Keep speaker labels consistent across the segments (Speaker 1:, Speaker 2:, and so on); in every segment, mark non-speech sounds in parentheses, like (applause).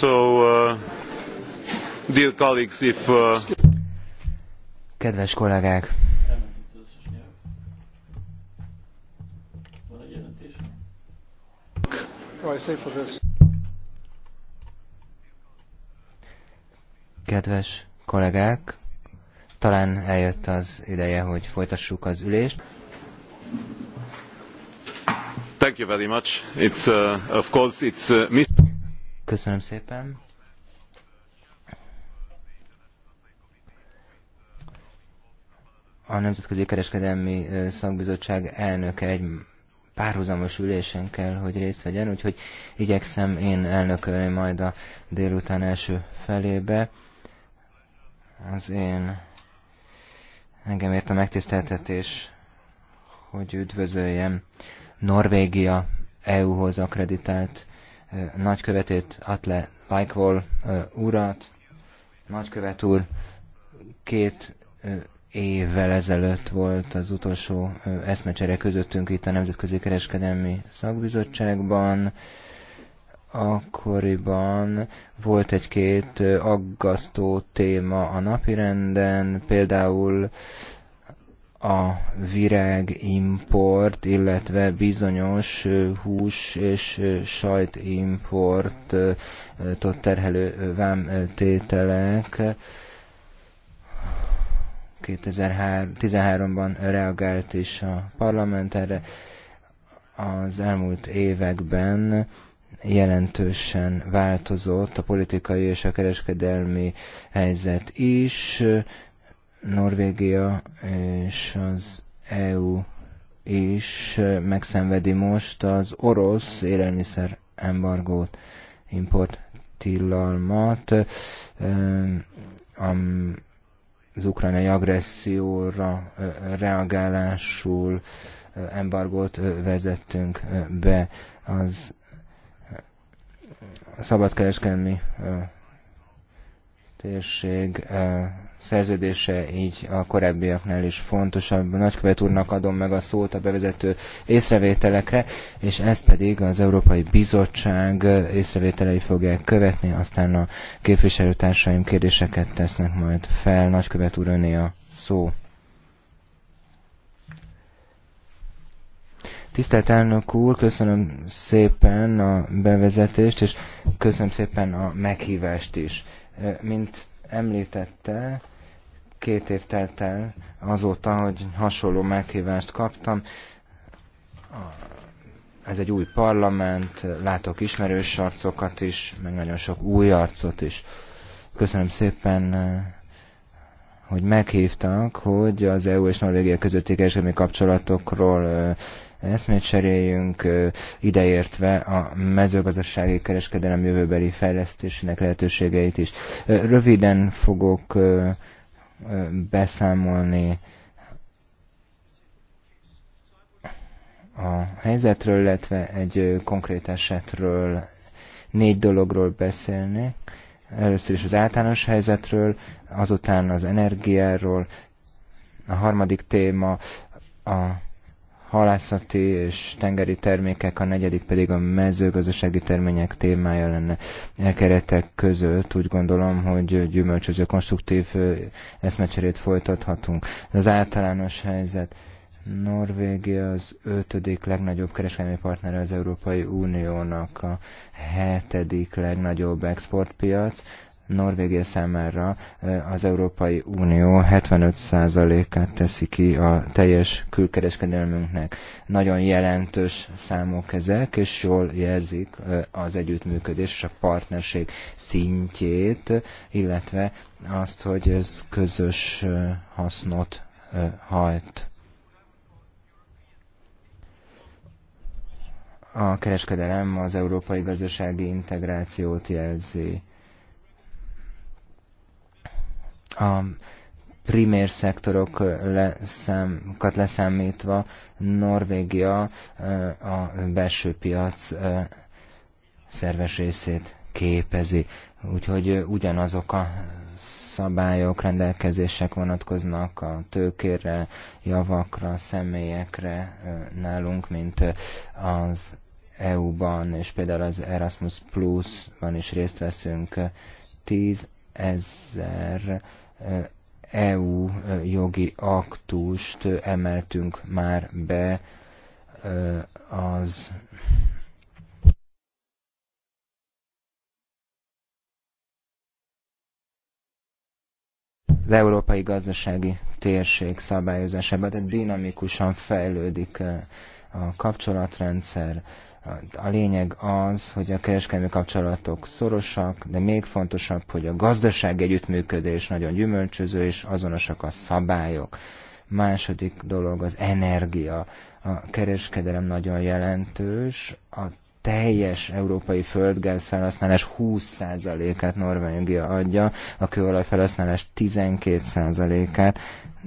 Speaker 1: So, uh,
Speaker 2: dear colleagues, if, uh...
Speaker 3: Kedves kollégák! Kedves kollégák, talán eljött az ideje, hogy folytassuk az ülést.
Speaker 2: Thank you very much. It's, uh, of course, it's, uh,
Speaker 3: Köszönöm szépen. A Nemzetközi Kereskedelmi Szakbizottság elnöke egy párhuzamos ülésen kell, hogy részt vegyen, úgyhogy igyekszem én elnökölni majd a délután első felébe. Az én engem ért a megtiszteltetés, hogy üdvözöljem Norvégia EU-hoz akreditált nagykövetét, Atle Lajkvol urat, nagykövet úr, két évvel ezelőtt volt az utolsó eszmecsere közöttünk itt a Nemzetközi Kereskedelmi Szakbizottságban. Akkoriban volt egy-két aggasztó téma a napirenden, például a virágimport, illetve bizonyos hús és sajtimportot terhelő vámtételek 2013-ban reagált is a parlament erre. Az elmúlt években jelentősen változott a politikai és a kereskedelmi helyzet is. Norvégia és az EU is megszenvedi most az orosz élelmiszer embargót, import tilalmat, ehm, az ukrajnai agresszióra eh, reagálásul eh, embargót eh, vezettünk be. Az szabadkereskedelmi térség szerződése, így a korábbiaknál is fontosabb. Nagykövet úrnak adom meg a szót a bevezető észrevételekre, és ezt pedig az Európai Bizottság észrevételei fogják követni, aztán a képviselőtársaim kérdéseket tesznek majd fel. Nagykövet úr öné a szó. Tisztelt elnök úr, köszönöm szépen a bevezetést, és köszönöm szépen a meghívást is. Mint említette, Két év telt el azóta, hogy hasonló meghívást kaptam. Ez egy új parlament, látok ismerős arcokat is, meg nagyon sok új arcot is. Köszönöm szépen eh, hogy meghívtak, hogy az EU és Norvégia közötti kereskedelmi kapcsolatokról eh, eszmét cseréljünk, eh, ideértve a mezőgazdasági kereskedelem jövőbeli fejlesztésének lehetőségeit is. Röviden fogok beszámolni a helyzetről, illetve egy konkrét esetről, négy dologról beszélni. Először is az általános helyzetről, azután az energiáról, a harmadik téma a halászati és tengeri termékek, a negyedik pedig a mezőgazdasági termények témája lenne e keretek között. Úgy gondolom, hogy gyümölcsöző konstruktív eszmecserét folytathatunk. Az általános helyzet. Norvégia az ötödik legnagyobb kereskedelmi partnere az Európai Uniónak, a hetedik legnagyobb exportpiac, Norvégia számára eh, az Európai Unió 75%-át teszi ki a teljes külkereskedelmünknek. Nagyon jelentős számok ezek, és jól jelzik eh, az együttműködés és a partnerség szintjét, illetve azt, hogy ez közös eh, hasznot hajt. a kereskedelem az európai gazdasági integrációt jelzi. a primér szektorok leszámkat leszámítva Norvégia a belső piac szerves részét képezi. Úgyhogy ugyanazok a szabályok, rendelkezések vonatkoznak a tőkére, javakra, személyekre nálunk, mint az EU-ban, és például az Erasmus Plus-ban is részt veszünk 10 ezer EU jogi aktust emeltünk már be az az európai gazdasági térség szabályozásában, tehát dinamikusan fejlődik a kapcsolatrendszer, a lényeg az, hogy a kereskedelmi kapcsolatok szorosak, de még fontosabb, hogy a gazdaság együttműködés nagyon gyümölcsöző, és azonosak a szabályok. Második dolog az energia. A kereskedelem nagyon jelentős, a teljes európai földgáz felhasználás 20%-át Norvégia adja, a kőolaj felhasználás 12%-át,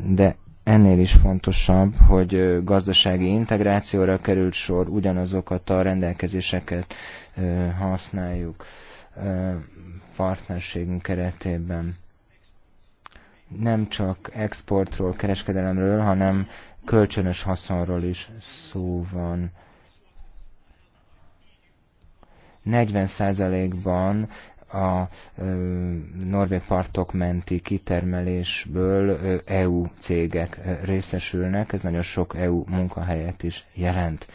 Speaker 3: de ennél is fontosabb, hogy gazdasági integrációra került sor, ugyanazokat a rendelkezéseket használjuk partnerségünk keretében. Nem csak exportról, kereskedelemről, hanem kölcsönös haszonról is szó van. 40%-ban a norvég partok menti kitermelésből EU cégek részesülnek, ez nagyon sok EU munkahelyet is jelent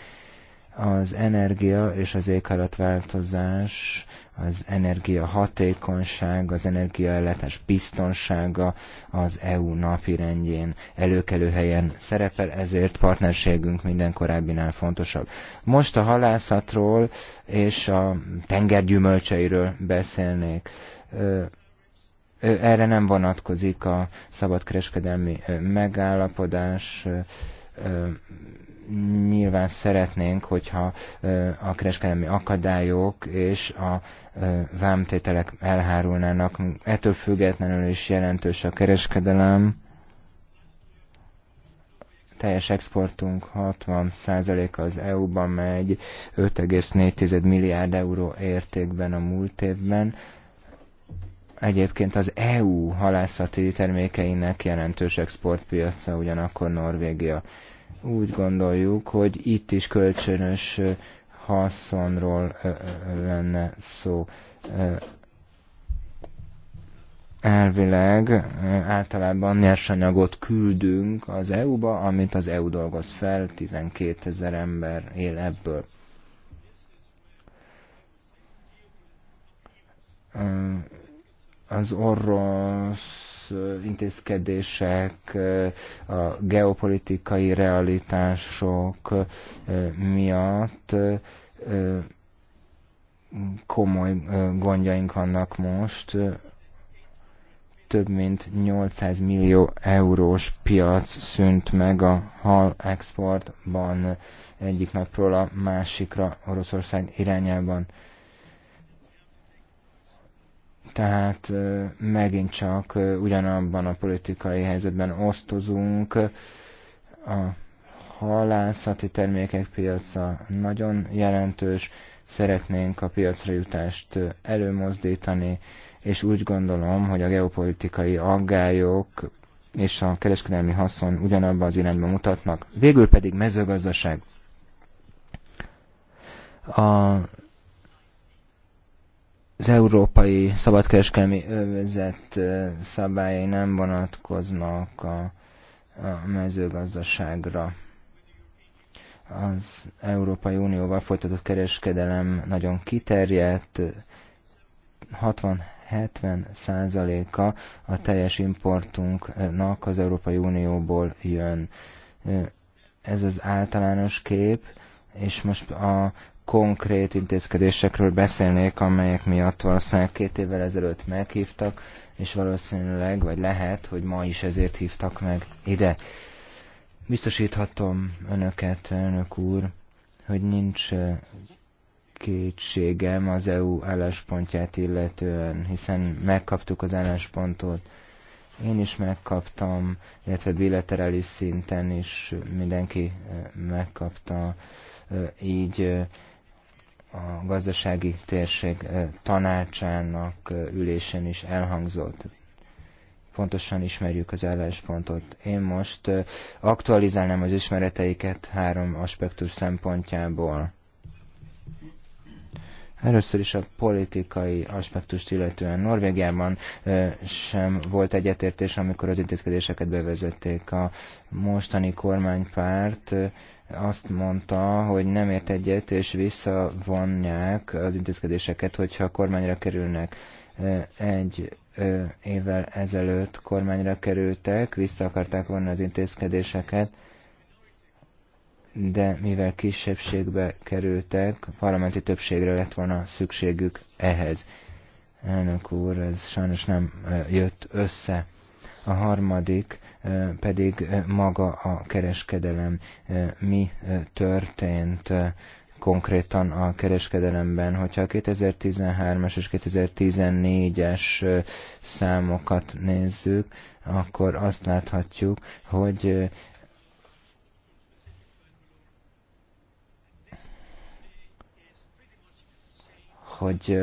Speaker 3: az energia és az éghajlatváltozás, az energia hatékonyság, az energiaellátás biztonsága az EU napirendjén előkelő helyen szerepel, ezért partnerségünk minden korábbinál fontosabb. Most a halászatról és a tengergyümölcseiről beszélnék erre nem vonatkozik a szabadkereskedelmi megállapodás, nyilván szeretnénk, hogyha a kereskedelmi akadályok és a vámtételek elhárulnának. Ettől függetlenül is jelentős a kereskedelem. Teljes exportunk 60%-a az eu ban megy, 5,4 milliárd euró értékben a múlt évben egyébként az EU halászati termékeinek jelentős exportpiaca, ugyanakkor Norvégia úgy gondoljuk, hogy itt is kölcsönös haszonról lenne szó. Elvileg általában nyersanyagot küldünk az EU-ba, amit az EU dolgoz fel, 12 ezer ember él ebből. Az orosz intézkedések, a geopolitikai realitások miatt komoly gondjaink vannak most. Több mint 800 millió eurós piac szűnt meg a hal exportban egyik napról a másikra Oroszország irányában. Tehát megint csak ugyanabban a politikai helyzetben osztozunk. A halászati termékek piaca nagyon jelentős, szeretnénk a piacra jutást előmozdítani, és úgy gondolom, hogy a geopolitikai aggályok és a kereskedelmi haszon ugyanabban az irányban mutatnak. Végül pedig mezőgazdaság. A az európai szabadkereskedelmi övezet szabályai nem vonatkoznak a, a mezőgazdaságra. Az Európai Unióval folytatott kereskedelem nagyon kiterjedt, 60-70 százaléka a teljes importunknak az Európai Unióból jön. Ez az általános kép, és most a konkrét intézkedésekről beszélnék, amelyek miatt valószínűleg két évvel ezelőtt meghívtak, és valószínűleg, vagy lehet, hogy ma is ezért hívtak meg ide. Biztosíthatom önöket, önök úr, hogy nincs kétségem az EU álláspontját illetően, hiszen megkaptuk az álláspontot, én is megkaptam, illetve bilaterális szinten is mindenki megkapta, így a gazdasági térség tanácsának ülésen is elhangzott. Pontosan ismerjük az álláspontot. Én most aktualizálnám az ismereteiket három aspektus szempontjából. Először is a politikai aspektust illetően Norvégiában sem volt egyetértés, amikor az intézkedéseket bevezették. A mostani kormánypárt azt mondta, hogy nem ért egyet, és visszavonják az intézkedéseket, hogyha a kormányra kerülnek. Egy évvel ezelőtt kormányra kerültek, vissza akarták vonni az intézkedéseket, de mivel kisebbségbe kerültek, parlamenti többségre lett volna szükségük ehhez. Elnök úr, ez sajnos nem jött össze. A harmadik pedig maga a kereskedelem. Mi történt konkrétan a kereskedelemben, hogyha a 2013-as és 2014-es számokat nézzük, akkor azt láthatjuk, hogy hogy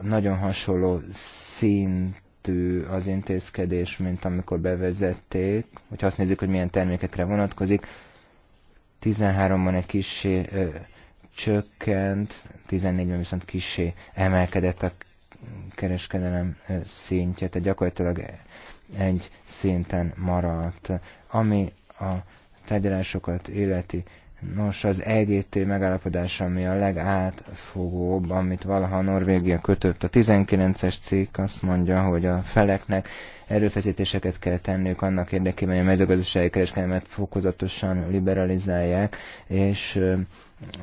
Speaker 3: nagyon hasonló szint szintű az intézkedés, mint amikor bevezették, hogy azt nézzük, hogy milyen termékekre vonatkozik. 13-ban egy kisé ö, csökkent, 14-ben viszont kisé emelkedett a kereskedelem szintje, tehát gyakorlatilag egy szinten maradt. Ami a tárgyalásokat illeti Nos, az EGT megállapodás, ami a legátfogóbb, amit valaha Norvégia kötött. A 19-es cikk azt mondja, hogy a feleknek erőfeszítéseket kell tennünk annak érdekében, hogy a mezőgazdasági kereskedelmet fokozatosan liberalizálják, és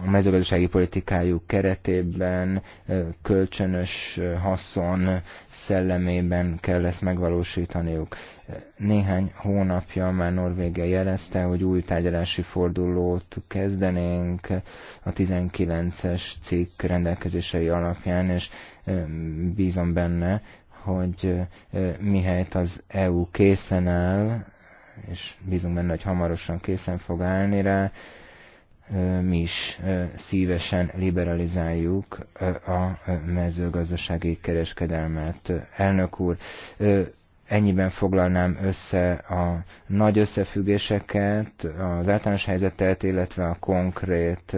Speaker 3: a mezőgazdasági politikájuk keretében, kölcsönös haszon szellemében kell ezt megvalósítaniuk. Néhány hónapja már Norvégia jelezte, hogy új tárgyalási fordulót kezdenénk a 19-es cikk rendelkezései alapján, és bízom benne, hogy mihelyt az EU készen áll, és bízunk benne, hogy hamarosan készen fog állni rá, mi is szívesen liberalizáljuk a mezőgazdasági kereskedelmet. Elnök úr, ennyiben foglalnám össze a nagy összefüggéseket, az általános helyzetet, illetve a konkrét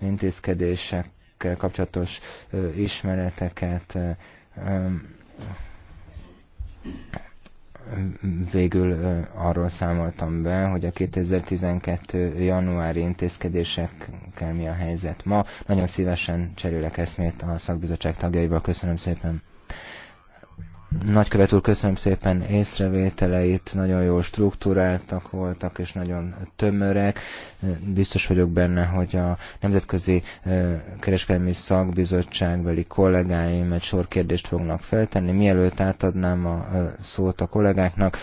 Speaker 3: intézkedésekkel kapcsolatos ismereteket végül arról számoltam be, hogy a 2012. januári intézkedésekkel mi a helyzet ma. Nagyon szívesen cserélek eszmét a szakbizottság tagjaival. Köszönöm szépen! Nagykövet úr, köszönöm szépen észrevételeit, nagyon jól struktúráltak voltak, és nagyon tömörek. Biztos vagyok benne, hogy a Nemzetközi Kereskedelmi Szakbizottságbeli kollégáim egy sor kérdést fognak feltenni. Mielőtt átadnám a szót a kollégáknak,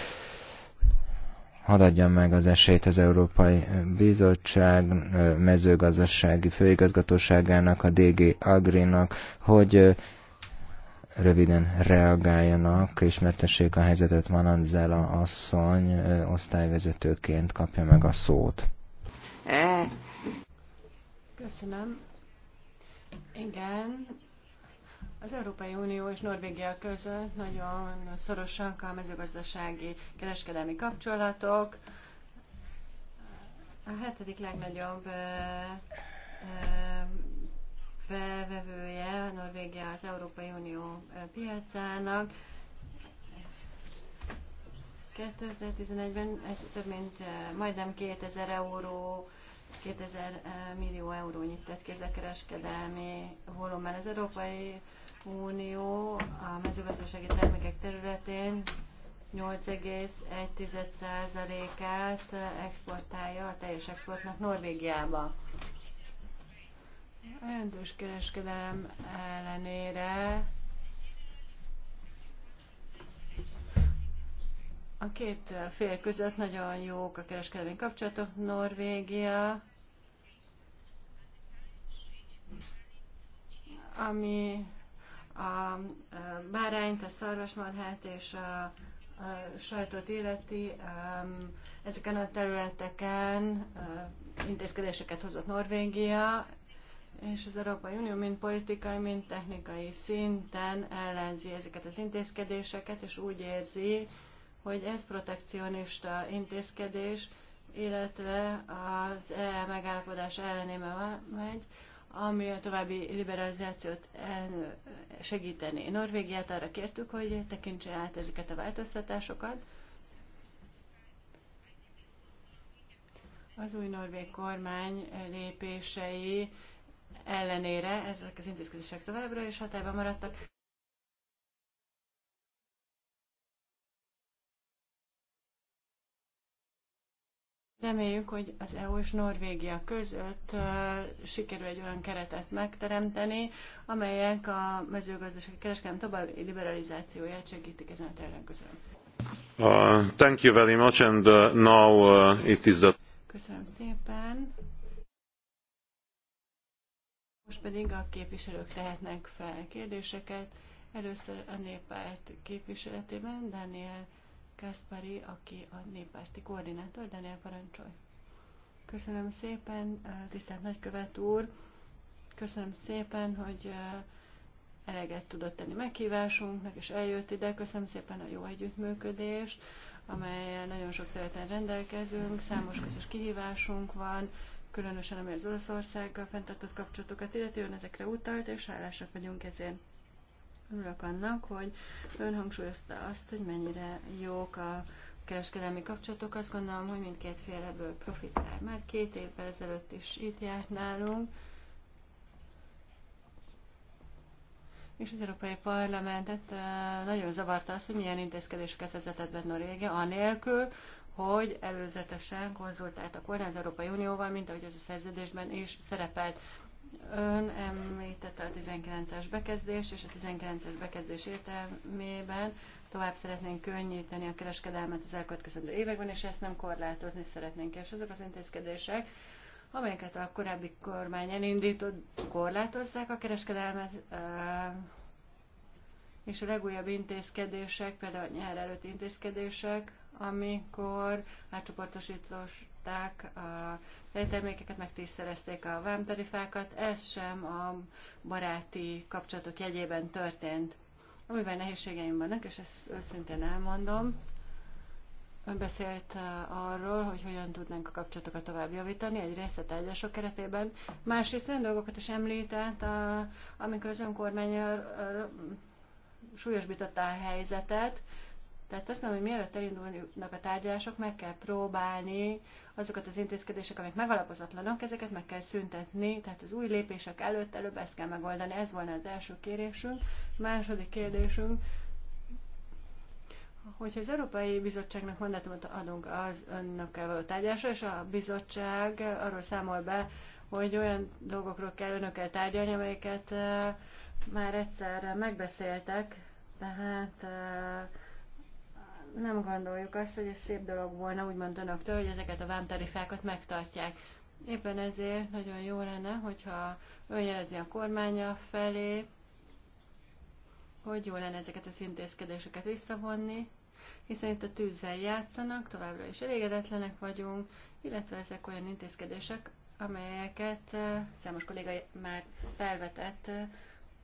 Speaker 3: hadd adjam meg az esélyt az Európai Bizottság mezőgazdasági főigazgatóságának, a DG Agrinak, hogy röviden reagáljanak, és mertessék a helyzetet, Mananzela asszony osztályvezetőként kapja meg a szót.
Speaker 4: Eh.
Speaker 5: Köszönöm. Igen, az Európai Unió és Norvégia között nagyon szorosak a mezőgazdasági kereskedelmi kapcsolatok. A hetedik legnagyobb felvevője, a Norvégia az Európai Unió piacának. 2011-ben ez több mint majdnem 2000 euró 2000 millió euró nyitott ki ez a kereskedelmi volumen. Az Európai Unió a mezőgazdasági termékek területén 8,1%-át exportálja a teljes exportnak Norvégiába. A jelentős kereskedelem ellenére a két fél között nagyon jók a kereskedelmi kapcsolatok. Norvégia, ami a bárányt, a szarvasmarhát és a, a sajtot illeti, um, ezeken a területeken uh, intézkedéseket hozott Norvégia, és az Európai Unió mind politikai, mind technikai szinten ellenzi ezeket az intézkedéseket, és úgy érzi, hogy ez protekcionista intézkedés, illetve az e megállapodás ellenébe megy, ami a további liberalizációt segíteni. Norvégiát arra kértük, hogy tekintse át ezeket a változtatásokat. Az új norvég kormány lépései ellenére ezek az intézkedések továbbra is hatályban maradtak. Reméljük, hogy az EU és Norvégia között sikerül egy olyan keretet megteremteni, amelyek a mezőgazdasági kereskedelem további liberalizációját segítik ezen a területen közül.
Speaker 2: Uh, thank you very much, and uh, now uh, it is the...
Speaker 5: Köszönöm szépen. Most pedig a képviselők tehetnek fel kérdéseket. Először a néppárt képviseletében Daniel Kaspari, aki a néppárti koordinátor. Daniel, parancsolj! Köszönöm szépen, tisztelt nagykövet úr! Köszönöm szépen, hogy eleget tudott tenni meghívásunknak, és eljött ide. Köszönöm szépen a jó együttműködést, amelyel nagyon sok területen rendelkezünk, számos közös kihívásunk van, különösen ami az Oroszországgal fenntartott kapcsolatokat illeti, ön ezekre utalt, és hálásak vagyunk ezért. Örülök annak, hogy ön hangsúlyozta azt, hogy mennyire jók a kereskedelmi kapcsolatok. Azt gondolom, hogy mindkét fél ebből profitál. Már két évvel ezelőtt is itt járt nálunk, és az Európai Parlamentet eh, nagyon zavarta azt, hogy milyen intézkedéseket vezetett be Norvégia, anélkül, hogy előzetesen konzultált a kórház Európai Unióval, mint ahogy ez a szerződésben is szerepelt. Ön említette a 19-es bekezdést, és a 19-es bekezdés értelmében tovább szeretnénk könnyíteni a kereskedelmet az elkövetkezendő években, és ezt nem korlátozni szeretnénk. És azok az intézkedések, amelyeket a korábbi kormány elindított, korlátozzák a kereskedelmet, és a legújabb intézkedések, például a nyár előtt intézkedések, amikor átcsoportosították a tejtermékeket, meg tízszerezték a vámtarifákat, ez sem a baráti kapcsolatok jegyében történt. Amiben nehézségeim vannak, és ezt őszintén elmondom, Ön beszélt uh, arról, hogy hogyan tudnánk a kapcsolatokat tovább javítani, egyrészt a tárgyalások keretében, másrészt olyan dolgokat is említett, uh, amikor az önkormány uh, súlyosbította a helyzetet, tehát azt mondom, hogy mielőtt elindulnak a tárgyalások, meg kell próbálni azokat az intézkedések, amik megalapozatlanak, ezeket meg kell szüntetni, tehát az új lépések előtt előbb ezt kell megoldani. Ez volna az első kérésünk. Második kérdésünk, hogyha az Európai Bizottságnak mandátumot adunk az önökkel való tárgyalásra, és a bizottság arról számol be, hogy olyan dolgokról kell önökkel tárgyalni, amelyeket eh, már egyszer megbeszéltek, tehát eh, nem gondoljuk azt, hogy ez szép dolog volna, úgymond önöktől, hogy ezeket a vámtarifákat megtartják. Éppen ezért nagyon jó lenne, hogyha önjelezni a kormánya felé, hogy jó lenne ezeket az intézkedéseket visszavonni, hiszen itt a tűzzel játszanak, továbbra is elégedetlenek vagyunk, illetve ezek olyan intézkedések, amelyeket eh, számos kolléga már felvetett eh,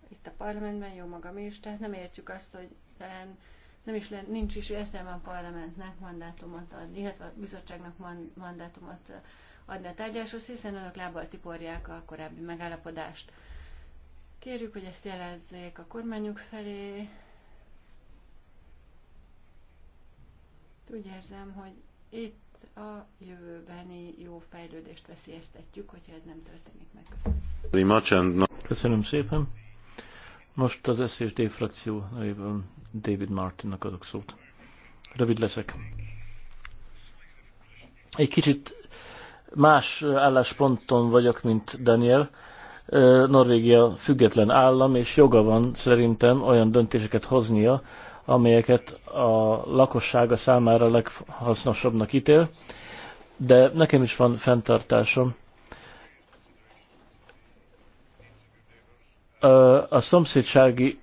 Speaker 5: itt a parlamentben, jó magam is, tehát nem értjük azt, hogy talán nem is lehet, nincs is értelme a parlamentnek mandátumot adni, illetve a bizottságnak mandátumot adni a tárgyaláshoz, hiszen önök lábbal tiporják a korábbi megállapodást. Kérjük, hogy ezt jelezzék a kormányuk felé. Úgy érzem, hogy itt a jövőbeni jó fejlődést veszélyeztetjük, hogyha ez nem történik meg.
Speaker 4: Köszönöm. Köszönöm szépen. Most az SZSD frakció nevében David Martinnak adok szót. Rövid leszek. Egy kicsit más állásponton vagyok, mint Daniel. Norvégia független állam, és joga van szerintem olyan döntéseket hoznia, amelyeket a lakossága számára leghasznosabbnak ítél. De nekem is van fenntartásom a szomszédsági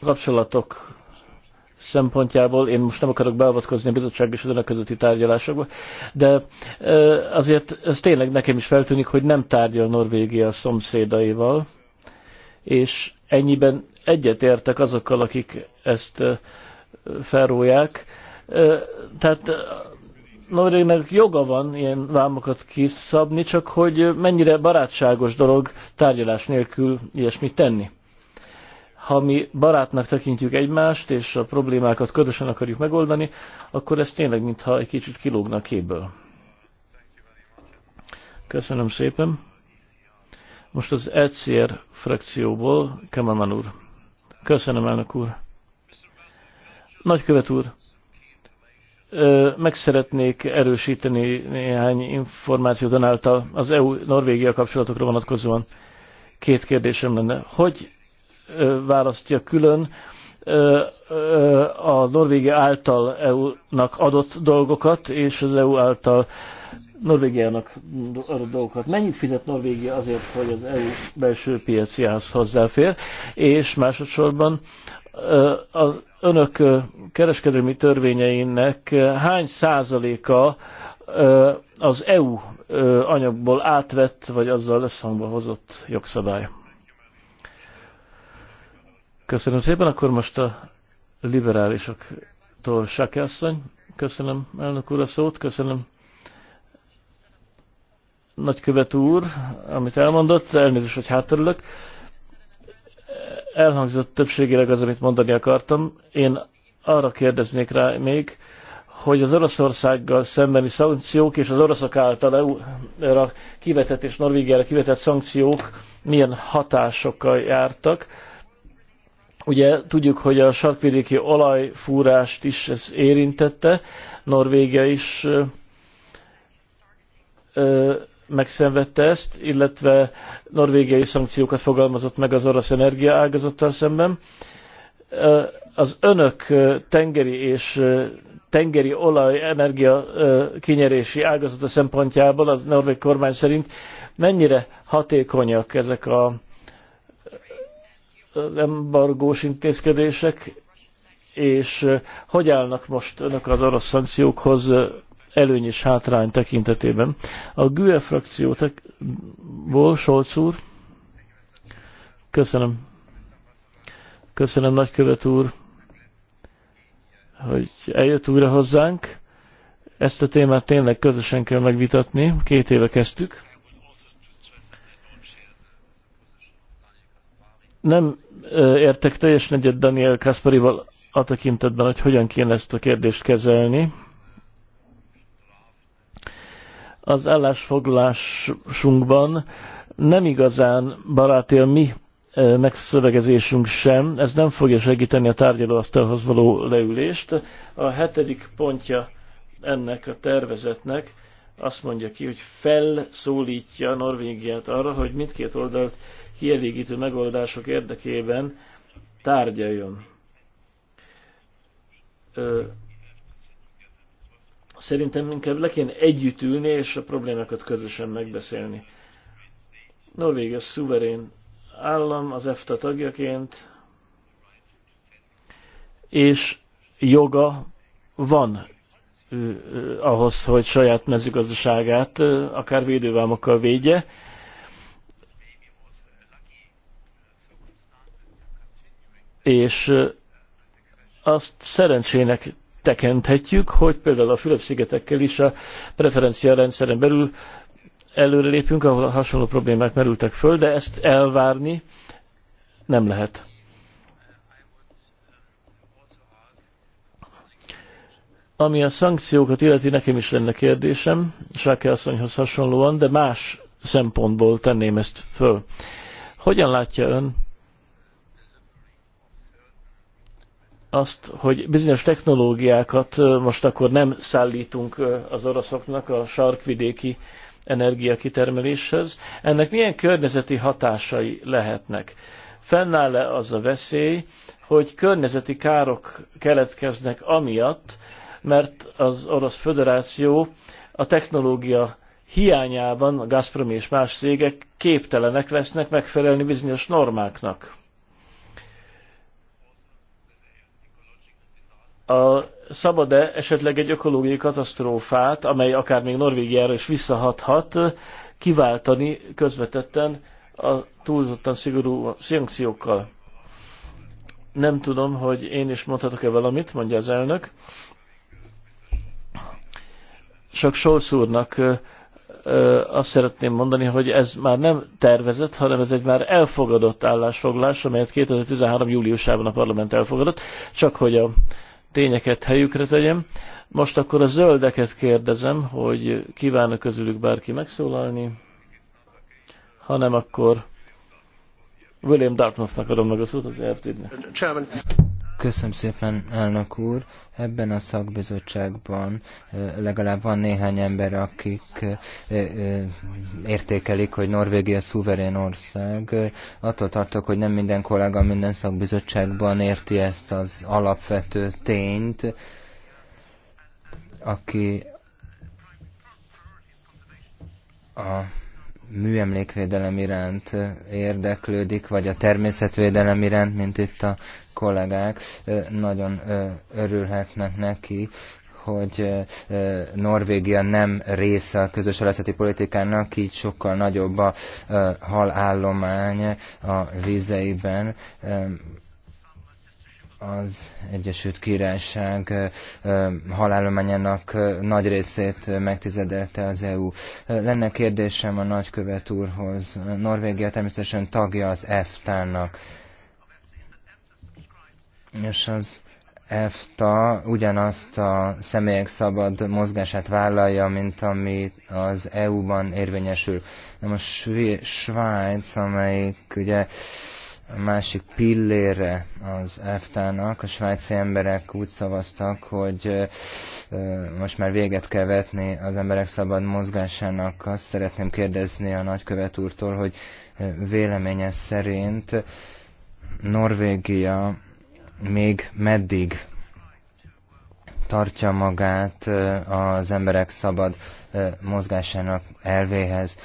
Speaker 4: kapcsolatok szempontjából, én most nem akarok beavatkozni a bizottság és az önök közötti tárgyalásokba, de azért ez tényleg nekem is feltűnik, hogy nem tárgyal Norvégia a szomszédaival, és ennyiben egyetértek azokkal, akik ezt felrólják. Tehát Norvégnek joga van ilyen vámokat kiszabni, csak hogy mennyire barátságos dolog tárgyalás nélkül ilyesmit tenni. Ha mi barátnak tekintjük egymást, és a problémákat közösen akarjuk megoldani, akkor ez tényleg mintha egy kicsit kilógna a képből. Köszönöm szépen. Most az ECR frakcióból Kemalman úr. Köszönöm, elnök úr. Nagykövet úr, meg szeretnék erősíteni néhány információt önáltal az EU-Norvégia kapcsolatokra vonatkozóan. Két kérdésem lenne. Hogy választja külön a Norvégia által EU-nak adott dolgokat, és az EU által Norvégiának adott dolgokat. Mennyit fizet Norvégia azért, hogy az EU belső piaciához hozzáfér, és másodszorban a önök kereskedelmi törvényeinek hány százaléka az EU anyagból átvett, vagy azzal összhangba hozott jogszabály? Köszönöm szépen, akkor most a liberálisoktól Saki Köszönöm elnök úr a szót, köszönöm nagykövet úr, amit elmondott, elnézést, hogy hátörülök elhangzott többségileg az, amit mondani akartam. Én arra kérdeznék rá még, hogy az Oroszországgal szembeni szankciók és az oroszok által EU-ra kivetett és Norvégiára kivetett szankciók milyen hatásokkal jártak. Ugye tudjuk, hogy a sarkvidéki olajfúrást is ez érintette, Norvégia is ö, ö, megszenvedte ezt, illetve norvégiai szankciókat fogalmazott meg az orosz energiaágazattal szemben. Az önök tengeri és tengeri olaj energia kinyerési ágazata szempontjából az norvég kormány szerint mennyire hatékonyak ezek a az embargós intézkedések, és hogy állnak most önök az orosz szankciókhoz előny és hátrány tekintetében. A GUE frakcióból, Solc úr, köszönöm. Köszönöm, nagykövet úr, hogy eljött újra hozzánk. Ezt a témát tényleg közösen kell megvitatni. Két éve kezdtük. Nem értek teljesen egyet Daniel Kasparival a tekintetben, hogy hogyan kéne ezt a kérdést kezelni az állásfoglalásunkban nem igazán baráti a mi e, megszövegezésünk sem, ez nem fogja segíteni a tárgyalóasztalhoz való leülést. A hetedik pontja ennek a tervezetnek azt mondja ki, hogy felszólítja Norvégiát arra, hogy mindkét oldalt kielégítő megoldások érdekében tárgyaljon. Ö Szerintem inkább le kéne együtt ülni, és a problémákat közösen megbeszélni. Norvégia szuverén állam az EFTA tagjaként, és joga van ahhoz, hogy saját mezőgazdaságát akár védővámokkal védje. És azt szerencsének tekinthetjük, hogy például a Fülöp-szigetekkel is a preferencia rendszeren belül előrelépünk, ahol a hasonló problémák merültek föl, de ezt elvárni nem lehet. Ami a szankciókat illeti, nekem is lenne kérdésem, Sáke asszonyhoz hasonlóan, de más szempontból tenném ezt föl. Hogyan látja ön azt, hogy bizonyos technológiákat most akkor nem szállítunk az oroszoknak a sarkvidéki energiakitermeléshez, ennek milyen környezeti hatásai lehetnek? Fennáll-e az a veszély, hogy környezeti károk keletkeznek amiatt, mert az Orosz Föderáció a technológia hiányában a Gazprom és más szégek képtelenek lesznek megfelelni bizonyos normáknak. a szabad-e esetleg egy ökológiai katasztrófát, amely akár még Norvégiára is visszahathat, kiváltani közvetetten a túlzottan szigorú szankciókkal. Nem tudom, hogy én is mondhatok-e valamit, mondja az elnök. Csak Scholz úrnak azt szeretném mondani, hogy ez már nem tervezett, hanem ez egy már elfogadott állásfoglalás, amelyet 2013. júliusában a parlament elfogadott, csak hogy a tényeket helyükre tegyem. Most akkor a zöldeket kérdezem, hogy kívánna közülük bárki megszólalni, hanem akkor William Dartmouthnak adom meg a szót az rtd
Speaker 3: Köszönöm szépen, elnök úr. Ebben a szakbizottságban legalább van néhány ember, akik értékelik, hogy Norvégia szuverén ország. Attól tartok, hogy nem minden kollega minden szakbizottságban érti ezt az alapvető tényt, aki a műemlékvédelem iránt érdeklődik, vagy a természetvédelem iránt, mint itt a kollégák nagyon örülhetnek neki, hogy Norvégia nem része a közös halászati politikának, így sokkal nagyobb a halállomány a vizeiben. Az Egyesült Királyság halállományának nagy részét megtizedelte az EU. Lenne kérdésem a nagykövet úrhoz. Norvégia természetesen tagja az EFTA-nak és az EFTA ugyanazt a személyek szabad mozgását vállalja, mint ami az EU-ban érvényesül. Na most Svájc, amelyik ugye a másik pillére az EFTA-nak, a svájci emberek úgy szavaztak, hogy most már véget kell vetni az emberek szabad mozgásának. Azt szeretném kérdezni a nagykövet úrtól, hogy véleménye szerint Norvégia még meddig tartja magát az emberek szabad mozgásának elvéhez.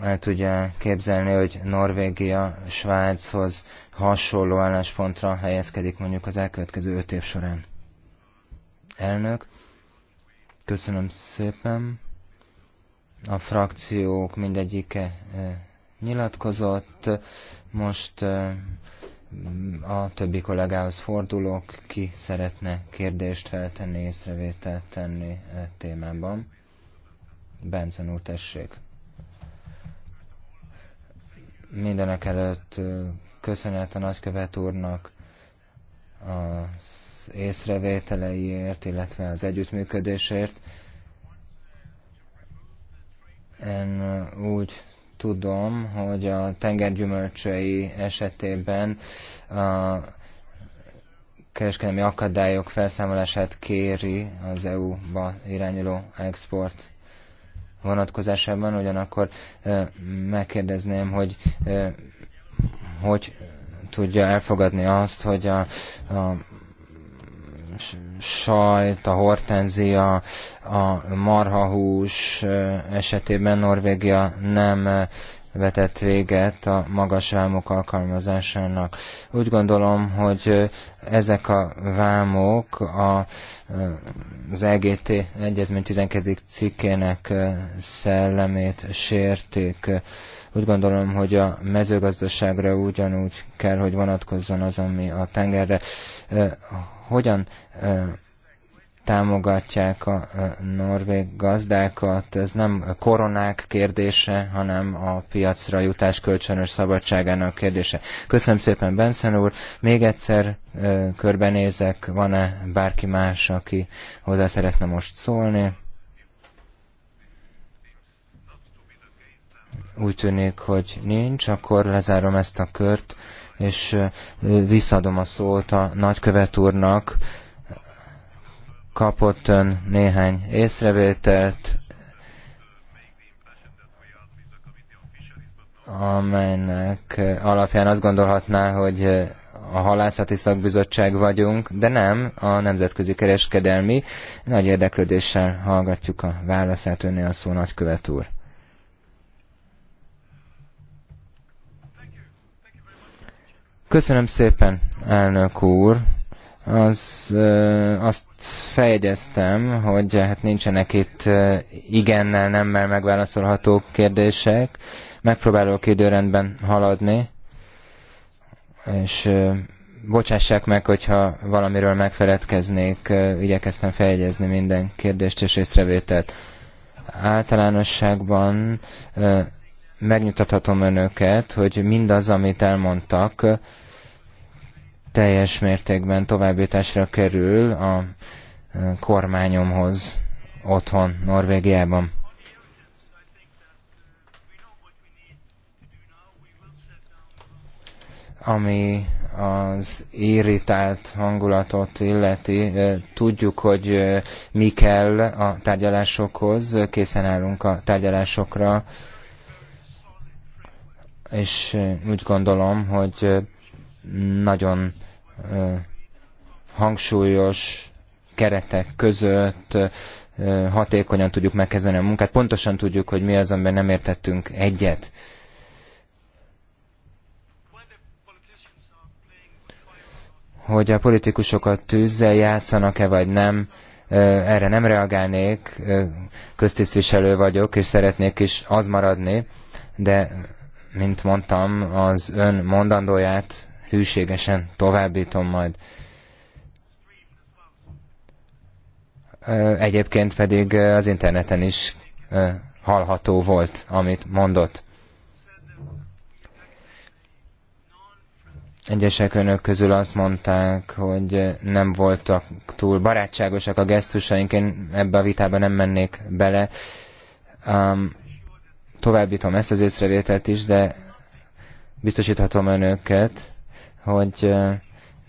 Speaker 3: El tudja képzelni, hogy Norvégia Svájchoz hasonló álláspontra helyezkedik mondjuk az elkövetkező öt év során. Elnök, köszönöm szépen. A frakciók mindegyike nyilatkozott. Most a többi kollégához fordulok, ki szeretne kérdést feltenni, észrevételt tenni e témában. Benzen úr, tessék. Mindenek előtt köszönet a nagykövet úrnak az észrevételeiért, illetve az együttműködésért. Én úgy tudom, hogy a tengergyümölcsei esetében a kereskedelmi akadályok felszámolását kéri az EU-ba irányuló export vonatkozásában, ugyanakkor megkérdezném, hogy hogy tudja elfogadni azt, hogy a, a sajt, a hortenzia, a marhahús esetében Norvégia nem vetett véget a magas vámok alkalmazásának. Úgy gondolom, hogy ezek a vámok a, az EGT egyezmény 12. cikkének szellemét sérték. Úgy gondolom, hogy a mezőgazdaságra ugyanúgy kell, hogy vonatkozzon az, ami a tengerre hogyan támogatják a norvég gazdákat. Ez nem koronák kérdése, hanem a piacra jutás kölcsönös szabadságának kérdése. Köszönöm szépen, Benson úr. Még egyszer körbenézek, van-e bárki más, aki hozzá szeretne most szólni? Úgy tűnik, hogy nincs, akkor lezárom ezt a kört és visszadom a szót a nagykövet úrnak. Kapott ön néhány észrevételt, amelynek alapján azt gondolhatná, hogy a halászati szakbizottság vagyunk, de nem a nemzetközi kereskedelmi. Nagy érdeklődéssel hallgatjuk a válaszát önnél a szó nagykövet úr. Köszönöm szépen, elnök úr. Az, azt feljegyeztem, hogy hát nincsenek itt igennel, nemmel megválaszolható kérdések. Megpróbálok időrendben haladni, és bocsássák meg, hogyha valamiről megfeledkeznék, igyekeztem feljegyezni minden kérdést és észrevételt. Általánosságban megnyugtathatom önöket, hogy mindaz, amit elmondtak, teljes mértékben továbbításra kerül a eh, kormányomhoz otthon, Norvégiában. Ami az irritált hangulatot illeti, eh, tudjuk, hogy eh, mi kell a tárgyalásokhoz, készen állunk a tárgyalásokra, és úgy gondolom, hogy nagyon hangsúlyos keretek között hatékonyan tudjuk megkezdeni a munkát. Pontosan tudjuk, hogy mi az, amiben nem értettünk egyet. Hogy a politikusokat tűzzel játszanak-e, vagy nem, erre nem reagálnék, köztisztviselő vagyok, és szeretnék is az maradni, de mint mondtam, az ön mondandóját hűségesen továbbítom majd. Egyébként pedig az interneten is hallható volt, amit mondott. Egyesek önök közül azt mondták, hogy nem voltak túl barátságosak a gesztusaink, én ebbe a vitába nem mennék bele. Um, továbbítom ezt az észrevételt is, de biztosíthatom önöket, hogy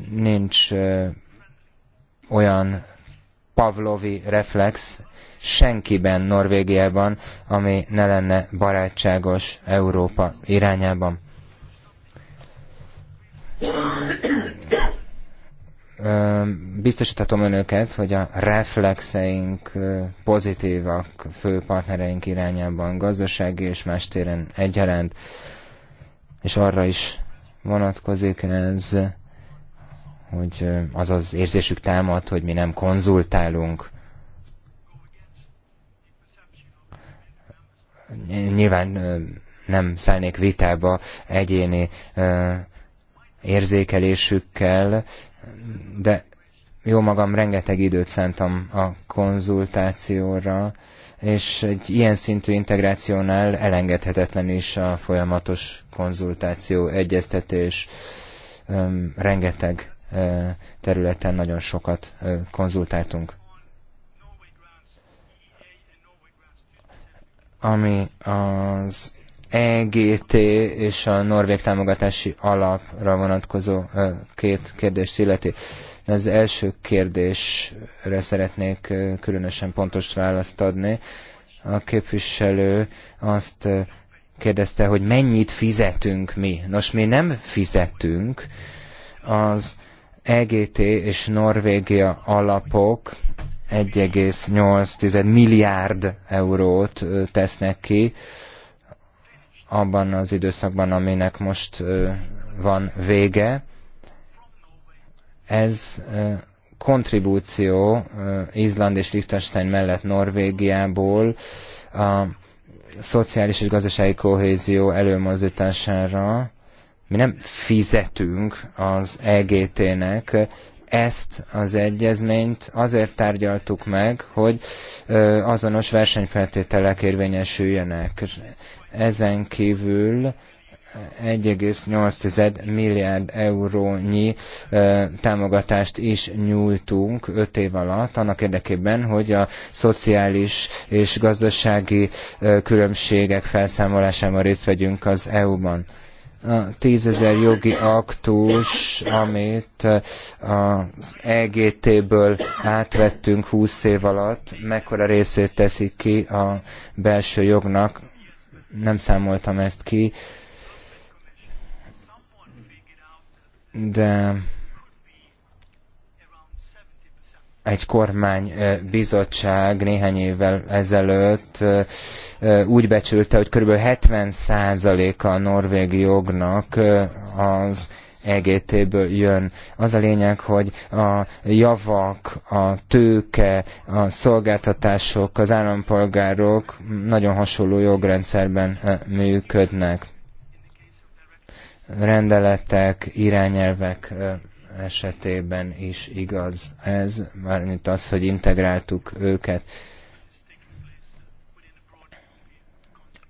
Speaker 3: nincs olyan pavlovi reflex senkiben Norvégiában, ami ne lenne barátságos Európa irányában. (coughs) Biztosíthatom önöket, hogy a reflexeink pozitívak fő partnereink irányában, gazdasági és más téren egyaránt, és arra is vonatkozik ez, hogy az az érzésük támad, hogy mi nem konzultálunk. Nyilván nem szállnék vitába egyéni érzékelésükkel, de jó magam rengeteg időt szántam a konzultációra, és egy ilyen szintű integrációnál elengedhetetlen is a folyamatos konzultáció, egyeztetés, rengeteg területen nagyon sokat konzultáltunk. Ami az EGT és a Norvég támogatási alapra vonatkozó két kérdést illeti. Az első kérdésre szeretnék különösen pontos választ adni. A képviselő azt kérdezte, hogy mennyit fizetünk mi. Nos, mi nem fizetünk. Az EGT és Norvégia alapok 1,8 milliárd eurót tesznek ki, abban az időszakban, aminek most van vége. Ez kontribúció Izland és Liechtenstein mellett Norvégiából a szociális és gazdasági kohézió előmozdítására. Mi nem fizetünk az EGT-nek, ezt az egyezményt azért tárgyaltuk meg, hogy azonos versenyfeltételek érvényesüljenek. Ezen kívül 1,8 milliárd eurónyi támogatást is nyújtunk 5 év alatt, annak érdekében, hogy a szociális és gazdasági különbségek felszámolásában részt vegyünk az EU-ban. A tízezer jogi aktus, amit az EGT-ből átvettünk 20 év alatt, mekkora részét teszik ki a belső jognak nem számoltam ezt ki, de egy kormány bizottság néhány évvel ezelőtt úgy becsülte, hogy kb. 70%-a a norvég jognak az EGT-ből jön. Az a lényeg, hogy a javak, a tőke, a szolgáltatások, az állampolgárok nagyon hasonló jogrendszerben működnek. Rendeletek, irányelvek esetében is igaz ez, mármint az, hogy integráltuk őket.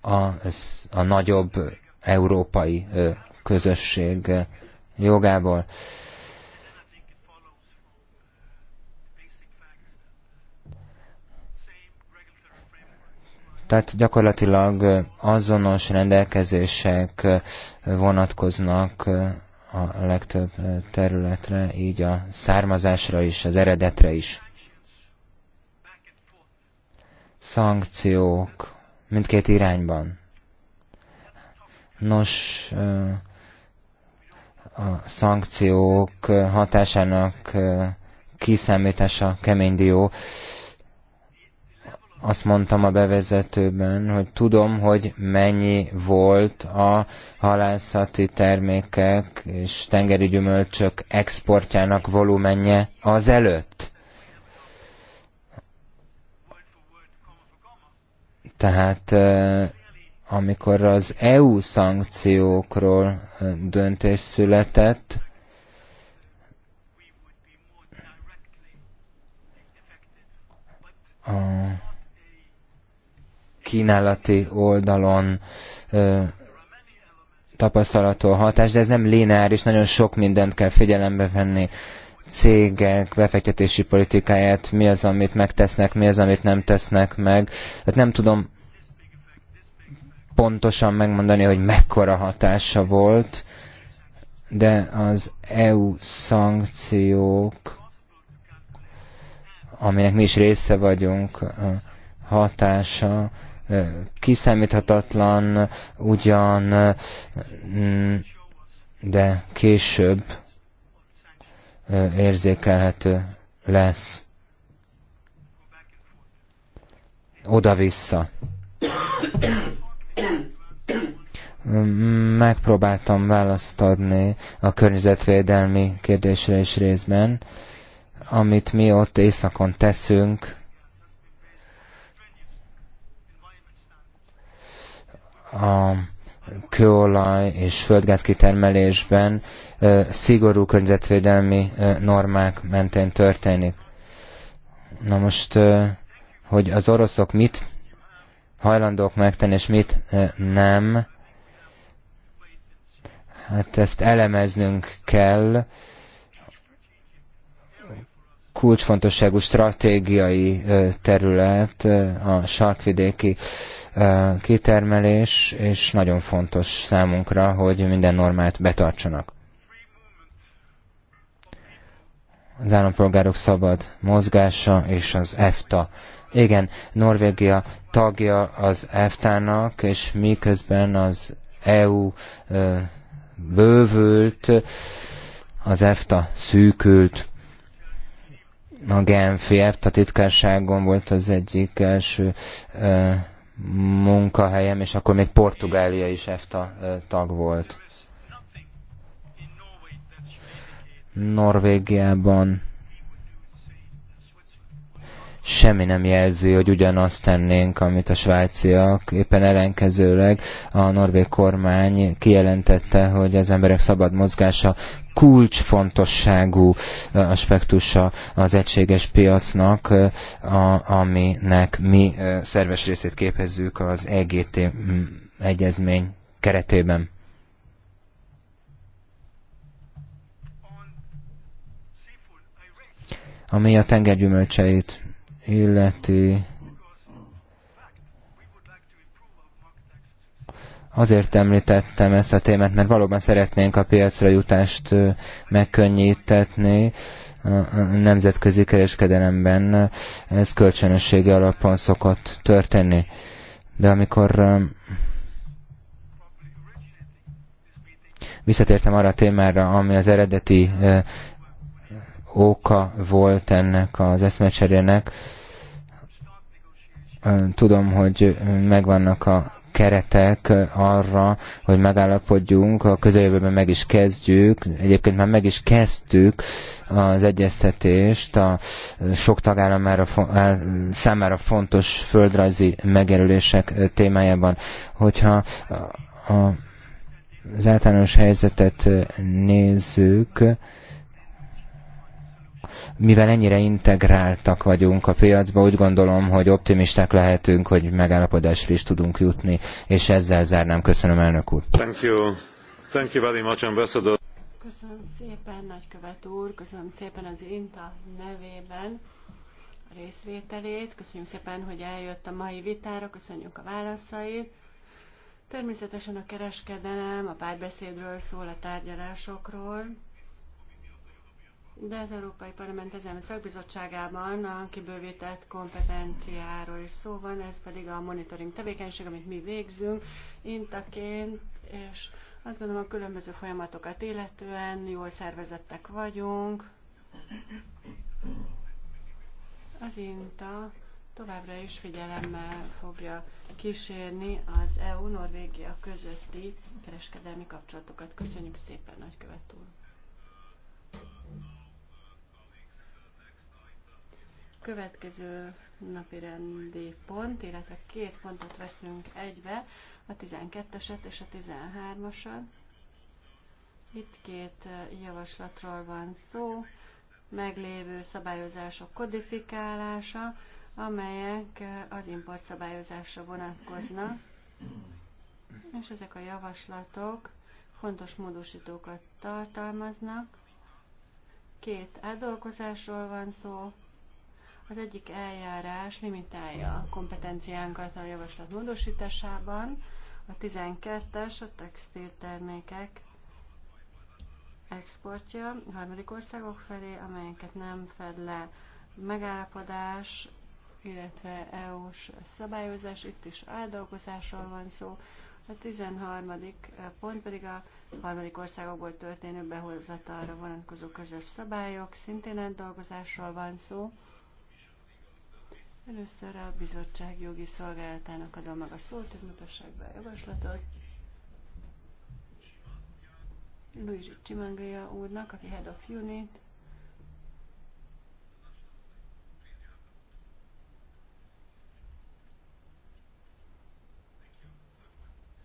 Speaker 3: a, a nagyobb európai közösség jogából. Tehát gyakorlatilag azonos rendelkezések vonatkoznak a legtöbb területre, így a származásra is, az eredetre is. Szankciók mindkét irányban. Nos, a szankciók hatásának kiszámítása kemény dió. Azt mondtam a bevezetőben, hogy tudom, hogy mennyi volt a halászati termékek és tengeri gyümölcsök exportjának volumenje az előtt. Tehát amikor az EU szankciókról döntés született, a kínálati oldalon hatás, de ez nem lineáris, nagyon sok mindent kell figyelembe venni cégek befektetési politikáját, mi az, amit megtesznek, mi az, amit nem tesznek meg. Tehát nem tudom pontosan megmondani, hogy mekkora hatása volt, de az EU szankciók, aminek mi is része vagyunk, hatása kiszámíthatatlan, ugyan, mm, de később érzékelhető lesz. Oda-vissza. Megpróbáltam választ adni a környezetvédelmi kérdésre is részben. Amit mi ott éjszakon teszünk, a kőolaj és földgáz kitermelésben szigorú környezetvédelmi normák mentén történik. Na most, hogy az oroszok mit hajlandók megtenni, és mit nem, hát ezt elemeznünk kell. Kulcsfontosságú stratégiai terület a sarkvidéki kitermelés, és nagyon fontos számunkra, hogy minden normát betartsanak. Az állampolgárok szabad mozgása és az EFTA igen, Norvégia tagja az EFTA-nak, és miközben az EU bővült, az EFTA szűkült, a Genfi EFTA titkárságon volt az egyik első ö, munkahelyem, és akkor még Portugália is EFTA ö, tag volt. Norvégiában semmi nem jelzi, hogy ugyanazt tennénk, amit a svájciak. Éppen ellenkezőleg a norvég kormány kijelentette, hogy az emberek szabad mozgása kulcsfontosságú aspektusa az egységes piacnak, a, aminek mi szerves részét képezzük az EGT mm, egyezmény keretében. ami a tengergyümölcseit illeti azért említettem ezt a témát, mert valóban szeretnénk a piacra jutást megkönnyítetni a nemzetközi kereskedelemben. Ez kölcsönösségi alapon szokott történni. De amikor visszatértem arra a témára, ami az eredeti oka volt ennek az eszmecserének. Tudom, hogy megvannak a keretek arra, hogy megállapodjunk, a közeljövőben meg is kezdjük, egyébként már meg is kezdtük az egyeztetést a sok tagállam számára fontos földrajzi megjelölések témájában. Hogyha az általános helyzetet nézzük, mivel ennyire integráltak vagyunk a piacba, úgy gondolom, hogy optimisták lehetünk, hogy megállapodásra is tudunk jutni, és ezzel zárnám. Köszönöm, elnök úr.
Speaker 2: Thank you. Thank you very much, ambassador.
Speaker 5: Köszönöm szépen, nagykövet úr, köszönöm szépen az INTA nevében a részvételét, köszönjük szépen, hogy eljött a mai vitára, köszönjük a válaszait. Természetesen a kereskedelem, a párbeszédről szól, a tárgyalásokról. De az Európai Parlament ezen szakbizottságában a kibővített kompetenciáról is szó van, ez pedig a monitoring tevékenység, amit mi végzünk intaként, és azt gondolom a különböző folyamatokat illetően jól szervezettek vagyunk. Az INTA továbbra is figyelemmel fogja kísérni az EU-Norvégia közötti kereskedelmi kapcsolatokat. Köszönjük szépen, nagykövet úr! következő napi rendi pont, illetve két pontot veszünk egybe, a 12-eset és a 13-asat. Itt két eh, javaslatról van szó, meglévő szabályozások kodifikálása, amelyek eh, az import szabályozásra vonatkoznak, és ezek a javaslatok fontos módosítókat tartalmaznak. Két átdolgozásról van szó, az egyik eljárás limitálja a kompetenciánkat a javaslat módosításában. A 12-es a textiltermékek exportja a harmadik országok felé, amelyeket nem fed le megállapodás, illetve EU-s szabályozás, itt is áldolgozásról van szó. A 13. pont pedig a harmadik országokból történő behozatalra vonatkozó közös szabályok, szintén áldolgozásról van szó. Először a bizottság jogi szolgálatának adom meg a szót, hogy mutassák be a javaslatot. Luigi Csimanglia úrnak, aki Head of Unit.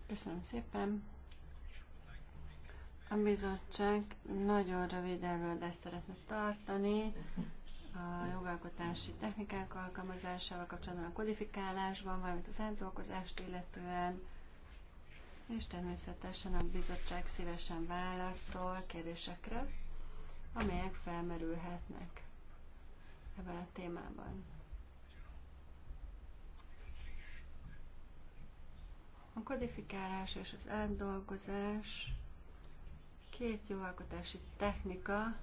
Speaker 5: Köszönöm szépen. A bizottság nagyon rövid előadást szeretne tartani a jogalkotási technikák alkalmazásával kapcsolatban, a kodifikálásban, valamint az átdolgozást illetően, és természetesen a bizottság szívesen válaszol kérdésekre, amelyek felmerülhetnek ebben a témában. A kodifikálás és az átdolgozás két jogalkotási technika,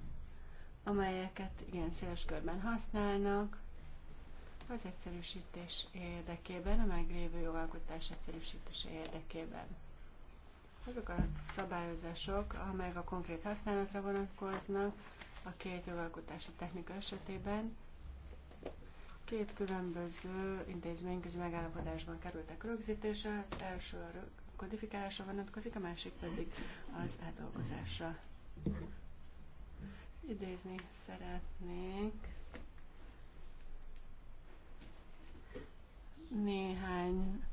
Speaker 5: amelyeket igen széles körben használnak, az egyszerűsítés érdekében, a meglévő jogalkotás egyszerűsítése érdekében. Azok a szabályozások, amelyek a konkrét használatra vonatkoznak, a két jogalkotási technika esetében két különböző intézmény közül megállapodásban kerültek rögzítése. az első a kodifikálásra vonatkozik, a másik pedig az átdolgozásra idézni szeretnék néhány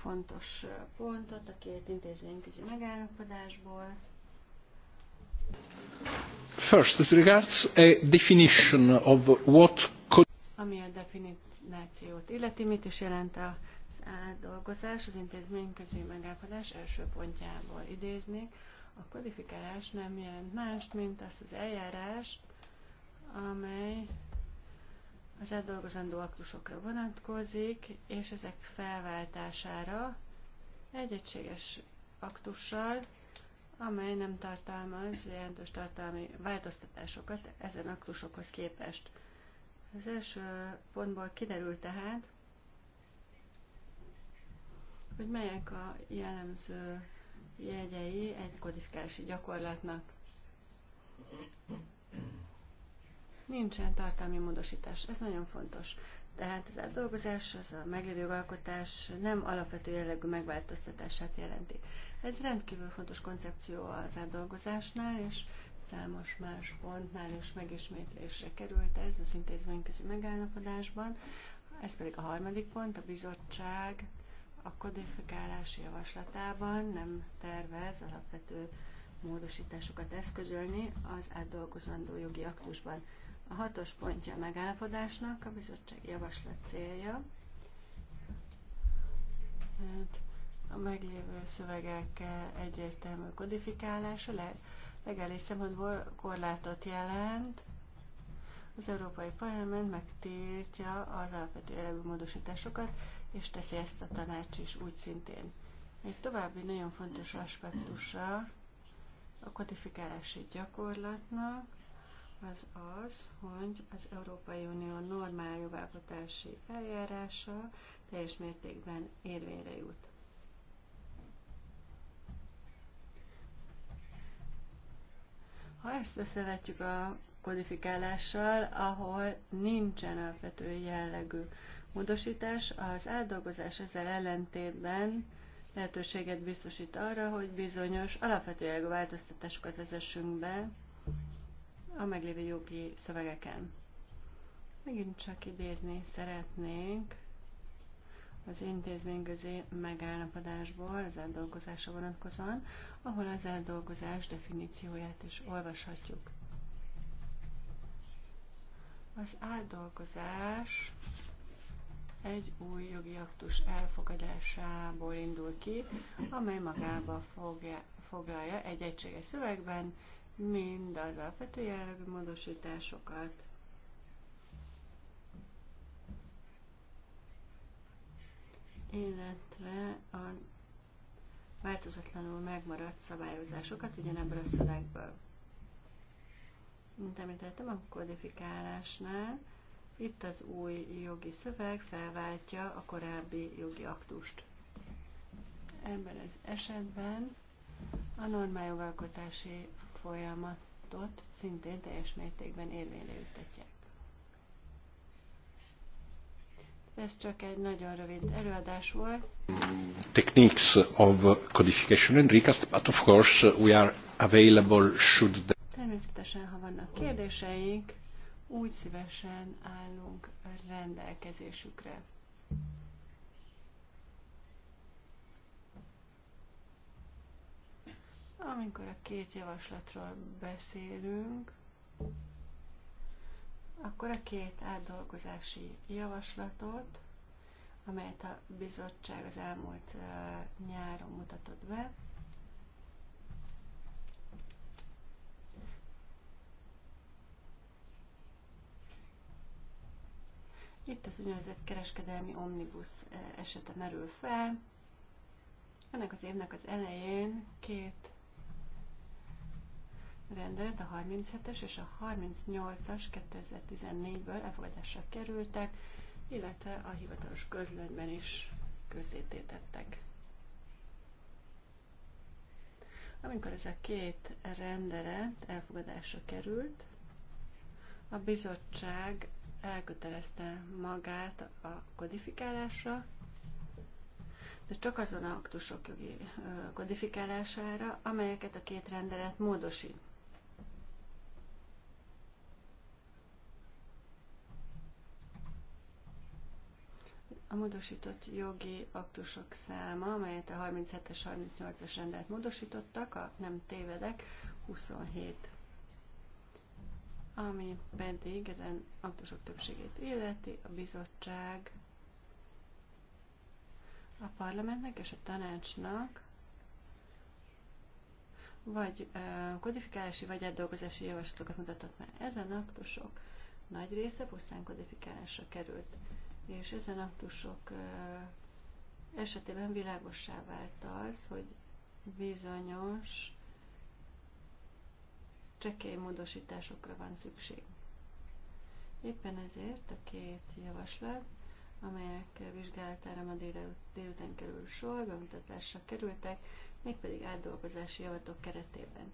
Speaker 5: fontos pontot a két intézményközi megállapodásból.
Speaker 2: First, as regards a definition of what could...
Speaker 5: Ami a definíciót illeti, mit is jelent a dolgozás az intézményközi megállapodás első pontjából idéznék a kodifikálás nem jelent mást, mint azt az eljárás, amely az átdolgozandó aktusokra vonatkozik, és ezek felváltására egy egységes aktussal, amely nem tartalmaz jelentős tartalmi változtatásokat ezen aktusokhoz képest. Az első pontból kiderül tehát, hogy melyek a jellemző jegyei egy kodifikálási gyakorlatnak. Nincsen tartalmi módosítás, ez nagyon fontos. Tehát az átdolgozás, az a meglévő alkotás nem alapvető jellegű megváltoztatását jelenti. Ez rendkívül fontos koncepció az átdolgozásnál, és számos más pontnál is megismétlésre került ez az intézményközi megállapodásban. Ez pedig a harmadik pont, a bizottság a kodifikálás javaslatában nem tervez alapvető módosításokat eszközölni az átdolgozandó jogi aktusban. A hatos pontja a megállapodásnak a bizottság javaslat célja, hát a meglévő szövegek egyértelmű kodifikálása legális szempontból korlátot jelent. Az Európai Parlament megtiltja az alapvető jellegű módosításokat, és teszi ezt a tanács is úgy szintén. Egy további nagyon fontos aspektusa a kodifikálási gyakorlatnak az az, hogy az Európai Unió normál jogalkotási eljárása teljes mértékben érvényre jut. Ha ezt összevetjük a kodifikálással, ahol nincsen alapvető jellegű módosítás az átdolgozás ezzel ellentétben lehetőséget biztosít arra, hogy bizonyos alapvető jelgő változtatásokat vezessünk be a meglévő jogi szövegeken. Megint csak idézni szeretnénk az intézményközi megállapodásból az eldolgozásra vonatkozóan, ahol az eldolgozás definícióját is olvashatjuk. Az átdolgozás egy új jogi aktus elfogadásából indul ki, amely magába fogja, foglalja egy egységes szövegben mind az alapvető jellegű módosításokat, illetve a változatlanul megmaradt szabályozásokat ugyanebből a szövegből. Mint említettem, a kodifikálásnál itt az új jogi szöveg felváltja a korábbi jogi aktust. Ebben az esetben a normál jogalkotási folyamatot szintén teljes mértékben érvényre jutatják. Ez csak egy nagyon rövid előadás volt.
Speaker 2: Techniques of codification and recast, but of course we are available should the...
Speaker 5: Természetesen, ha vannak kérdéseink úgy szívesen állunk rendelkezésükre. Amikor a két javaslatról beszélünk, akkor a két átdolgozási javaslatot, amelyet a bizottság az elmúlt eh, nyáron mutatott be, Itt az úgynevezett kereskedelmi omnibus eh, esete merül fel. Ennek az évnek az elején két rendelet, a 37-es és a 38-as 2014-ből elfogadásra kerültek, illetve a hivatalos közlönyben is közzététettek. Amikor ez a két rendelet elfogadásra került, a bizottság elkötelezte magát a kodifikálásra, de csak azon aktusok jogi kodifikálására, amelyeket a két rendelet módosít. A módosított jogi aktusok száma, amelyet a 37-es, 38-as rendelet módosítottak, a nem tévedek, 27 ami pedig ezen aktusok többségét illeti, a bizottság a parlamentnek és a tanácsnak vagy kodifikálási, vagy átdolgozási javaslatokat mutatott már. Ezen aktusok nagy része pusztán kodifikálásra került, és ezen aktusok esetében világossá vált az, hogy bizonyos csekély módosításokra van szükség. Éppen ezért a két javaslat, amelyek vizsgálatára ma délután kerül sor, bemutatásra kerültek, mégpedig átdolgozási javatok keretében.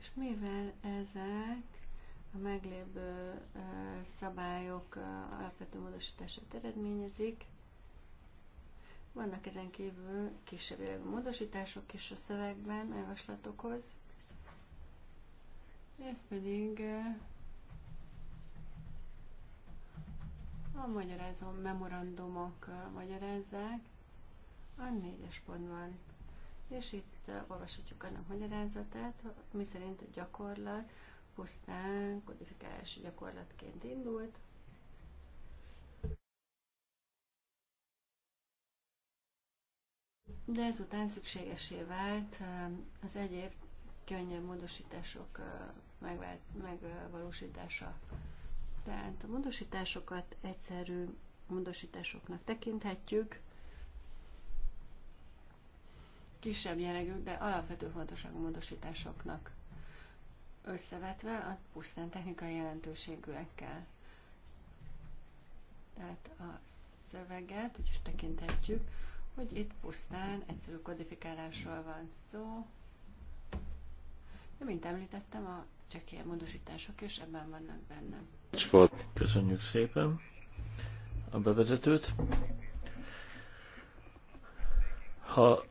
Speaker 5: És mivel ezek a meglévő szabályok alapvető módosítását eredményezik, vannak ezen kívül kisebb jellegű módosítások is a szövegben, a javaslatokhoz. Ez pedig eh, a magyarázó memorandumok eh, magyarázzák a négyes pontban. És itt eh, olvashatjuk annak magyarázatát, miszerint a gyakorlat pusztán kodifikálási gyakorlatként indult, de ezután szükségesé vált az egyéb könnyebb módosítások megvált, megvalósítása. Tehát a módosításokat egyszerű módosításoknak tekinthetjük, kisebb jellegű, de alapvető fontosságú módosításoknak összevetve a pusztán technikai jelentőségűekkel. Tehát a szöveget, úgyis tekinthetjük, hogy itt pusztán egyszerű kodifikálásról van szó. De mint említettem, a csekély módosítások is ebben vannak benne.
Speaker 4: Köszönjük szépen a bevezetőt. Ha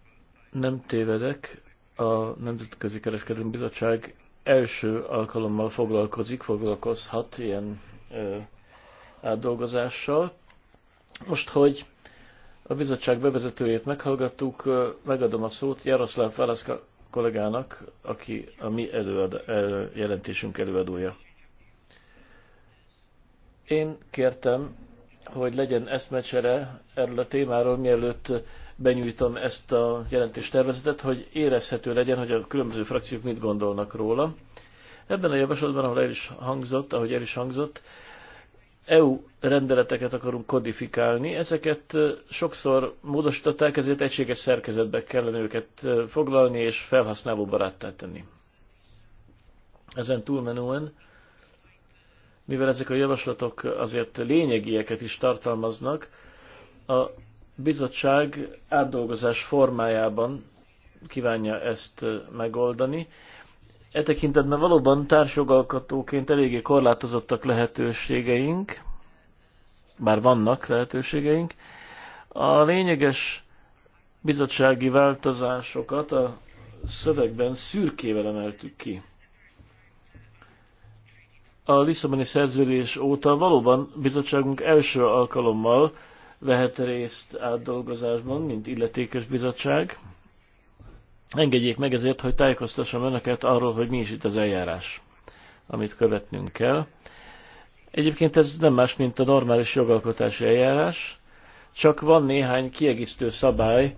Speaker 4: nem tévedek, a Nemzetközi Kereskedelmi Bizottság első alkalommal foglalkozik, foglalkozhat ilyen ö, átdolgozással. Most, hogy a bizottság bevezetőjét meghallgattuk, megadom a szót Jaroszláv Válaszka kollégának, aki a mi előad, el, jelentésünk előadója. Én kértem, hogy legyen eszmecsere erről a témáról, mielőtt benyújtom ezt a jelentéstervezetet, hogy érezhető legyen, hogy a különböző frakciók mit gondolnak róla. Ebben a javaslatban, ahol el is hangzott, ahogy el is hangzott, EU rendeleteket akarunk kodifikálni, ezeket sokszor módosították, ezért egységes szerkezetbe kellene őket foglalni és felhasználó baráttá tenni. Ezen túlmenően, mivel ezek a javaslatok azért lényegieket is tartalmaznak, a bizottság átdolgozás formájában kívánja ezt megoldani, E tekintetben valóban társjogalkatóként eléggé korlátozottak lehetőségeink, bár vannak lehetőségeink. A lényeges bizottsági változásokat a szövegben szürkével emeltük ki. A Lisszaboni szerződés óta valóban bizottságunk első alkalommal vehet részt átdolgozásban, mint illetékes bizottság. Engedjék meg ezért, hogy tájékoztassam önöket arról, hogy mi is itt az eljárás, amit követnünk kell. Egyébként ez nem más, mint a normális jogalkotási eljárás, csak van néhány kiegészítő szabály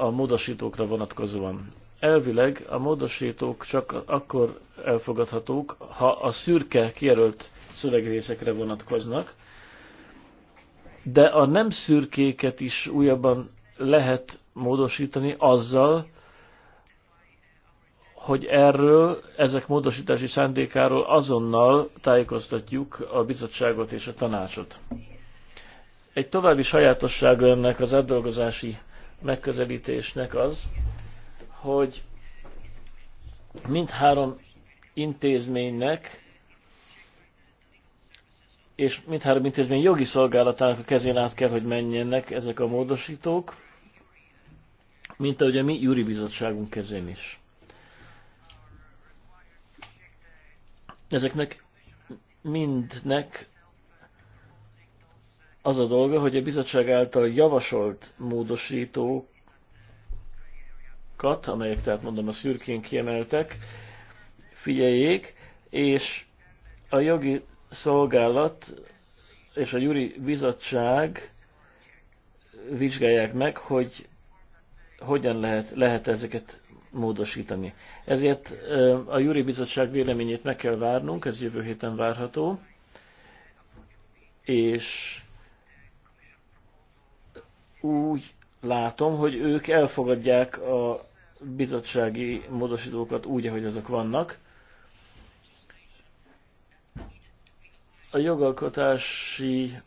Speaker 4: a módosítókra vonatkozóan. Elvileg a módosítók csak akkor elfogadhatók, ha a szürke kijelölt szövegrészekre vonatkoznak, de a nem szürkéket is újabban lehet módosítani azzal, hogy erről, ezek módosítási szándékáról azonnal tájékoztatjuk a bizottságot és a tanácsot. Egy további sajátossága ennek az átdolgozási megközelítésnek az, hogy mindhárom intézménynek és mindhárom intézmény jogi szolgálatának a kezén át kell, hogy menjenek ezek a módosítók, mint ahogy a mi júri bizottságunk kezén is. Ezeknek mindnek az a dolga, hogy a bizottság által javasolt módosítókat, amelyek tehát mondom a szürkén kiemeltek, figyeljék, és a jogi szolgálat és a juri bizottság vizsgálják meg, hogy hogyan lehet, lehet ezeket módosítani. Ezért a Júri Bizottság véleményét meg kell várnunk, ez jövő héten várható, és úgy látom, hogy ők elfogadják a bizottsági módosítókat úgy, ahogy azok vannak. A jogalkotási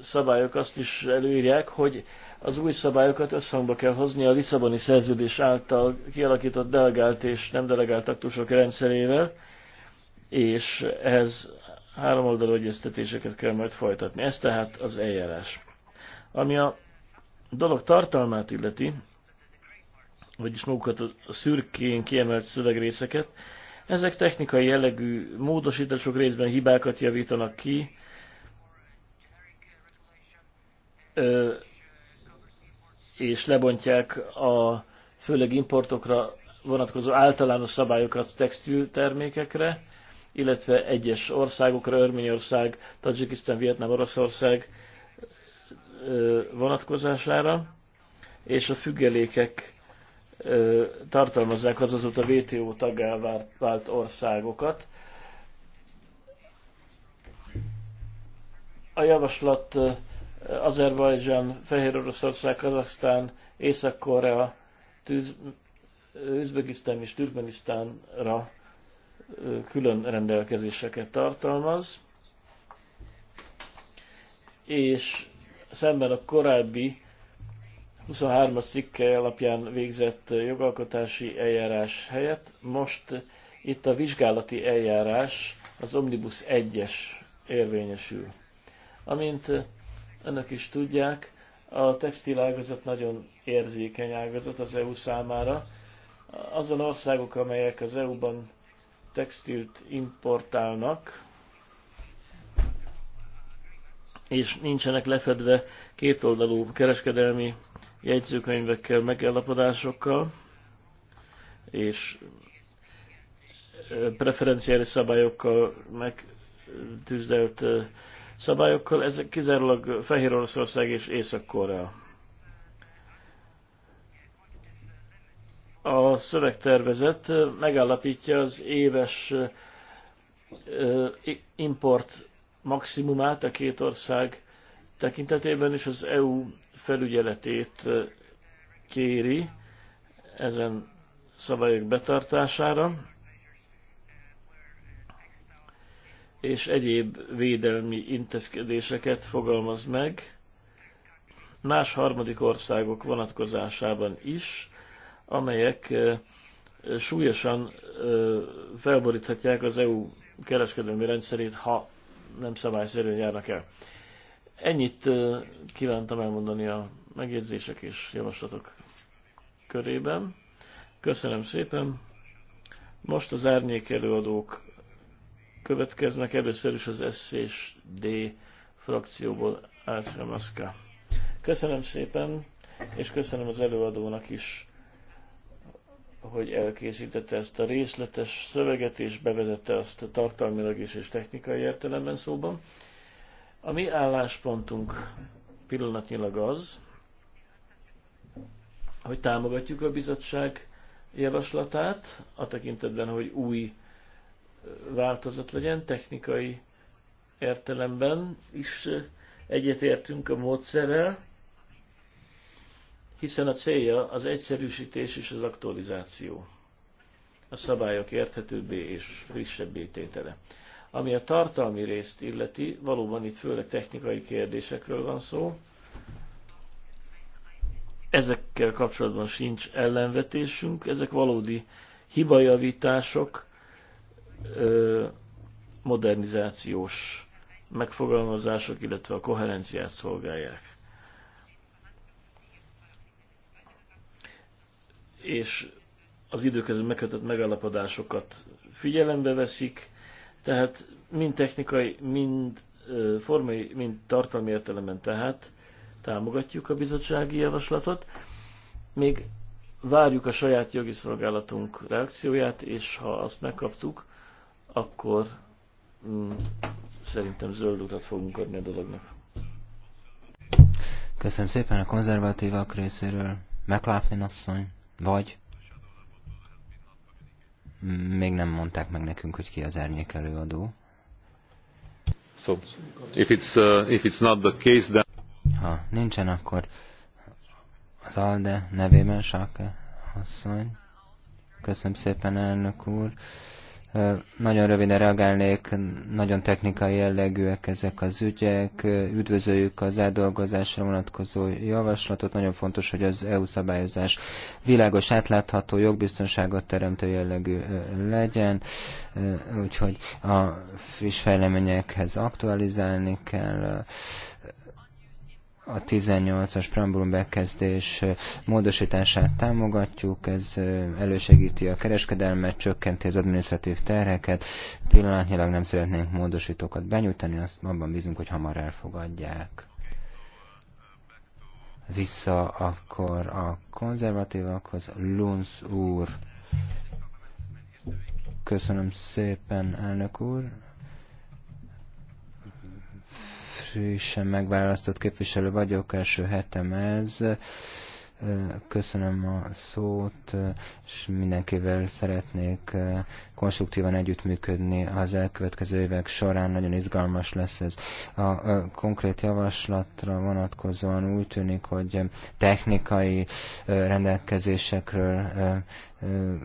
Speaker 4: szabályok azt is előírják, hogy az új szabályokat összhangba kell hozni a Lisszaboni szerződés által kialakított delegált és nem delegált aktusok rendszerével, és ehhez oldalú egyeztetéseket kell majd folytatni. Ez tehát az eljárás. Ami a dolog tartalmát illeti, vagyis magukat a szürkén kiemelt szövegrészeket, ezek technikai jellegű módosítások részben hibákat javítanak ki, és lebontják a főleg importokra vonatkozó általános szabályokat textiltermékekre, illetve egyes országokra, Örményország, Tadzsikisztán, Vietnám, Oroszország vonatkozására, és a függelékek tartalmazzák az azóta WTO taggá vált országokat. A javaslat Azerbajdzsán, Fehér Oroszország, Kazaksztán, Észak-Korea, Üzbegisztán és Türkmenisztánra külön rendelkezéseket tartalmaz, és szemben a korábbi 23-as cikke alapján végzett jogalkotási eljárás helyett most itt a vizsgálati eljárás az Omnibus 1-es érvényesül. Amint önök is tudják, a textilágazat nagyon érzékeny ágazat az EU számára. Azon országok, amelyek az EU-ban textilt importálnak, és nincsenek lefedve kétoldalú kereskedelmi jegyzőkönyvekkel, megállapodásokkal, és preferenciális szabályokkal megtűzdelt szabályokkal, ezek kizárólag Fehér Oroszország és Észak-Korea. A szövegtervezet megállapítja az éves import maximumát a két ország tekintetében, és az EU felügyeletét kéri ezen szabályok betartására. és egyéb védelmi intézkedéseket fogalmaz meg, más harmadik országok vonatkozásában is, amelyek súlyosan felboríthatják az EU kereskedelmi rendszerét, ha nem szabályszerűen járnak el. Ennyit kívántam elmondani a megjegyzések és javaslatok körében. Köszönöm szépen. Most az árnyék előadók következnek. Először is az S és D frakcióból Ászra Maszka. Köszönöm szépen, és köszönöm az előadónak is, hogy elkészítette ezt a részletes szöveget, és bevezette azt a tartalmilag is és technikai értelemben szóban. A mi álláspontunk pillanatnyilag az, hogy támogatjuk a bizottság javaslatát, a tekintetben, hogy új változat legyen, technikai értelemben is egyetértünk a módszerrel, hiszen a célja az egyszerűsítés és az aktualizáció, a szabályok érthetőbbé és frissebbé tétele. Ami a tartalmi részt illeti, valóban itt főleg technikai kérdésekről van szó, ezekkel kapcsolatban sincs ellenvetésünk, ezek valódi hibajavítások, modernizációs megfogalmazások, illetve a koherenciát szolgálják. És az időközben megkötött megállapodásokat figyelembe veszik, tehát mind technikai, mind formai, mind tartalmi értelemben tehát támogatjuk a bizottsági javaslatot. Még várjuk a saját jogi szolgálatunk reakcióját, és ha azt megkaptuk, akkor mm, szerintem zöld utat fogunk adni a dolognak.
Speaker 3: Köszönöm szépen a konzervatívak részéről. McLaughlin asszony, vagy? Még nem mondták meg nekünk, hogy ki az árnyék előadó.
Speaker 2: So, if it's, uh, if it's not the case, then... Ha
Speaker 3: nincsen, akkor az ALDE nevében Sáke asszony. Köszönöm szépen, elnök úr. Nagyon röviden reagálnék, nagyon technikai jellegűek ezek az ügyek. Üdvözöljük az eldolgozásra vonatkozó javaslatot. Nagyon fontos, hogy az EU szabályozás világos, átlátható, jogbiztonságot teremtő jellegű legyen, úgyhogy a friss fejleményekhez aktualizálni kell a 18-as preambulum bekezdés módosítását támogatjuk, ez elősegíti a kereskedelmet, csökkenti az adminisztratív terheket, pillanatnyilag nem szeretnénk módosítókat benyújtani, azt abban bízunk, hogy hamar elfogadják. Vissza akkor a konzervatívakhoz, Lunz úr. Köszönöm szépen, elnök úr frissen megválasztott képviselő vagyok, első hetem ez köszönöm a szót, és mindenkivel szeretnék eh, konstruktívan együttműködni az elkövetkező évek során. Nagyon izgalmas lesz ez. A eh, konkrét javaslatra vonatkozóan úgy tűnik, hogy technikai eh, rendelkezésekről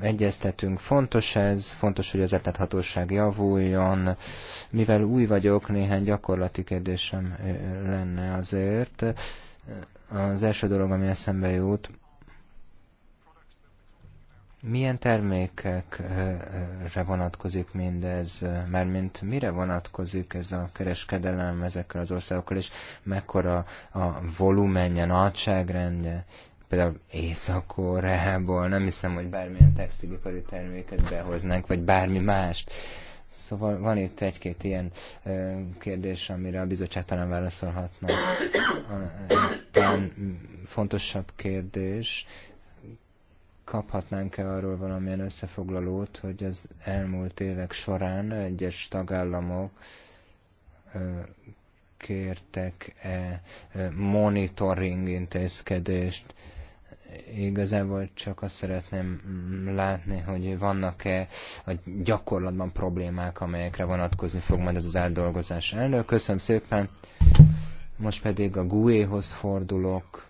Speaker 3: egyeztetünk. Fontos ez, fontos, hogy az etethatóság javuljon. Mivel új vagyok, néhány gyakorlati kérdésem lenne azért az első dolog, ami eszembe jut, milyen termékekre vonatkozik mindez, mármint mire vonatkozik ez a kereskedelem ezekkel az országokkal, és mekkora a volumenje, nagyságrendje, például Észak-Koreából, nem hiszem, hogy bármilyen textilipari terméket behoznánk, vagy bármi mást. Szóval van itt egy-két ilyen kérdés, amire a bizottság talán válaszolhatna. Talán fontosabb kérdés, kaphatnánk-e arról valamilyen összefoglalót, hogy az elmúlt évek során egyes tagállamok kértek-e monitoring intézkedést Igazából csak azt szeretném látni, hogy vannak-e a gyakorlatban problémák, amelyekre vonatkozni fog majd ez az átdolgozás elnök. Köszönöm szépen. Most pedig a GUE-hoz fordulok.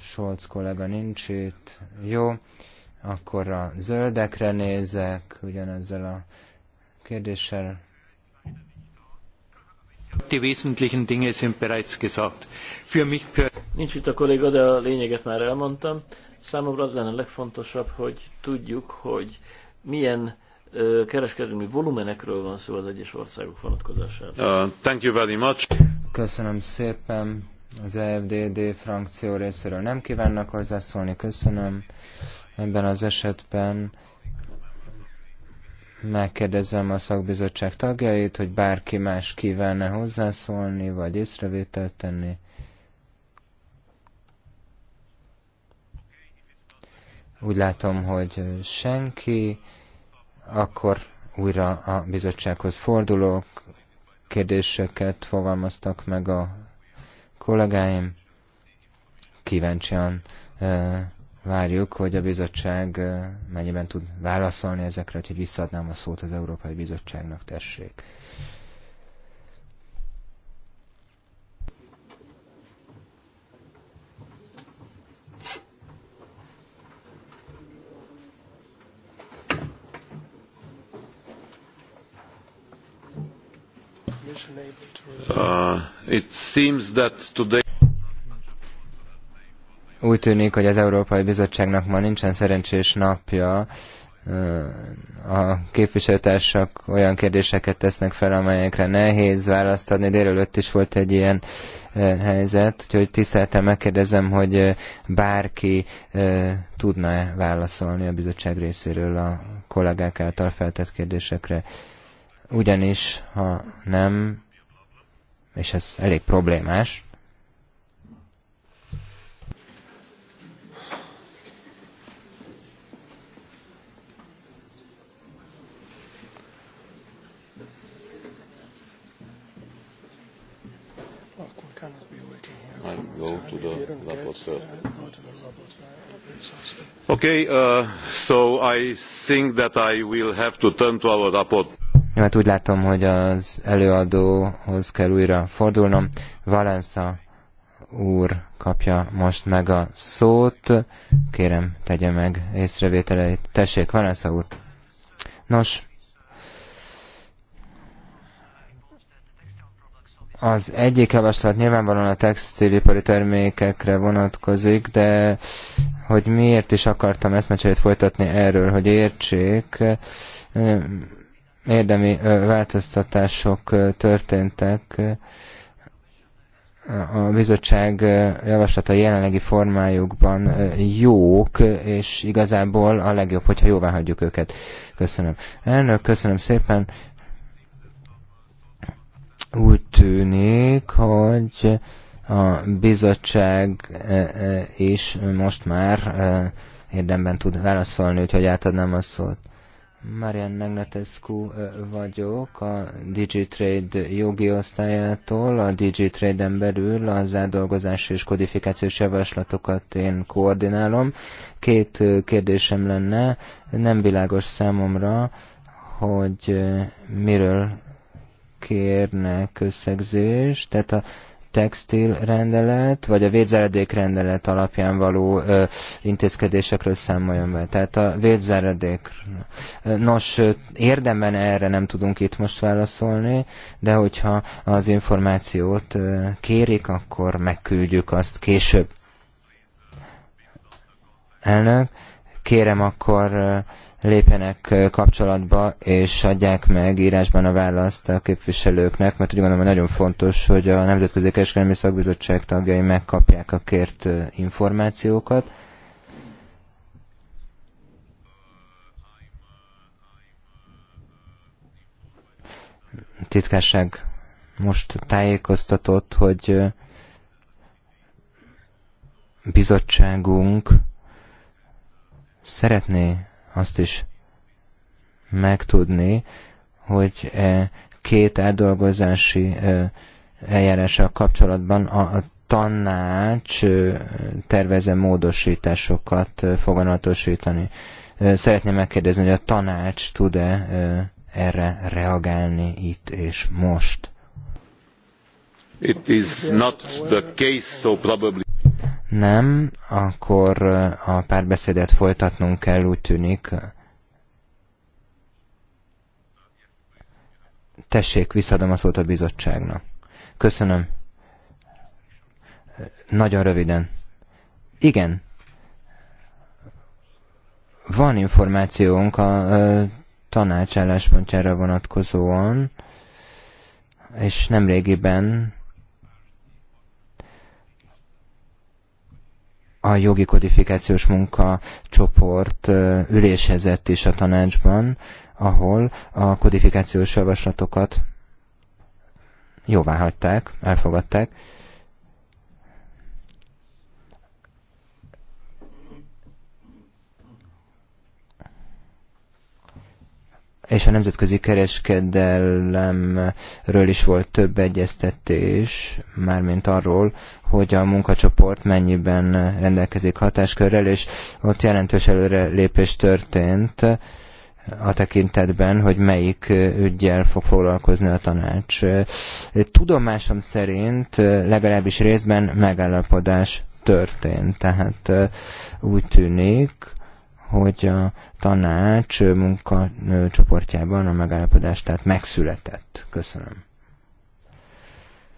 Speaker 3: Scholz kollega nincs itt. Jó, akkor a zöldekre nézek ugyanezzel a kérdéssel.
Speaker 1: Die wesentlichen Dinge sind bereits gesagt.
Speaker 4: Nincs itt a kolléga, de a lényeget már elmondtam. Számomra az lenne a legfontosabb, hogy tudjuk, hogy milyen kereskedelmi volumenekről van szó az egyes országok vonatkozásában.
Speaker 3: Uh, thank you very much. Köszönöm szépen. Az EFDD frakció részéről nem kívánnak hozzászólni. Köszönöm. Ebben az esetben megkérdezem a szakbizottság tagjait, hogy bárki más kívánne hozzászólni, vagy észrevételt tenni. Úgy látom, hogy senki, akkor újra a bizottsághoz fordulok, kérdéseket fogalmaztak meg a kollégáim, kíváncsian eh, várjuk, hogy a bizottság mennyiben tud válaszolni ezekre, hogy visszaadnám a szót az Európai Bizottságnak, tessék. Uh, it seems
Speaker 2: that today
Speaker 3: úgy tűnik, hogy az Európai Bizottságnak ma nincsen szerencsés napja, a képviselőtársak olyan kérdéseket tesznek fel, amelyekre nehéz választ adni. Délelőtt is volt egy ilyen eh, helyzet, úgyhogy tiszteltem megkérdezem, hogy eh, bárki eh, tudna-e válaszolni a bizottság részéről a kollégák által feltett kérdésekre. Ugyanis, ha nem, és ez elég problémás,
Speaker 5: go to the
Speaker 2: rapporteur. Okay, uh, so I think that I will have to turn to our lapot.
Speaker 3: Ja, hát úgy látom, hogy az előadóhoz kell újra fordulnom. Valensa úr kapja most meg a szót. Kérem, tegye meg észrevételeit. Tessék, Valensa úr. Nos, Az egyik javaslat nyilvánvalóan a textilipari termékekre vonatkozik, de hogy miért is akartam eszmecserét folytatni erről, hogy értsék, érdemi változtatások történtek. A bizottság javaslata jelenlegi formájukban jók, és igazából a legjobb, hogyha jóvá hagyjuk őket. Köszönöm. Elnök, köszönöm szépen. Úgy tűnik, hogy a bizottság e, e, is most már e, érdemben tud válaszolni, úgyhogy átadnám a szót. Marian Magnetescu vagyok, a DigiTrade jogi osztályától, a DigiTrade-en belül az átdolgozás és kodifikációs javaslatokat én koordinálom. Két kérdésem lenne, nem világos számomra, hogy miről kérnek összegzést, tehát a textil rendelet, vagy a védzáradék rendelet alapján való ö, intézkedésekről számoljon be. Tehát a védzeredék. Nos, érdemben erre nem tudunk itt most válaszolni, de hogyha az információt ö, kérik, akkor megküldjük azt később. Elnök, kérem akkor ö, lépjenek kapcsolatba, és adják meg írásban a választ a képviselőknek, mert úgy gondolom, hogy nagyon fontos, hogy a Nemzetközi Kereskedelmi Szakbizottság tagjai megkapják a kért információkat. titkárság most tájékoztatott, hogy bizottságunk szeretné azt is megtudni, hogy e két átdolgozási e, eljárással kapcsolatban a tanács e, terveze módosításokat foganatosítani. Szeretném megkérdezni, hogy a tanács tud-e erre reagálni itt és most.
Speaker 2: It is not the case, so probably
Speaker 3: nem, akkor a párbeszédet folytatnunk kell, úgy tűnik. Tessék, visszadom a szót a bizottságnak. Köszönöm. Nagyon röviden. Igen. Van információnk a tanács álláspontjára vonatkozóan, és nemrégiben a jogi kodifikációs munkacsoport ülésezett is a tanácsban, ahol a kodifikációs javaslatokat jóvá hagyták, elfogadták. És a nemzetközi kereskedelemről is volt több egyeztetés, mármint arról, hogy a munkacsoport mennyiben rendelkezik hatáskörrel, és ott jelentős előre lépés történt a tekintetben, hogy melyik ügyjel fog foglalkozni a tanács. Tudomásom szerint legalábbis részben megállapodás történt, tehát úgy tűnik, hogy a tanács munkacsoportjában a megállapodás tehát megszületett. Köszönöm.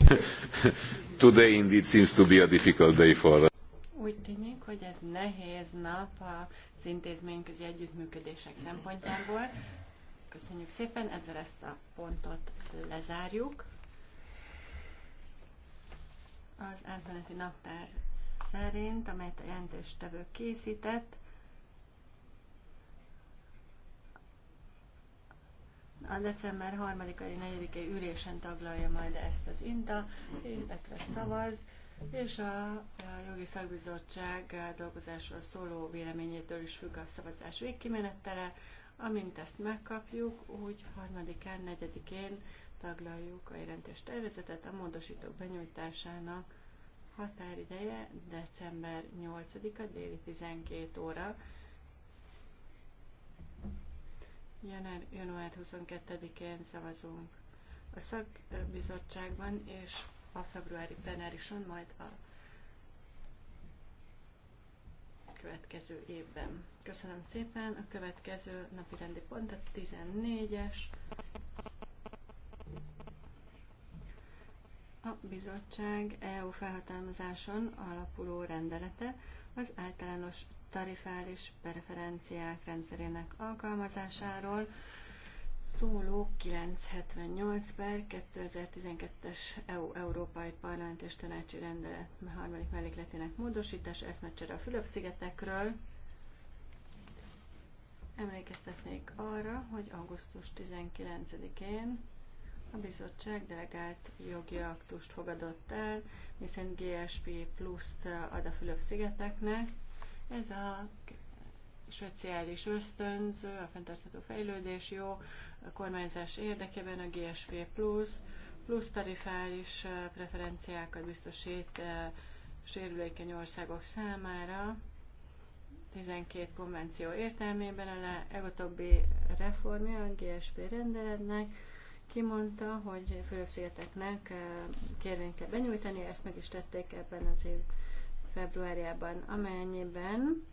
Speaker 2: (laughs) Today indeed seems to be a difficult day for us.
Speaker 5: Úgy tűnik, hogy ez nehéz nap az intézményközi együttműködések szempontjából. Köszönjük szépen, ezzel ezt a pontot lezárjuk. Az átmeneti naptár szerint, amelyet a jelentéstevő készített, A december 3-ai, 4 -ai ülésen taglalja majd ezt az INTA, illetve szavaz, és a, a jogi szakbizottság dolgozásról szóló véleményétől is függ a szavazás végkimenettele, Amint ezt megkapjuk, úgy 3-án, 4-én taglaljuk a jelentés tervezetet a módosítók benyújtásának határideje december 8-a déli 12 óra. Janár, január 22-én szavazunk a szakbizottságban, és a februári plenárison, majd a következő évben. Köszönöm szépen. A következő napi rendi pont a 14-es. A bizottság EU felhatalmazáson alapuló rendelete az általános tarifális preferenciák rendszerének alkalmazásáról szóló 978 per 2012-es EU Európai Parlament és Tanácsi Rendelet harmadik mellékletének módosítás eszmecsere a Fülöp-szigetekről. Emlékeztetnék arra, hogy augusztus 19-én a bizottság delegált jogi aktust fogadott el, hiszen GSP pluszt ad a Fülöp-szigeteknek, ez a speciális ösztönző, a fenntartható fejlődés jó a kormányzás érdekében a GSP plusz plusz tarifális preferenciákat biztosít sérülékeny országok számára, 12 konvenció értelmében a legutóbbi e reformja a GSP rendeletnek kimondta, hogy Fülöp-szigeteknek kérvényt kell benyújtani, ezt meg is tették ebben az évben februárjában, amennyiben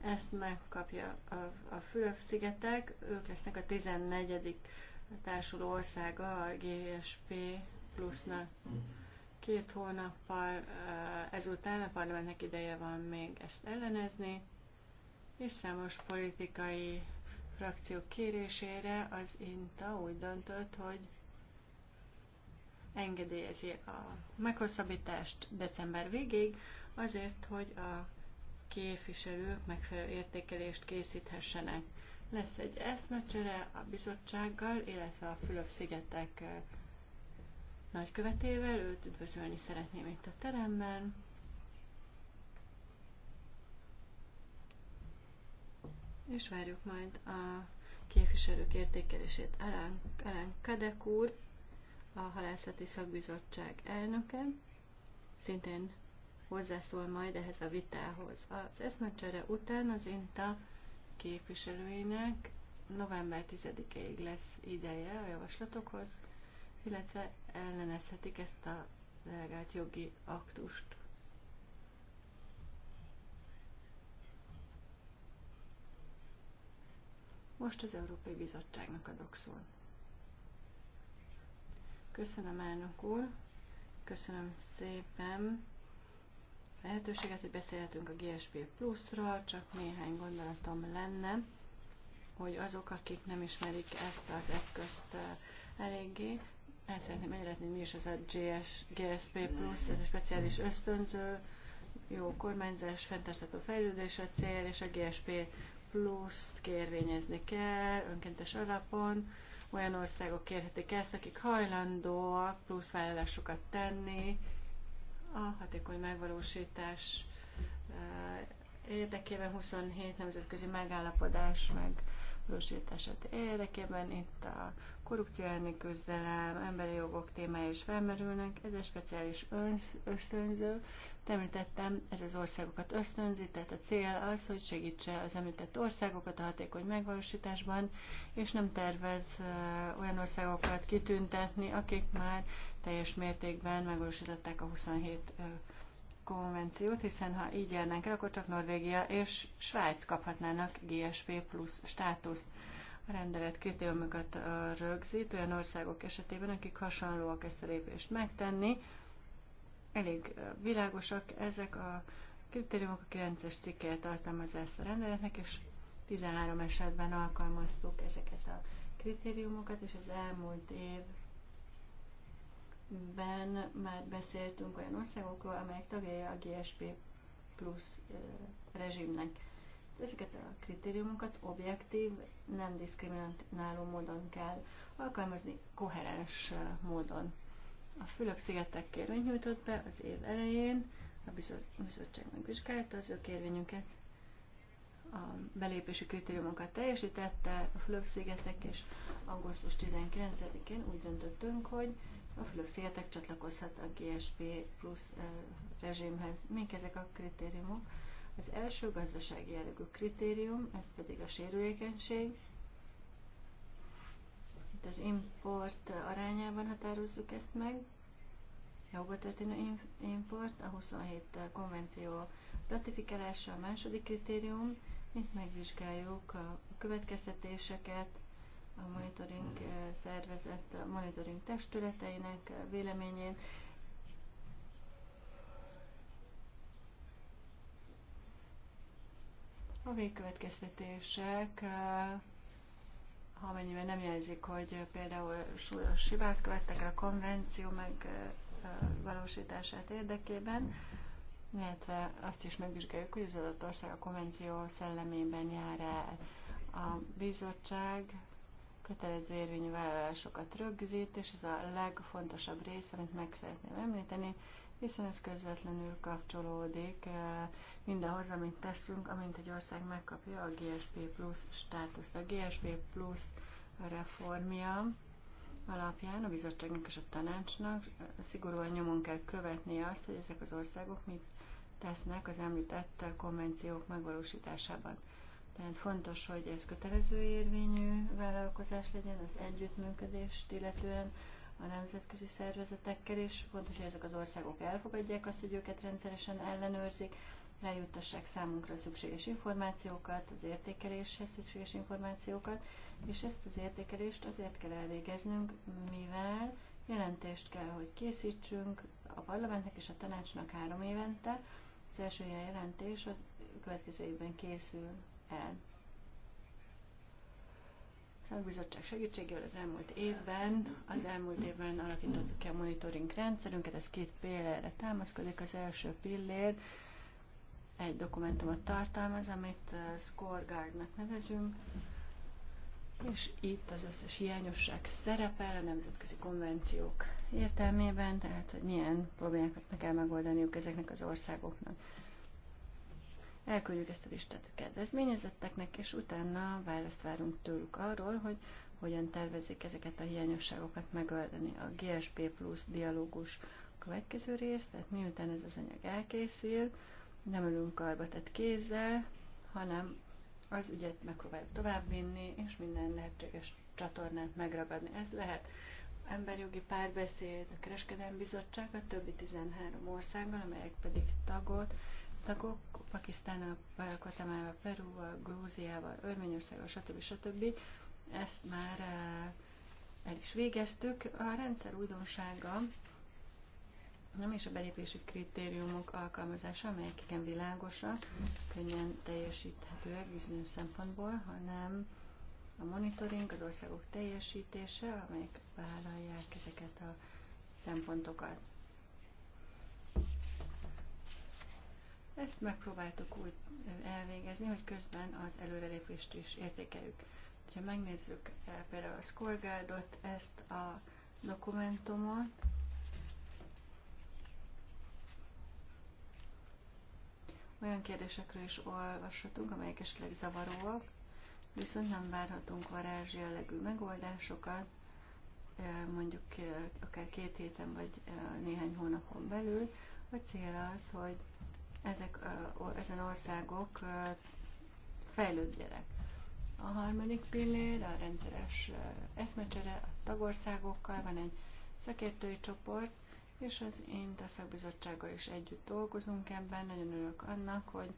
Speaker 5: ezt megkapja a, a Fülöp-szigetek, ők lesznek a 14. társuló országa a GSP plusznak. Két hónappal eh, ezután a parlamentnek ideje van még ezt ellenezni, és számos politikai frakció kérésére az INTA úgy döntött, hogy engedélyezi a meghosszabbítást december végéig, azért, hogy a képviselők megfelelő értékelést készíthessenek. Lesz egy eszmecsere a bizottsággal, illetve a Fülöp-szigetek eh, nagykövetével, őt üdvözölni szeretném itt a teremben. És várjuk majd a képviselők értékelését. Arán, Arán Kadek úr, a Halászati Szakbizottság elnöke, szintén hozzászól majd ehhez a vitához. Az eszmecsere után az INTA képviselőinek november 10-ig lesz ideje a javaslatokhoz, illetve ellenezhetik ezt a delegált jogi aktust. Most az Európai Bizottságnak adok szót. Köszönöm, elnök úr! Köszönöm szépen lehetőséget, hogy beszélhetünk a GSP Plus-ról, csak néhány gondolatom lenne, hogy azok, akik nem ismerik ezt az eszközt uh, eléggé, el szeretném érezni, mi is ez a GS, GSP Plus, ez a speciális ösztönző, jó kormányzás, fenntartható fejlődés a cél, és a GSP Plus-t kérvényezni kell önkéntes alapon. Olyan országok kérhetik ezt, akik hajlandóak plusz vállalásokat tenni, a hatékony megvalósítás eh, érdekében 27 nemzetközi megállapodás valósítását érdekében itt a korrupció elleni küzdelem, emberi jogok témája is felmerülnek. Ez egy speciális ösztönző, Említettem, ez az országokat ösztönzi, tehát a cél az, hogy segítse az említett országokat a hatékony megvalósításban, és nem tervez olyan országokat kitüntetni, akik már teljes mértékben megvalósították a 27 konvenciót, hiszen ha így járnánk el, akkor csak Norvégia és Svájc kaphatnának GSP plusz státuszt. A rendelet kritériumokat rögzít olyan országok esetében, akik hasonlóak ezt a lépést megtenni, elég világosak ezek a kritériumok, a 9-es cikkel tartalmazza ezt a rendeletnek, és 13 esetben alkalmaztuk ezeket a kritériumokat, és az elmúlt évben már beszéltünk olyan országokról, amelyek tagjai a GSP plusz rezsimnek. Ezeket a kritériumokat objektív, nem diszkrimináló módon kell alkalmazni, koherens módon. A Fülöp-szigetek kérvényt nyújtott be az év elején, a bizottság megvizsgálta az ő kérvényünket, a belépési kritériumokat teljesítette a Fülöp-szigetek, és augusztus 19-én úgy döntöttünk, hogy a Fülöp-szigetek csatlakozhat a GSP plusz rezsimhez. Mik ezek a kritériumok? Az első gazdasági jellegű kritérium, ez pedig a sérülékenység, itt az import arányában határozzuk ezt meg. eu történő import, a 27 konvenció ratifikálása a második kritérium. Itt megvizsgáljuk a következtetéseket, a monitoring szervezet, a monitoring testületeinek véleményét, A végkövetkeztetések ha amennyiben nem jelzik, hogy például súlyos hibát követtek el a konvenció megvalósítását érdekében, illetve azt is megvizsgáljuk, hogy az adott ország a konvenció szellemében jár el. A bizottság kötelező érvényű vállalásokat rögzít, és ez a legfontosabb rész, amit meg szeretném említeni, hiszen ez közvetlenül kapcsolódik eh, mindahhoz, amit teszünk, amint egy ország megkapja a GSP Plus státuszt. A GSP Plus reformja alapján a bizottságnak és a tanácsnak szigorúan nyomon kell követni azt, hogy ezek az országok mit tesznek az említett konvenciók megvalósításában. Tehát fontos, hogy ez kötelező érvényű vállalkozás legyen az együttműködést illetően, a nemzetközi szervezetekkel, és fontos, hogy ezek az országok elfogadják azt, hogy őket rendszeresen ellenőrzik, lejuttassák számunkra szükséges információkat, az értékeléshez szükséges információkat, és ezt az értékelést azért kell elvégeznünk, mivel jelentést kell, hogy készítsünk a parlamentnek és a tanácsnak három évente. Az első ilyen jelentés az következő évben készül el szakbizottság segítségével az elmúlt évben, az elmúlt évben alakítottuk ki a monitoring rendszerünket, ez két pillérre támaszkodik. Az első pillér egy dokumentumot tartalmaz, amit uh, scoreguardnak nevezünk, és itt az összes hiányosság szerepel a nemzetközi konvenciók értelmében, tehát hogy milyen problémákat meg kell megoldaniuk ezeknek az országoknak elküldjük ezt a listát a kedvezményezetteknek, és utána választ várunk tőlük arról, hogy hogyan tervezik ezeket a hiányosságokat megoldani. A GSP plusz dialógus következő rész, tehát miután ez az anyag elkészül, nem ülünk karba tett kézzel, hanem az ügyet megpróbáljuk továbbvinni, és minden lehetséges csatornát megragadni. Ez lehet emberjogi párbeszéd, a Kereskedelmi Bizottság, a többi 13 országgal, amelyek pedig tagot, tagok, Pakisztánnal, Guatemalával, Perúval, Grúziával, Örményországgal, stb. stb. Ezt már eh, el is végeztük. A rendszer újdonsága nem is a belépési kritériumok alkalmazása, amelyek igen világosak, könnyen teljesíthetőek bizonyos szempontból, hanem a monitoring, az országok teljesítése, amelyek vállalják ezeket a szempontokat. Ezt megpróbáltuk úgy elvégezni, hogy közben az előrelépést is értékeljük. Ha megnézzük e, például a Skolgárdot, ezt a dokumentumot, olyan kérdésekről is olvashatunk, amelyek esetleg zavaróak, viszont nem várhatunk varázs jellegű megoldásokat, mondjuk akár két héten vagy néhány hónapon belül. A cél az, hogy ezek, ezen országok fejlődjenek. A harmadik pillér a rendszeres eszmecsere a tagországokkal, van egy szakértői csoport, és az én a szakbizottsággal is együtt dolgozunk ebben. Nagyon örülök annak, hogy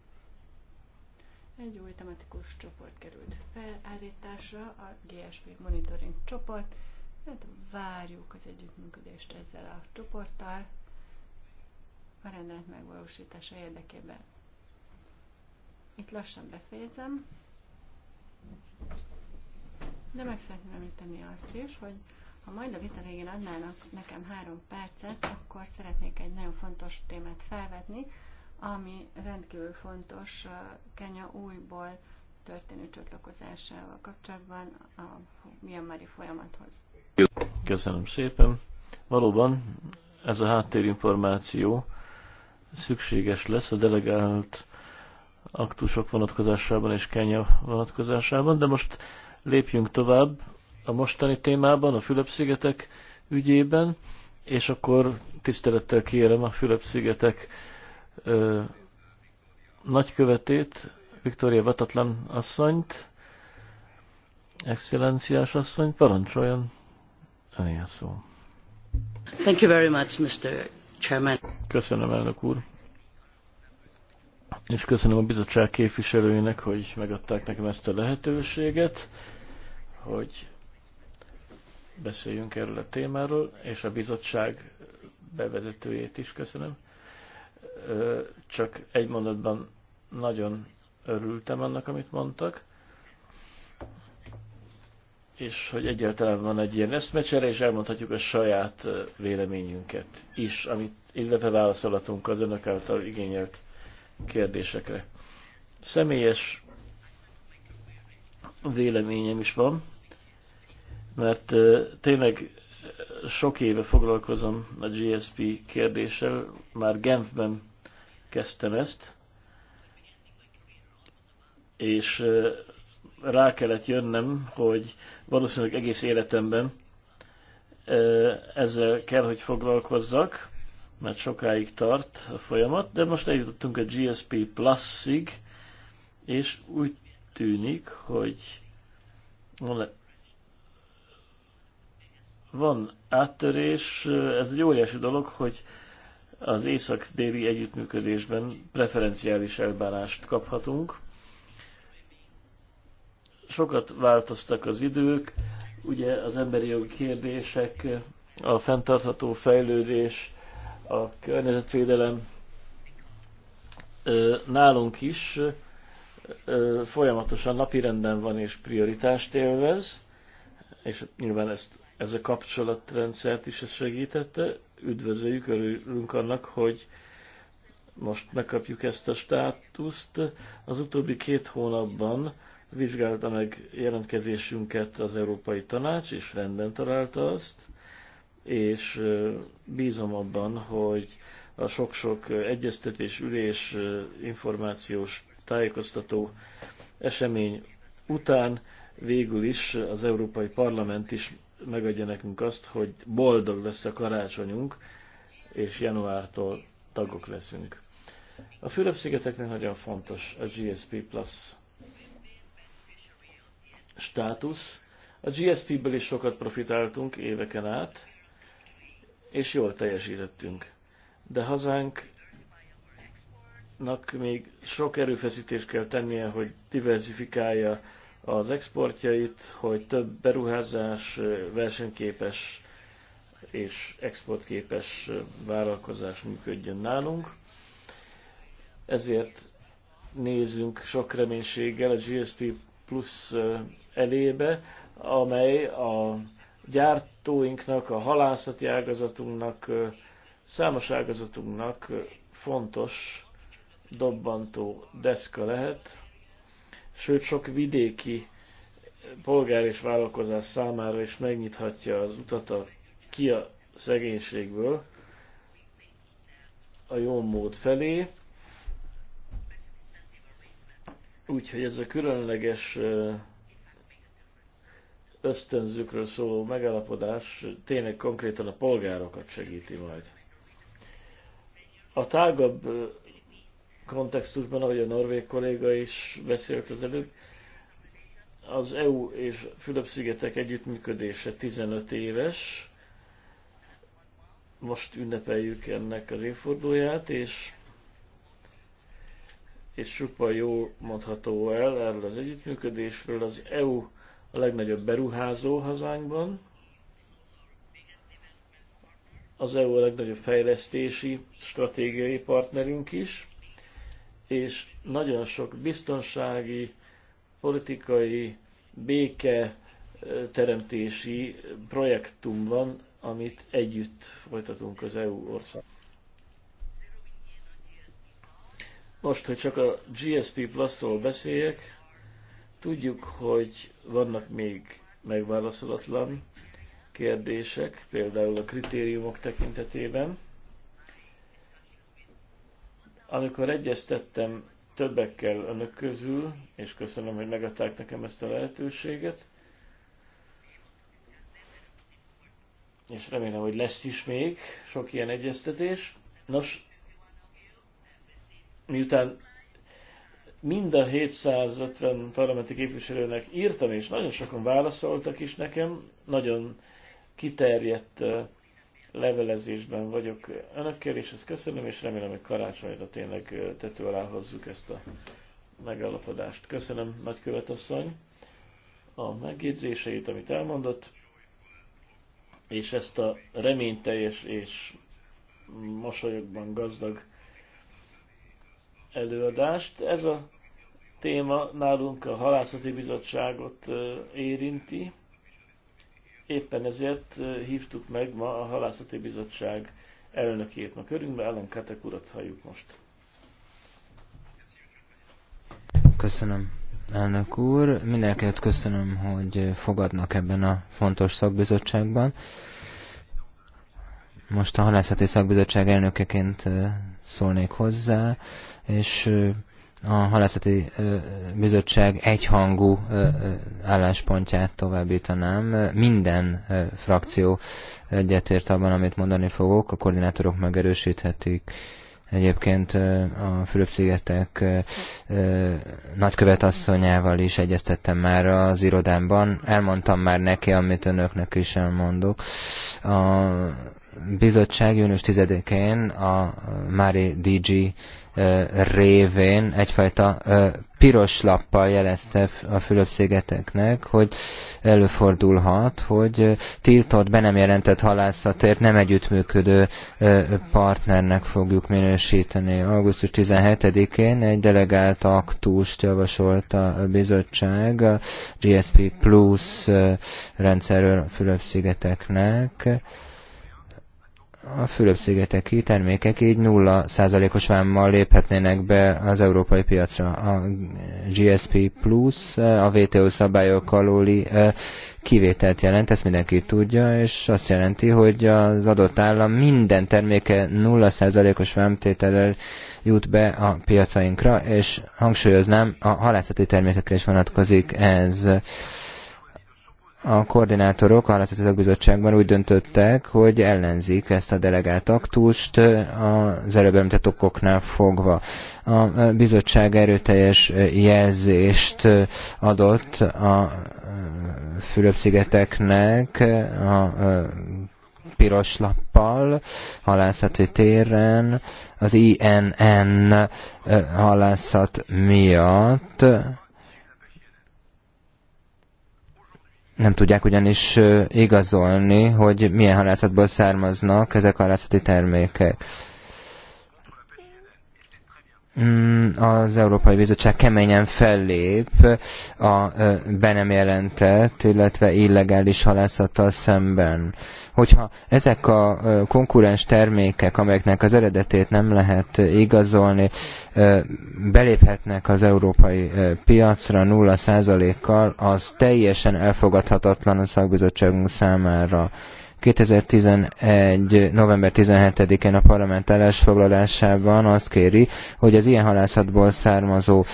Speaker 5: egy új tematikus csoport került felállításra, a GSP Monitoring csoport, mert hát várjuk az együttműködést ezzel a csoporttal, a rendelet megvalósítása érdekében. Itt lassan befejezem, de meg szeretném említeni azt is, hogy ha majd a vita végén adnának nekem három percet, akkor szeretnék egy nagyon fontos témát felvetni, ami rendkívül fontos uh, Kenya újból történő csatlakozásával kapcsolatban a Myanmari folyamathoz.
Speaker 4: Köszönöm szépen. Valóban ez a háttérinformáció szükséges lesz a delegált aktusok vonatkozásában és Kenya vonatkozásában, de most lépjünk tovább a mostani témában, a Fülöp-szigetek ügyében, és akkor tisztelettel kérem a Fülöp-szigetek ö, nagykövetét, Viktória Vatatlan asszonyt, excellenciás asszony, parancsoljon, öné a szó.
Speaker 5: Thank you very much, Mr.
Speaker 4: Köszönöm, elnök úr. És köszönöm a bizottság képviselőinek, hogy megadták nekem ezt a lehetőséget, hogy beszéljünk erről a témáról, és a bizottság bevezetőjét is köszönöm. Csak egy mondatban nagyon örültem annak, amit mondtak és hogy egyáltalán van egy ilyen eszmecsere, és elmondhatjuk a saját véleményünket is, amit, illetve válaszolatunk az önök által igényelt kérdésekre. Személyes véleményem is van, mert tényleg sok éve foglalkozom a GSP kérdéssel, már Genfben kezdtem ezt, és rá kellett jönnem, hogy valószínűleg egész életemben ezzel kell, hogy foglalkozzak, mert sokáig tart a folyamat, de most eljutottunk a GSP Plus-ig, és úgy tűnik, hogy van áttörés, ez egy óriási dolog, hogy az észak-déli együttműködésben preferenciális elbánást kaphatunk, sokat változtak az idők, ugye az emberi jogi kérdések, a fenntartható fejlődés, a környezetvédelem nálunk is folyamatosan napirenden van és prioritást élvez, és hát nyilván ezt, ez a kapcsolatrendszert is ez segítette. Üdvözöljük, örülünk annak, hogy most megkapjuk ezt a státuszt. Az utóbbi két hónapban vizsgálta meg jelentkezésünket az Európai Tanács, és rendben találta azt, és bízom abban, hogy a sok-sok egyeztetés, ülés, információs tájékoztató esemény után végül is az Európai Parlament is megadja nekünk azt, hogy boldog lesz a karácsonyunk, és januártól tagok leszünk. A Fülöp-szigeteknek nagyon fontos a GSP Plus státusz. A GSP-ből is sokat profitáltunk éveken át, és jól teljesítettünk. De hazánknak még sok erőfeszítést kell tennie, hogy diversifikálja az exportjait, hogy több beruházás, versenyképes és exportképes vállalkozás működjön nálunk. Ezért nézünk sok reménységgel a GSP plusz elébe, amely a gyártóinknak, a halászati ágazatunknak, számos ágazatunknak fontos dobbantó deszka lehet, sőt sok vidéki polgár és vállalkozás számára is megnyithatja az utat a ki a szegénységből a jó mód felé. Úgyhogy ez a különleges ösztönzőkről szóló megállapodás tényleg konkrétan a polgárokat segíti majd. A tágabb kontextusban, ahogy a norvég kolléga is beszélt az előbb, az EU és Fülöp-szigetek együttműködése 15 éves, most ünnepeljük ennek az évfordulóját, és és supa jó mondható el erről az együttműködésről. Az EU a legnagyobb beruházó hazánkban, az EU a legnagyobb fejlesztési stratégiai partnerünk is, és nagyon sok biztonsági, politikai, béke teremtési projektum van, amit együtt folytatunk az EU országban. Most, hogy csak a GSP Plus-ról beszéljek, tudjuk, hogy vannak még megválaszolatlan kérdések, például a kritériumok tekintetében. Amikor egyeztettem többekkel önök közül, és köszönöm, hogy megadták nekem ezt a lehetőséget, és remélem, hogy lesz is még sok ilyen egyeztetés. Nos, miután mind a 750 parlamenti képviselőnek írtam, és nagyon sokan válaszoltak is nekem, nagyon kiterjedt eh, levelezésben vagyok önökkel, és ezt köszönöm, és remélem, hogy karácsonyra tényleg eh, tető alá hozzuk ezt a megállapodást. Köszönöm, nagykövetasszony, a megjegyzéseit, amit elmondott, és ezt a reményteljes és mosolyokban gazdag előadást. Ez a téma nálunk a halászati bizottságot érinti. Éppen ezért hívtuk meg ma a halászati bizottság elnökét ma körünkbe, Ellen Katek urat halljuk most.
Speaker 3: Köszönöm. Elnök úr, mindenkinek köszönöm, hogy fogadnak ebben a fontos szakbizottságban. Most a halászati szakbizottság elnökeként szólnék hozzá, és a halászati bizottság egyhangú álláspontját továbbítanám. Minden frakció egyetért abban, amit mondani fogok, a koordinátorok megerősíthetik. Egyébként a Fülöp-szigetek nagykövetasszonyával is egyeztettem már az irodámban, elmondtam már neki, amit önöknek is elmondok. A bizottság június 10-én a Mari DG révén egyfajta piros lappal jelezte a Fülöp-szigeteknek, hogy előfordulhat, hogy tiltott, be nem jelentett halászatért nem együttműködő partnernek fogjuk minősíteni. Augusztus 17-én egy delegált aktust javasolt a bizottság a GSP Plus rendszerről a Fülöp-szigeteknek, a Fülöp-szigeteki termékek így 0%-os vámmal léphetnének be az európai piacra. A GSP Plus a WTO szabályok alóli eh, kivételt jelent, ezt mindenki tudja, és azt jelenti, hogy az adott állam minden terméke 0%-os vámtétellel jut be a piacainkra, és hangsúlyoznám, a halászati termékekre is vonatkozik ez a koordinátorok a Halászati Bizottságban úgy döntöttek, hogy ellenzik ezt a delegált aktust az előbb említett okoknál fogva. A bizottság erőteljes jelzést adott a Fülöp-szigeteknek a piros lappal, halászati téren, az INN halászat miatt, nem tudják ugyanis igazolni, hogy milyen halászatból származnak ezek a halászati termékek Mm, az Európai Bizottság keményen fellép a be nem jelentett, illetve illegális halászattal szemben. Hogyha ezek a konkurens termékek, amelyeknek az eredetét nem lehet igazolni, beléphetnek az európai piacra 0%-kal, az teljesen elfogadhatatlan a szakbizottságunk számára 2011. november 17-én a parlament foglalásában azt kéri, hogy az ilyen halászatból származó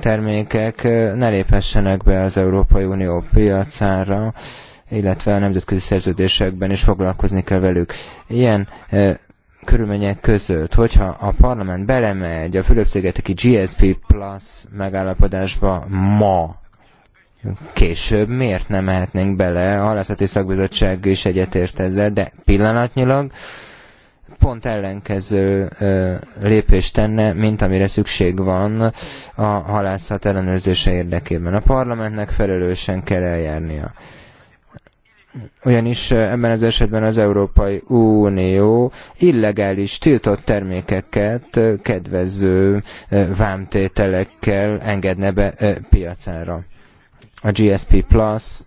Speaker 3: termékek ne léphessenek be az Európai Unió piacára, illetve a nemzetközi szerződésekben is foglalkozni kell velük. Ilyen körülmények között, hogyha a parlament belemegy a Fülöpszégeteki GSP Plus megállapodásba ma, később miért nem mehetnénk bele, a halászati szakbizottság is egyetért ezzel, de pillanatnyilag pont ellenkező ö, lépést tenne, mint amire szükség van a halászat ellenőrzése érdekében. A parlamentnek felelősen kell eljárnia. Ugyanis ebben az esetben az Európai Unió illegális tiltott termékeket kedvező vámtételekkel engedne be piacára. A GSP Plus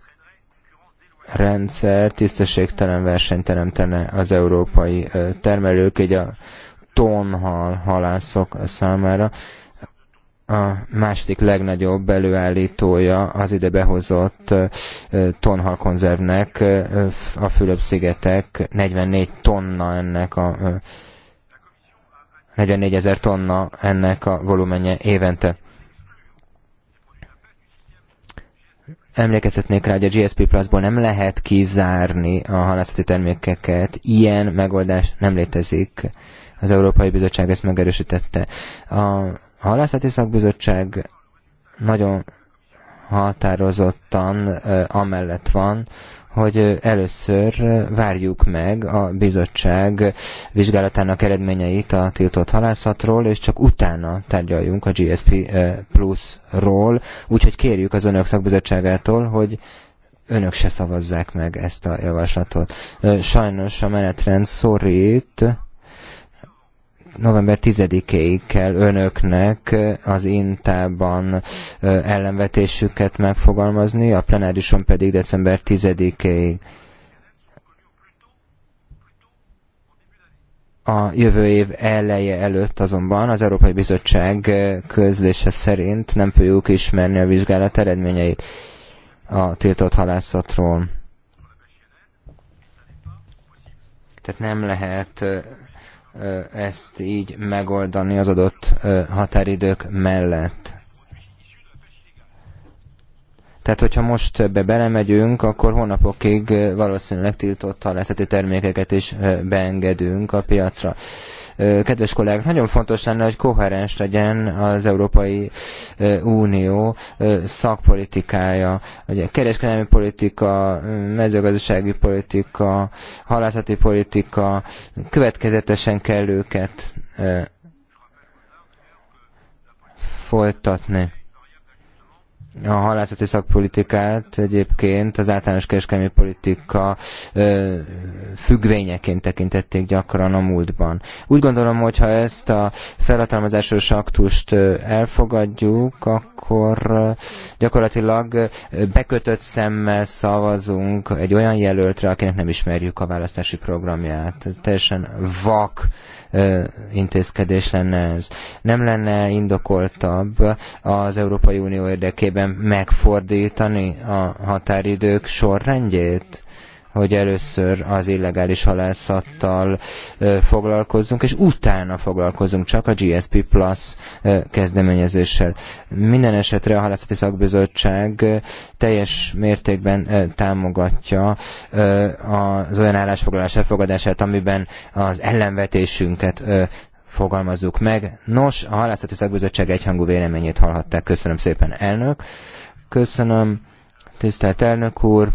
Speaker 3: rendszer tisztességtelen versenyt teremtene az európai termelők, egy a tonhal halászok számára. A második legnagyobb előállítója az ide behozott tonhal konzervnek a Fülöp-szigetek 44 tonna ennek a 44 ezer tonna ennek a volumenje évente emlékeztetnék rá, hogy a GSP Plus-ból nem lehet kizárni a halászati termékeket. Ilyen megoldás nem létezik. Az Európai Bizottság ezt megerősítette. A halászati szakbizottság nagyon határozottan amellett van, hogy először várjuk meg a bizottság vizsgálatának eredményeit a tiltott halászatról, és csak utána tárgyaljunk a GSP eh, Plus-ról, úgyhogy kérjük az önök szakbizottságától, hogy önök se szavazzák meg ezt a javaslatot. Eh, sajnos a menetrend szorít, november 10-éig kell önöknek az intában ellenvetésüket megfogalmazni, a plenárison pedig december 10-éig. A jövő év eleje előtt azonban az Európai Bizottság közlése szerint nem fogjuk ismerni a vizsgálat eredményeit a tiltott halászatról. Tehát nem lehet ezt így megoldani az adott határidők mellett. Tehát, hogyha most be belemegyünk, akkor hónapokig valószínűleg tiltott halászati termékeket is beengedünk a piacra. Kedves kollégák, nagyon fontos lenne, hogy koherens legyen az Európai Unió szakpolitikája. Ugye kereskedelmi politika, mezőgazdasági politika, halászati politika, következetesen kell őket folytatni a halászati szakpolitikát egyébként az általános kereskedelmi politika ö, függvényeként tekintették gyakran a múltban. Úgy gondolom, hogy ha ezt a felhatalmazásos aktust elfogadjuk, akkor gyakorlatilag bekötött szemmel szavazunk egy olyan jelöltre, akinek nem ismerjük a választási programját. Teljesen vak intézkedés lenne ez. Nem lenne indokoltabb az Európai Unió érdekében megfordítani a határidők sorrendjét? hogy először az illegális halászattal foglalkozzunk, és utána foglalkozunk csak a GSP Plus kezdeményezéssel. Minden esetre a Halászati Szakbizottság teljes mértékben támogatja az olyan állásfoglalás elfogadását, amiben az ellenvetésünket fogalmazzuk meg. Nos, a Halászati Szakbizottság egyhangú véleményét hallhatták. Köszönöm szépen, elnök. Köszönöm, tisztelt elnök úr.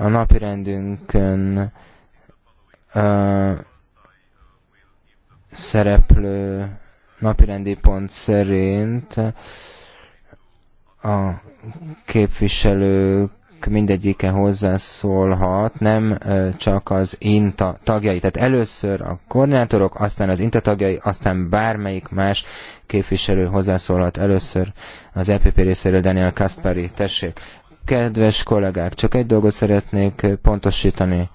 Speaker 3: A napirendünkön szereplő napirendi pont szerint a képviselők mindegyike hozzászólhat, nem csak az INTA tagjai. Tehát először a koordinátorok, aztán az INTA tagjai, aztán bármelyik más képviselő hozzászólhat. Először az EPP részéről Daniel Kaspari. Tessék! Kedves kollégák, csak egy dolgot szeretnék eh, pontosítani.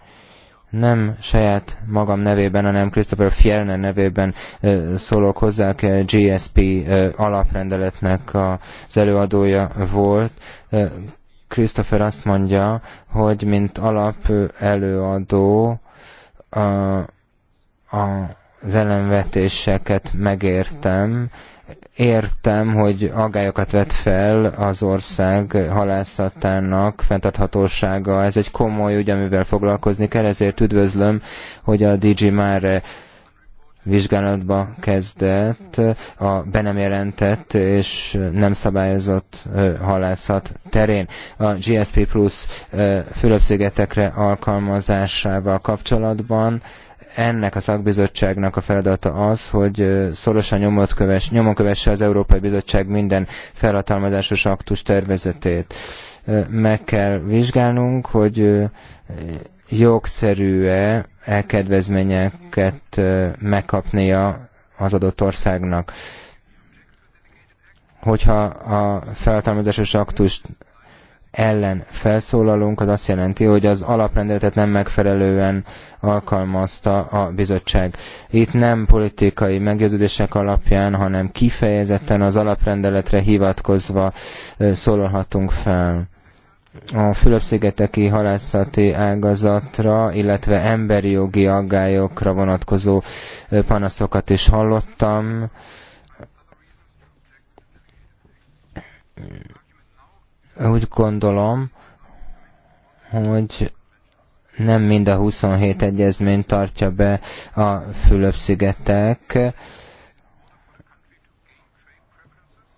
Speaker 3: Nem saját magam nevében, hanem Christopher Fjellner nevében eh, szólok hozzá, a GSP eh, alaprendeletnek az előadója volt. Christopher azt mondja, hogy mint alap előadó a, az ellenvetéseket megértem, értem, hogy agályokat vet fel az ország halászatának fenntarthatósága. Ez egy komoly ügy, amivel foglalkozni kell, ezért üdvözlöm, hogy a DG már vizsgálatba kezdett a be nem jelentett és nem szabályozott halászat terén. A GSP Plus Fülöp-szigetekre alkalmazásával kapcsolatban ennek a szakbizottságnak a feladata az, hogy szorosan nyomot köves, nyomon kövesse az Európai Bizottság minden felhatalmazásos aktus tervezetét. Meg kell vizsgálnunk, hogy jogszerű-e elkedvezményeket megkapnia az adott országnak. Hogyha a felhatalmazásos aktust ellen felszólalunk, az azt jelenti, hogy az alaprendeletet nem megfelelően alkalmazta a bizottság. Itt nem politikai meggyőződések alapján, hanem kifejezetten az alaprendeletre hivatkozva szólalhatunk fel a Fülöp-szigeteki halászati ágazatra, illetve emberi jogi aggályokra vonatkozó panaszokat is hallottam. Úgy gondolom, hogy nem mind a 27 egyezményt tartja be a Fülöp-szigetek.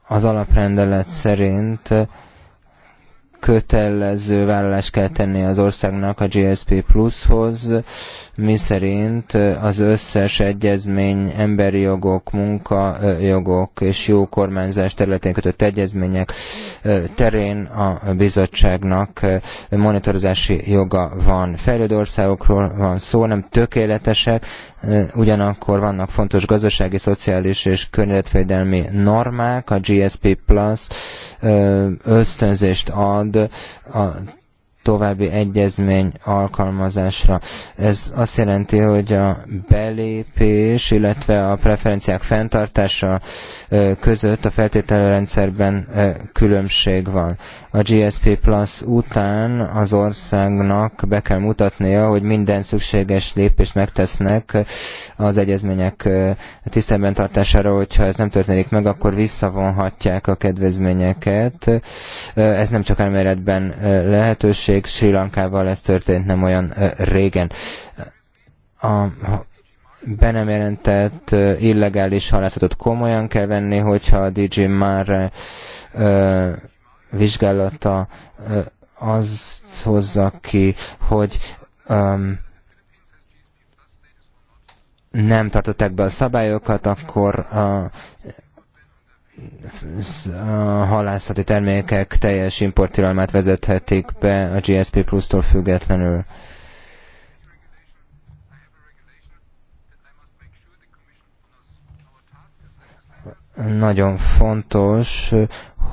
Speaker 3: Az alaprendelet szerint kötelező vállalást kell tenni az országnak a GSP pluszhoz, miszerint az összes egyezmény emberi jogok, munkajogok és jó kormányzás területén kötött egyezmények terén a bizottságnak monitorozási joga van. Fejlődő országokról van szó, nem tökéletesek, ugyanakkor vannak fontos gazdasági, szociális és környezetvédelmi normák, a GSP Plus ösztönzést ad a további egyezmény alkalmazásra. Ez azt jelenti, hogy a belépés, illetve a preferenciák fenntartása között a feltételrendszerben különbség van. A GSP Plus után az országnak be kell mutatnia, hogy minden szükséges lépést megtesznek az egyezmények tisztelben tartására, hogyha ez nem történik meg, akkor visszavonhatják a kedvezményeket. Ez nem csak elméletben lehetőség, Sri Lankával ez történt nem olyan régen. A be nem jelentett illegális halászatot komolyan kell venni, hogyha a DJ már ö, vizsgálata ö, azt hozza ki, hogy ö, nem tartották be a szabályokat, akkor a, a halászati termékek teljes importtilalmát vezethetik be a GSP Plus-tól függetlenül. Nagyon fontos,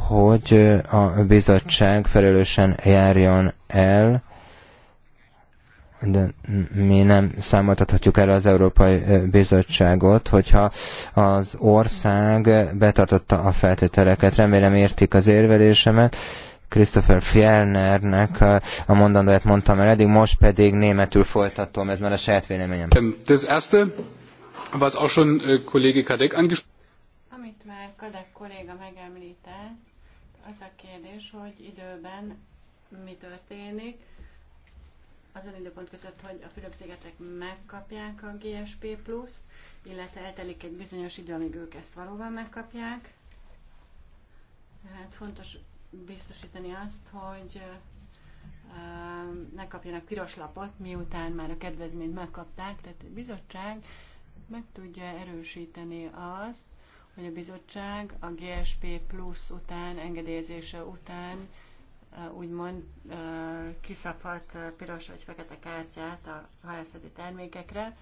Speaker 3: hogy a bizottság felelősen járjon el, de mi nem számoltathatjuk el az Európai Bizottságot, hogyha az ország betartotta a feltételeket. Remélem értik az érvelésemet. Christopher Fjellnernek a mondandóját mondtam el eddig, most pedig németül folytatom, ez már a saját véleményem. Das erste, was auch schon
Speaker 2: äh, Kollege Kadek
Speaker 3: angesprochen Kadek
Speaker 5: kolléga megemlített, az a kérdés, hogy időben mi történik, azon időpont között, hogy a Fülöp-szigetek megkapják a GSP plusz, illetve eltelik egy bizonyos idő, amíg ők ezt valóban megkapják. Tehát fontos biztosítani azt, hogy ne kapjanak piros lapot, miután már a kedvezményt megkapták. Tehát a bizottság meg tudja erősíteni azt, hogy a bizottság a GSP plusz után, engedélyezése után eh, úgymond eh, kiszabhat eh, piros vagy fekete kártyát a halászati termékekre.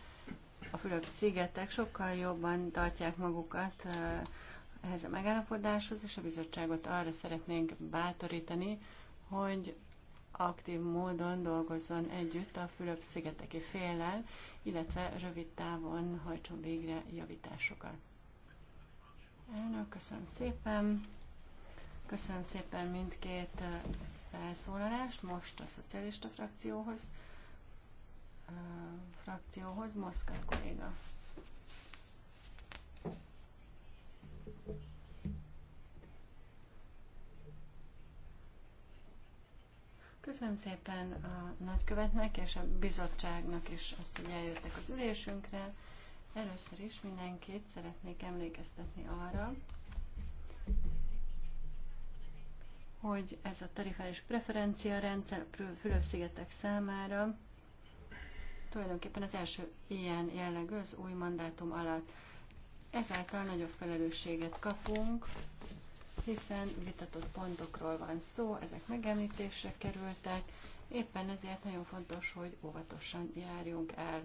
Speaker 5: A Fülöp-szigetek sokkal jobban tartják magukat ehhez a megállapodáshoz, és a bizottságot arra szeretnénk bátorítani, hogy aktív módon dolgozzon együtt a Fülöp-szigeteki féllel, illetve rövid távon hajtson végre javításokat. Elnök, köszönöm szépen. Köszönöm szépen mindkét felszólalást. Most a szocialista frakcióhoz, a frakcióhoz Moszkát kolléga. Köszönöm szépen a nagykövetnek és a bizottságnak is azt, hogy eljöttek az ülésünkre. Először is mindenkit szeretnék emlékeztetni arra, hogy ez a tarifális preferencia rendszer a Fülöp-szigetek számára tulajdonképpen az első ilyen jellegű az új mandátum alatt. Ezáltal nagyobb felelősséget kapunk, hiszen vitatott pontokról van szó, ezek megemlítésre kerültek, éppen ezért nagyon fontos, hogy óvatosan járjunk el.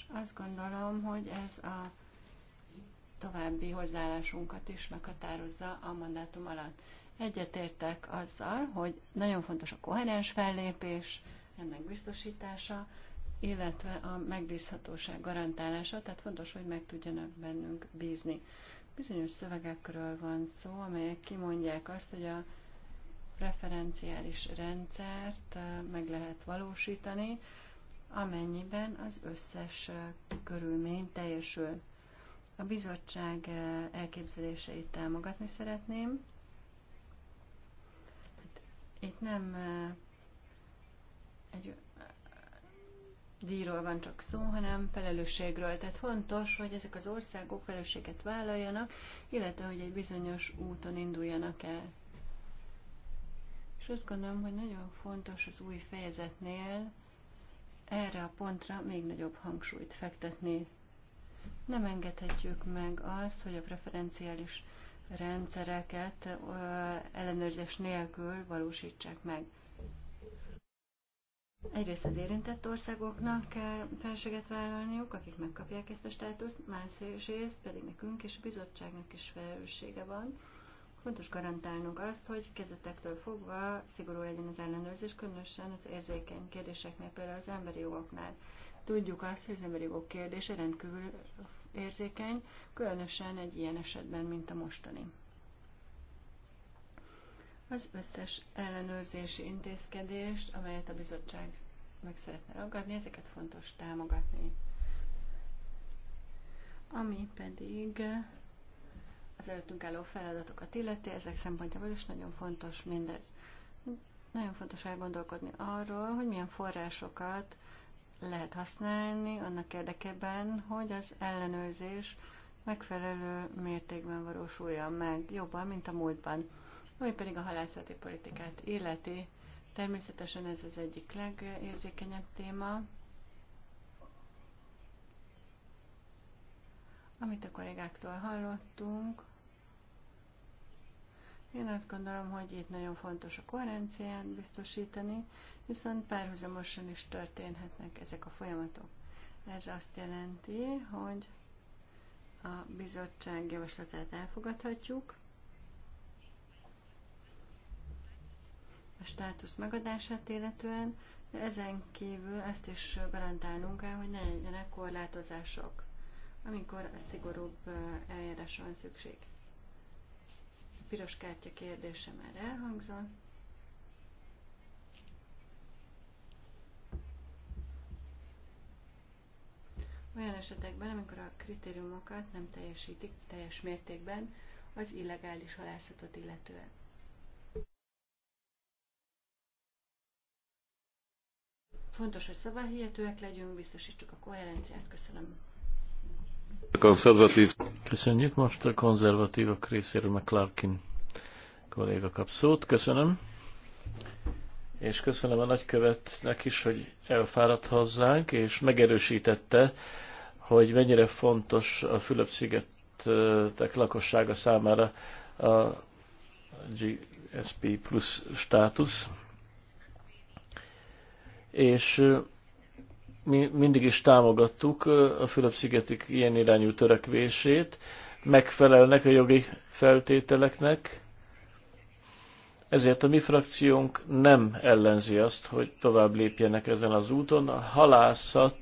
Speaker 5: És azt gondolom, hogy ez a további hozzáállásunkat is meghatározza a mandátum alatt. Egyetértek azzal, hogy nagyon fontos a koherens fellépés, ennek biztosítása, illetve a megbízhatóság garantálása, tehát fontos, hogy meg tudjanak bennünk bízni. Bizonyos szövegekről van szó, amelyek kimondják azt, hogy a referenciális rendszert eh, meg lehet valósítani, amennyiben az összes körülmény teljesül. A bizottság elképzeléseit támogatni szeretném. Hát itt nem egy díjról van csak szó, hanem felelősségről. Tehát fontos, hogy ezek az országok felelősséget vállaljanak, illetve hogy egy bizonyos úton induljanak el. És azt gondolom, hogy nagyon fontos az új fejezetnél erre a pontra még nagyobb hangsúlyt fektetni. Nem engedhetjük meg azt, hogy a preferenciális rendszereket ellenőrzés nélkül valósítsák meg. Egyrészt az érintett országoknak kell felséget vállalniuk, akik megkapják ezt a státuszt, másrészt pedig nekünk és a bizottságnak is felelőssége van, Fontos garantálnunk azt, hogy kezetektől fogva szigorú legyen az ellenőrzés, különösen az érzékeny kérdéseknél, például az emberi jogoknál. Tudjuk azt, hogy az emberi jogok kérdése rendkívül érzékeny, különösen egy ilyen esetben, mint a mostani. Az összes ellenőrzési intézkedést, amelyet a bizottság meg szeretne ragadni, ezeket fontos támogatni. Ami pedig az előttünk álló feladatokat illeti, ezek szempontjából is nagyon fontos mindez. Nagyon fontos elgondolkodni arról, hogy milyen forrásokat lehet használni annak érdekében, hogy az ellenőrzés megfelelő mértékben valósuljon meg, jobban, mint a múltban. Ami pedig a halászati politikát illeti, természetesen ez az egyik legérzékenyebb téma, amit a kollégáktól hallottunk, én azt gondolom, hogy itt nagyon fontos a koherenciát biztosítani, viszont párhuzamosan is történhetnek ezek a folyamatok. Ez azt jelenti, hogy a bizottság javaslatát elfogadhatjuk, a státusz megadását illetően, de ezen kívül ezt is garantálnunk kell, hogy ne legyenek korlátozások, amikor szigorúbb eljárásra van szükség piros kártya kérdése már elhangzott. Olyan esetekben, amikor a kritériumokat nem teljesítik teljes mértékben az illegális halászatot illetően. Fontos, hogy szavahihetőek legyünk, biztosítsuk a koherenciát. Köszönöm.
Speaker 4: Konzervatív. Köszönjük most a konzervatívok részéről McClarkin kolléga kap szót. Köszönöm. És köszönöm a nagykövetnek is, hogy elfáradt hozzánk, és megerősítette, hogy mennyire fontos a Fülöp-szigetek lakossága számára a GSP plusz státusz. És mi mindig is támogattuk a Fülöp-szigetik ilyen irányú törekvését, megfelelnek a jogi feltételeknek, ezért a mi frakciónk nem ellenzi azt, hogy tovább lépjenek ezen az úton. A halászat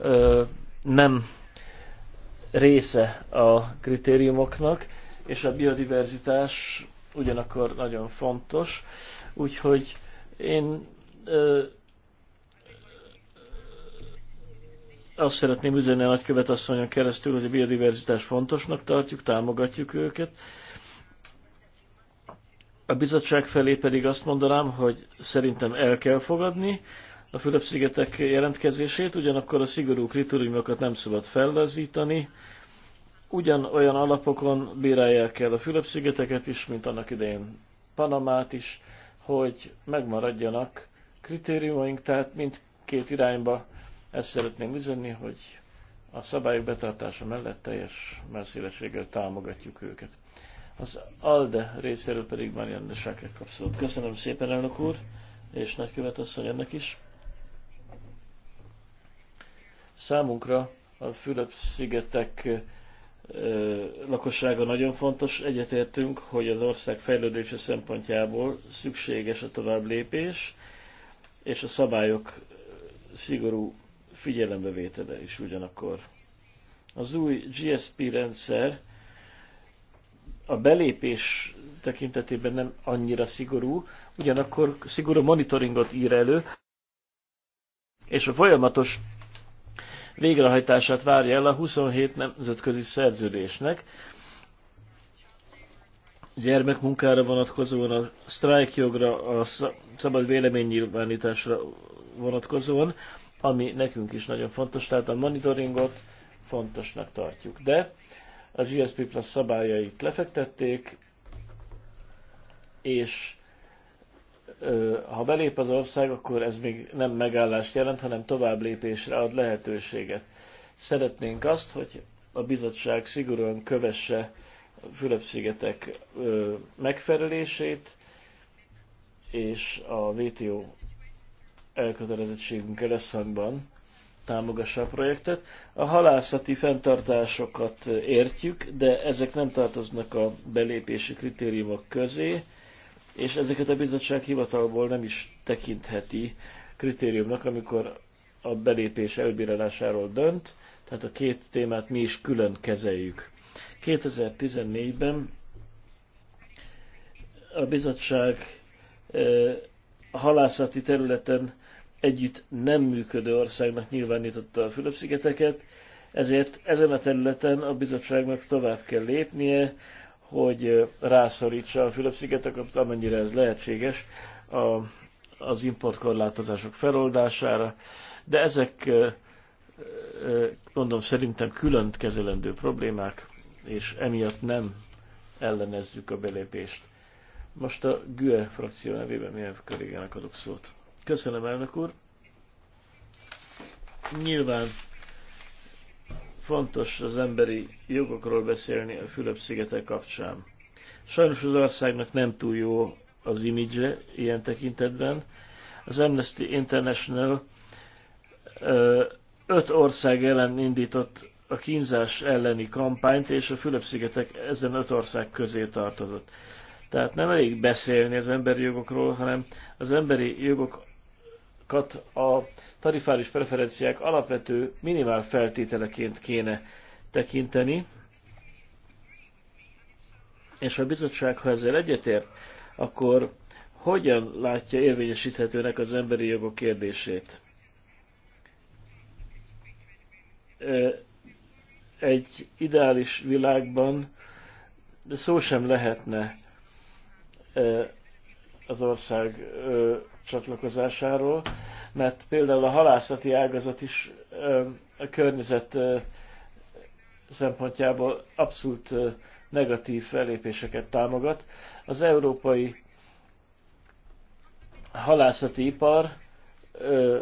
Speaker 4: ö, nem része a kritériumoknak, és a biodiverzitás ugyanakkor nagyon fontos, úgyhogy én ö, azt szeretném üzenni a nagykövet asszonyon keresztül, hogy a biodiverzitás fontosnak tartjuk, támogatjuk őket. A bizottság felé pedig azt mondanám, hogy szerintem el kell fogadni a Fülöp-szigetek jelentkezését, ugyanakkor a szigorú kritériumokat nem szabad fellazítani, ugyanolyan alapokon bírálják el a Fülöp-szigeteket is, mint annak idején Panamát is, hogy megmaradjanak kritériumaink, tehát mindkét irányba ezt szeretném üzenni, hogy a szabályok betartása mellett teljes messzélességgel támogatjuk őket. Az ALDE részéről pedig már Janne Sáker kapszolat. Köszönöm szépen, elnök úr, és nagykövet asszony ennek is. Számunkra a Fülöp-szigetek lakossága nagyon fontos. Egyetértünk, hogy az ország fejlődése szempontjából szükséges a tovább lépés, és a szabályok szigorú figyelembevétele is ugyanakkor. Az új GSP rendszer a belépés tekintetében nem annyira szigorú, ugyanakkor szigorú monitoringot ír elő, és a folyamatos végrehajtását várja el a 27 nemzetközi szerződésnek, gyermekmunkára vonatkozóan, a sztrájkjogra, a szabad véleménynyilvánításra vonatkozóan, ami nekünk is nagyon fontos, tehát a monitoringot fontosnak tartjuk. De a GSP Plus szabályait lefektették, és ha belép az ország, akkor ez még nem megállást jelent, hanem tovább lépésre ad lehetőséget. Szeretnénk azt, hogy a bizottság szigorúan kövesse a Fülöp-szigetek megfelelését, és a WTO elkötelezettségünkkel összhangban támogassa a projektet. A halászati fenntartásokat értjük, de ezek nem tartoznak a belépési kritériumok közé, és ezeket a bizottság hivatalból nem is tekintheti kritériumnak, amikor a belépés elbírálásáról dönt, tehát a két témát mi is külön kezeljük. 2014-ben a bizottság eh, a halászati területen együtt nem működő országnak nyilvánította a Fülöp-szigeteket, ezért ezen a területen a bizottságnak tovább kell lépnie, hogy rászorítsa a Fülöp-szigeteket, amennyire ez lehetséges, a, az importkorlátozások feloldására, de ezek mondom szerintem külön kezelendő problémák, és emiatt nem ellenezzük a belépést. Most a GÜE frakció nevében milyen Körégenek adok szót. Köszönöm, elnök úr. Nyilván fontos az emberi jogokról beszélni a Fülöp-szigetek kapcsán. Sajnos az országnak nem túl jó az imidzse ilyen tekintetben. Az Amnesty International öt ország ellen indított a kínzás elleni kampányt, és a Fülöp-szigetek ezen öt ország közé tartozott. Tehát nem elég beszélni az emberi jogokról, hanem az emberi jogok tarifákat a tarifális preferenciák alapvető minimál feltételeként kéne tekinteni, és a bizottság, ha ezzel egyetért, akkor hogyan látja érvényesíthetőnek az emberi jogok kérdését? Egy ideális világban szó sem lehetne az ország ö, csatlakozásáról, mert például a halászati ágazat is ö, a környezet ö, szempontjából abszolút ö, negatív fellépéseket támogat. Az európai halászati ipar ö,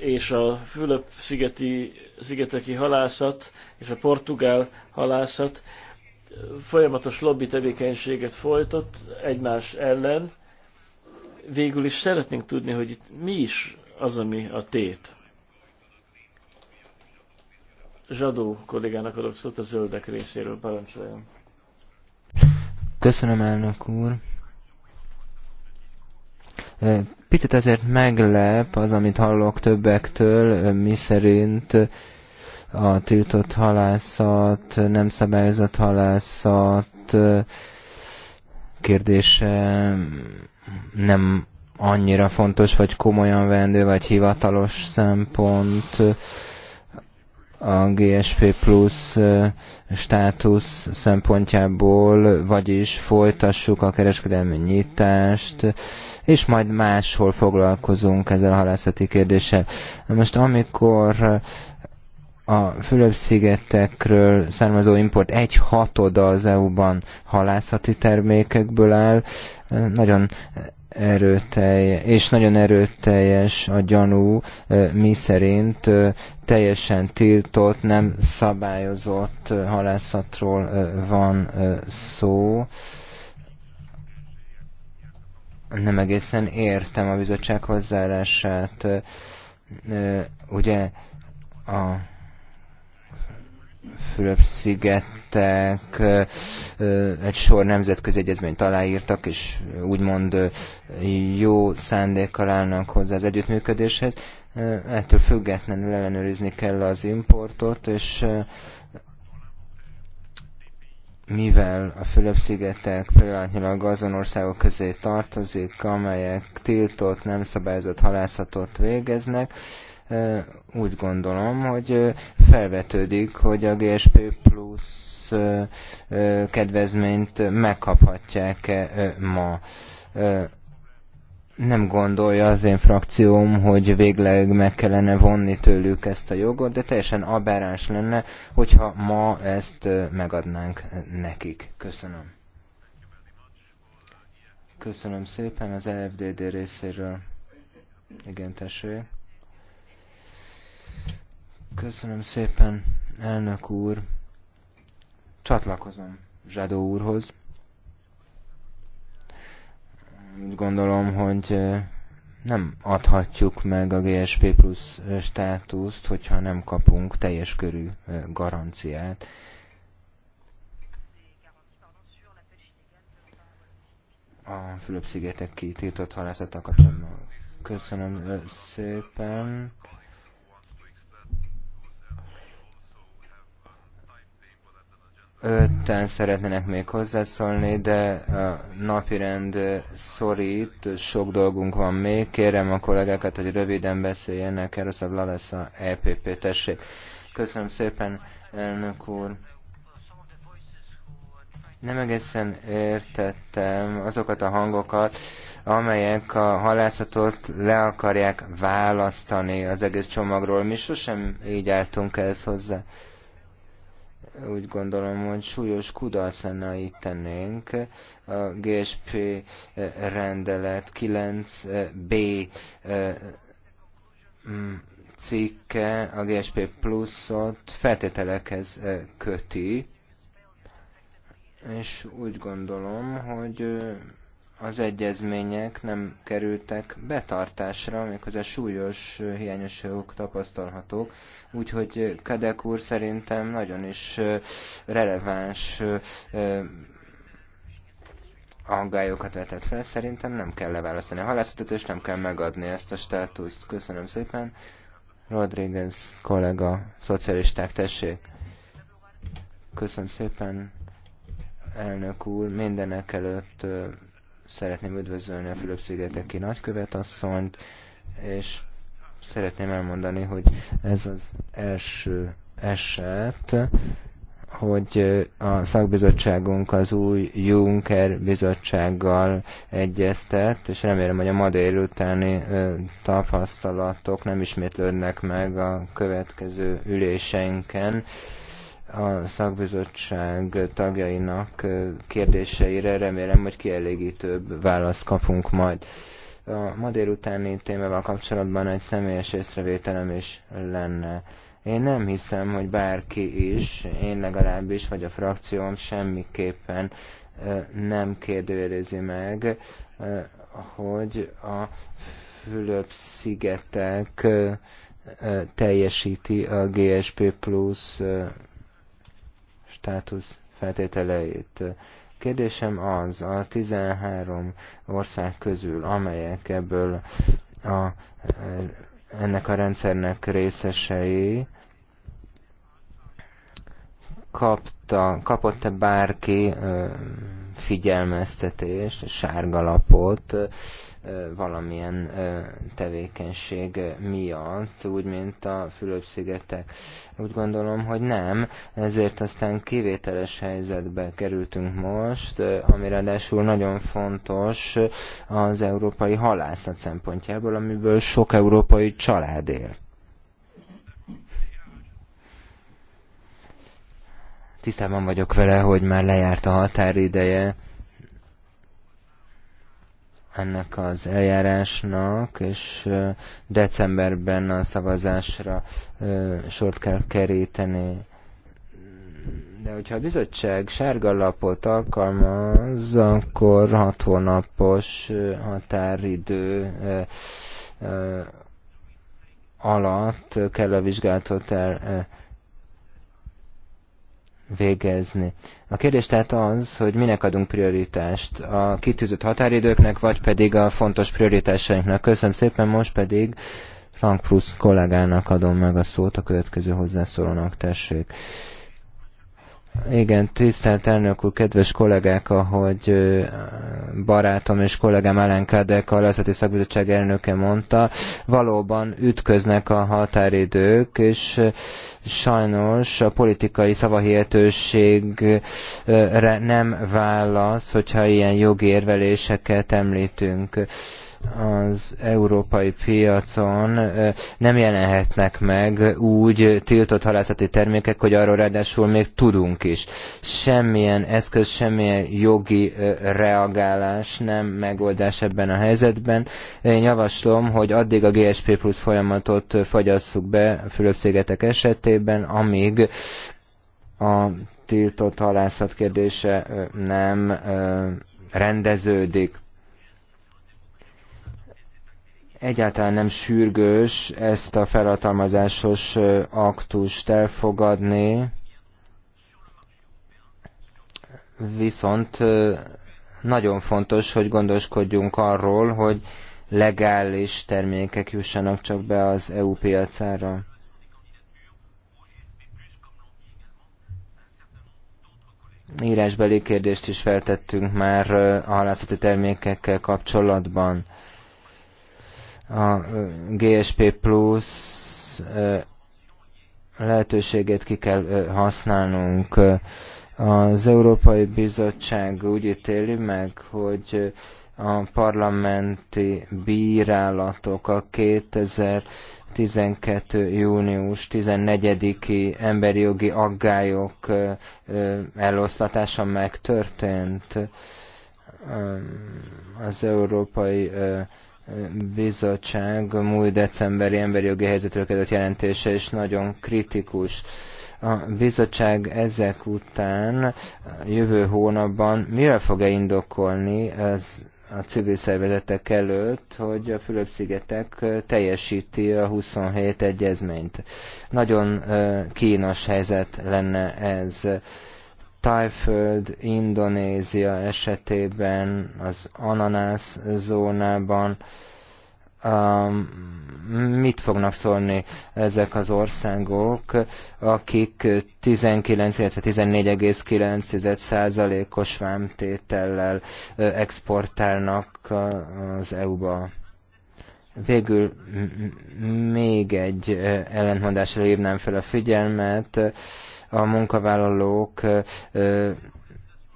Speaker 4: és a Fülöp-szigeti szigeteki halászat és a portugál halászat folyamatos lobby tevékenységet folytott egymás ellen. Végül is szeretnénk tudni, hogy itt mi is az, ami a tét. Zsadó kollégának adok szót a zöldek részéről, parancsoljon.
Speaker 3: Köszönöm, elnök úr. Picit azért meglep az, amit hallok többektől, miszerint. szerint a tiltott halászat, nem szabályozott halászat kérdése nem annyira fontos, vagy komolyan vendő, vagy hivatalos szempont a GSP Plus státusz szempontjából, vagyis folytassuk a kereskedelmi nyitást, és majd máshol foglalkozunk ezzel a halászati kérdéssel. Most amikor a Fülöp-szigetekről származó import egy hatoda az EU-ban halászati termékekből áll. Nagyon erőteljes, és nagyon erőteljes a gyanú, mi szerint teljesen tiltott, nem szabályozott halászatról van szó. Nem egészen értem a bizottság hozzáállását. Ugye a Fülöp-szigetek egy sor nemzetközi egyezményt aláírtak, és úgymond jó szándékkal állnak hozzá az együttműködéshez. Ettől függetlenül ellenőrizni kell az importot, és mivel a Fülöp-szigetek pillanatnyilag azon országok közé tartozik, amelyek tiltott, nem szabályozott halászatot végeznek, úgy gondolom, hogy felvetődik, hogy a GSP plusz kedvezményt megkaphatják-e ma nem gondolja az én frakcióm, hogy végleg meg kellene vonni tőlük ezt a jogot, de teljesen aberráns lenne, hogyha ma ezt megadnánk nekik. Köszönöm. Köszönöm szépen az LFDD részéről. Igen, tessék. Köszönöm szépen, elnök úr. Csatlakozom Zsadó úrhoz. Úgy gondolom, hogy nem adhatjuk meg a GSP plusz státuszt, hogyha nem kapunk teljes körű garanciát. A Fülöp-szigetek kitiltott halászattal Köszönöm szépen. Öten szeretnének még hozzászólni, de a napirend szorít, sok dolgunk van még. Kérem a kollégákat, hogy röviden beszéljenek. lesz a EPP, tessék. Köszönöm szépen, elnök úr. Nem egészen értettem azokat a hangokat, amelyek a halászatot le akarják választani az egész csomagról. Mi sosem így álltunk ehhez hozzá úgy gondolom, hogy súlyos kudarc lenne, ha itt tennénk. A GSP eh, rendelet 9b eh, eh, mm, cikke a GSP pluszot feltételekhez köti, és úgy gondolom, hogy az egyezmények nem kerültek betartásra, méghozzá súlyos hiányosságok tapasztalhatók, úgyhogy Kadek úr szerintem nagyon is releváns aggályokat vetett fel, szerintem nem kell leválasztani a halászatot, és nem kell megadni ezt a státuszt. Köszönöm szépen. Rodriguez kollega, szocialisták, tessék. Köszönöm szépen, elnök úr. Mindenek előtt Szeretném üdvözölni a Fülöp-szigeteki nagykövetasszonyt, és szeretném elmondani, hogy ez az első eset, hogy a szakbizottságunk az új Juncker bizottsággal egyeztet, és remélem, hogy a ma délutáni tapasztalatok nem ismétlődnek meg a következő üléseinken a szakbizottság tagjainak kérdéseire remélem, hogy kielégítőbb választ kapunk majd. A ma délutáni témával kapcsolatban egy személyes észrevételem is lenne. Én nem hiszem, hogy bárki is, én legalábbis, vagy a frakcióm semmiképpen nem kérdőjelezi meg, hogy a Fülöp-szigetek teljesíti a GSP Plus státusz feltételeit. Kérdésem az, a 13 ország közül, amelyek ebből a, ennek a rendszernek részesei, kapta, kapott-e bárki figyelmeztetést, sárgalapot valamilyen tevékenység miatt, úgy mint a Fülöp-szigetek. Úgy gondolom, hogy nem, ezért aztán kivételes helyzetbe kerültünk most, ami ráadásul nagyon fontos az európai halászat szempontjából, amiből sok európai család él. Tisztában vagyok vele, hogy már lejárt a határideje, ennek az eljárásnak, és decemberben a szavazásra sort kell keríteni. De hogyha a bizottság sárga lapot alkalmaz, akkor hat hónapos határidő alatt kell a vizsgálatot el végezni. A kérdés tehát az, hogy minek adunk prioritást, a kitűzött határidőknek, vagy pedig a fontos prioritásainknak. Köszönöm szépen, most pedig Frank Prusz kollégának adom meg a szót a következő hozzászólónak, tessék. Igen, tisztelt elnök úr, kedves kollégák, ahogy barátom és kollégám Ellen Kadek, a Lászati Szakbizottság elnöke mondta, valóban ütköznek a határidők, és sajnos a politikai szavahihetőségre nem válasz, hogyha ilyen jogi érveléseket említünk az európai piacon nem jelenhetnek meg úgy tiltott halászati termékek, hogy arról ráadásul még tudunk is. Semmilyen eszköz, semmilyen jogi reagálás nem megoldás ebben a helyzetben. Én javaslom, hogy addig a GSP plusz folyamatot fagyasszuk be a Fülöp-szigetek esetében, amíg a tiltott halászat kérdése nem rendeződik egyáltalán nem sürgős ezt a felhatalmazásos aktust elfogadni, viszont nagyon fontos, hogy gondoskodjunk arról, hogy legális termékek jussanak csak be az EU piacára. Írásbeli kérdést is feltettünk már a halászati termékekkel kapcsolatban. A GSP Plus lehetőségét ki kell használnunk. Az Európai Bizottság úgy ítéli meg, hogy a parlamenti bírálatok a 2012. június 14-i emberi jogi aggályok elosztatása megtörtént. Az Európai bizottság múlt decemberi emberi jogi helyzetről kezdett jelentése is nagyon kritikus. A bizottság ezek után jövő hónapban mire fog-e indokolni az a civil szervezetek előtt, hogy a Fülöp-szigetek teljesíti a 27 egyezményt. Nagyon kínos helyzet lenne ez. Tájföld, Indonézia esetében, az ananász zónában, um, mit fognak szólni ezek az országok, akik 19, illetve 14,9%-os vámtétellel exportálnak az EU-ba. Végül még egy ellentmondásra hívnám fel a figyelmet, a munkavállalók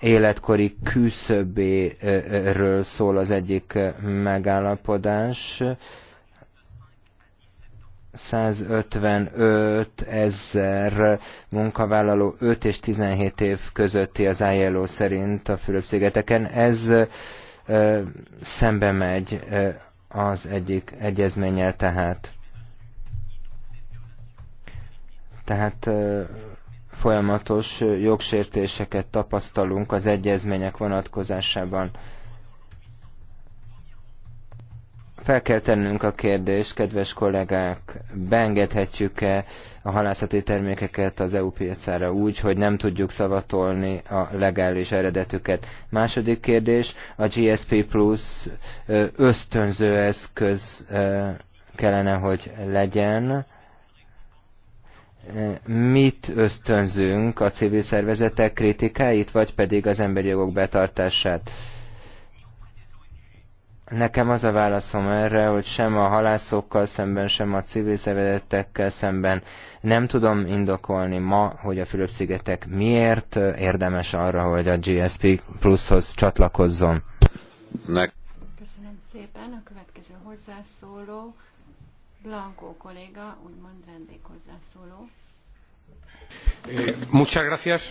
Speaker 3: életkori küszöbéről szól az egyik megállapodás. 155 ezer munkavállaló 5 és 17 év közötti az ILO szerint a Fülöp-szigeteken. Ez szembe megy az egyik egyezménnyel tehát. Tehát folyamatos jogsértéseket tapasztalunk az egyezmények vonatkozásában. Fel kell tennünk a kérdést, kedves kollégák, beengedhetjük-e a halászati termékeket az EU piacára úgy, hogy nem tudjuk szavatolni a legális eredetüket. Második kérdés, a GSP Plus ösztönző eszköz kellene, hogy legyen mit ösztönzünk a civil szervezetek kritikáit, vagy pedig az emberi jogok betartását? Nekem az a válaszom erre, hogy sem a halászokkal szemben, sem a civil szervezetekkel szemben nem tudom indokolni ma, hogy a Fülöp-szigetek miért érdemes arra, hogy a GSP pluszhoz csatlakozzon. Ne.
Speaker 5: Köszönöm szépen. A következő hozzászóló Blanco kolléga, úgymond vendéghozzászóló.
Speaker 2: Eh, muchas gracias,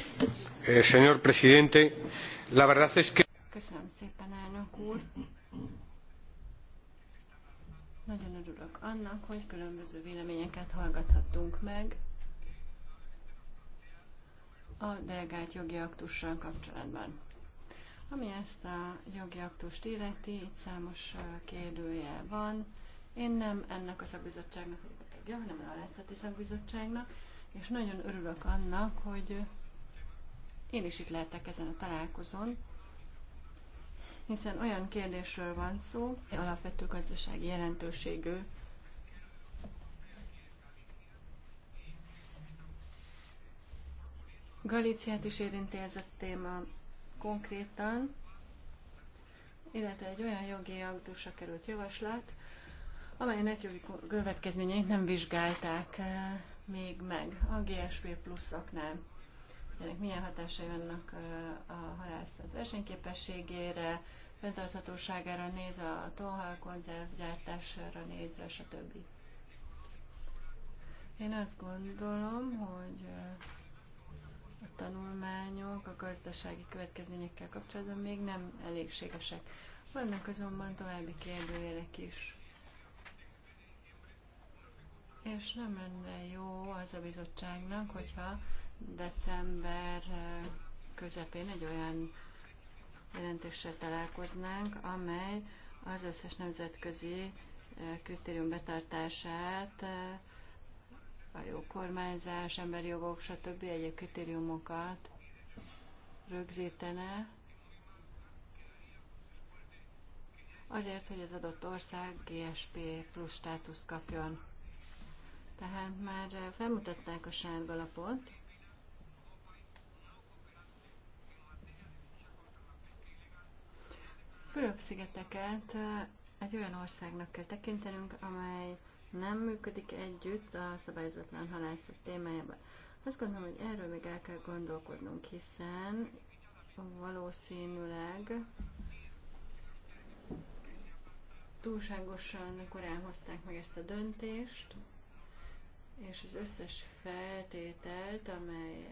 Speaker 2: eh, señor presidente. La verdad es que...
Speaker 5: Köszönöm szépen, elnök úr. Nagyon örülök annak, hogy különböző véleményeket hallgathattunk meg a delegált jogi aktussal kapcsolatban. Ami ezt a jogi aktust illeti, itt számos eh, kérdője van, én nem ennek a szakbizottságnak vagyok tagja, hanem a halászati szakbizottságnak, és nagyon örülök annak, hogy én is itt lehetek ezen a találkozón, hiszen olyan kérdésről van szó, alapvető gazdasági jelentőségű Galíciát is érinti ez a téma konkrétan, illetve egy olyan jogi aktusra került javaslat, amelynek jogi következményeit nem vizsgálták eh, még meg a GSP pluszoknál. Ennek milyen hatásai vannak eh, a halászat versenyképességére, fenntarthatóságára nézve, a tonhal gyártására nézve, stb. Én azt gondolom, hogy eh, a tanulmányok a gazdasági következményekkel kapcsolatban még nem elégségesek. Vannak azonban további kérdőjelek is. És nem lenne jó az a bizottságnak, hogyha december eh, közepén egy olyan jelentéssel találkoznánk, amely az összes nemzetközi eh, kritérium betartását, eh, a jó kormányzás, emberi jogok, stb. egyéb kritériumokat rögzítene, azért, hogy az adott ország GSP plusz státuszt kapjon. Tehát már felmutatták a lapot. Fülöp-szigeteket egy olyan országnak kell tekintenünk, amely nem működik együtt a szabályozatlan halászat témájában. Azt gondolom, hogy erről még el kell gondolkodnunk, hiszen valószínűleg túlságosan korán hozták meg ezt a döntést és az összes feltételt, amely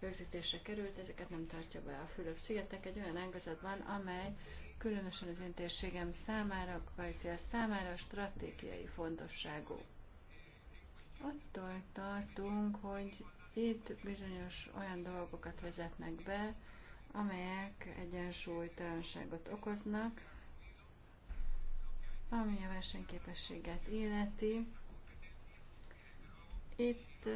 Speaker 5: rögzítésre került, ezeket nem tartja be a Fülöp-szigetek egy olyan ágazatban, amely különösen az én térségem számára, a számára stratégiai fontosságú. Attól tartunk, hogy itt bizonyos olyan dolgokat vezetnek be, amelyek egyensúlytalanságot okoznak, ami a versenyképességet illeti, itt uh,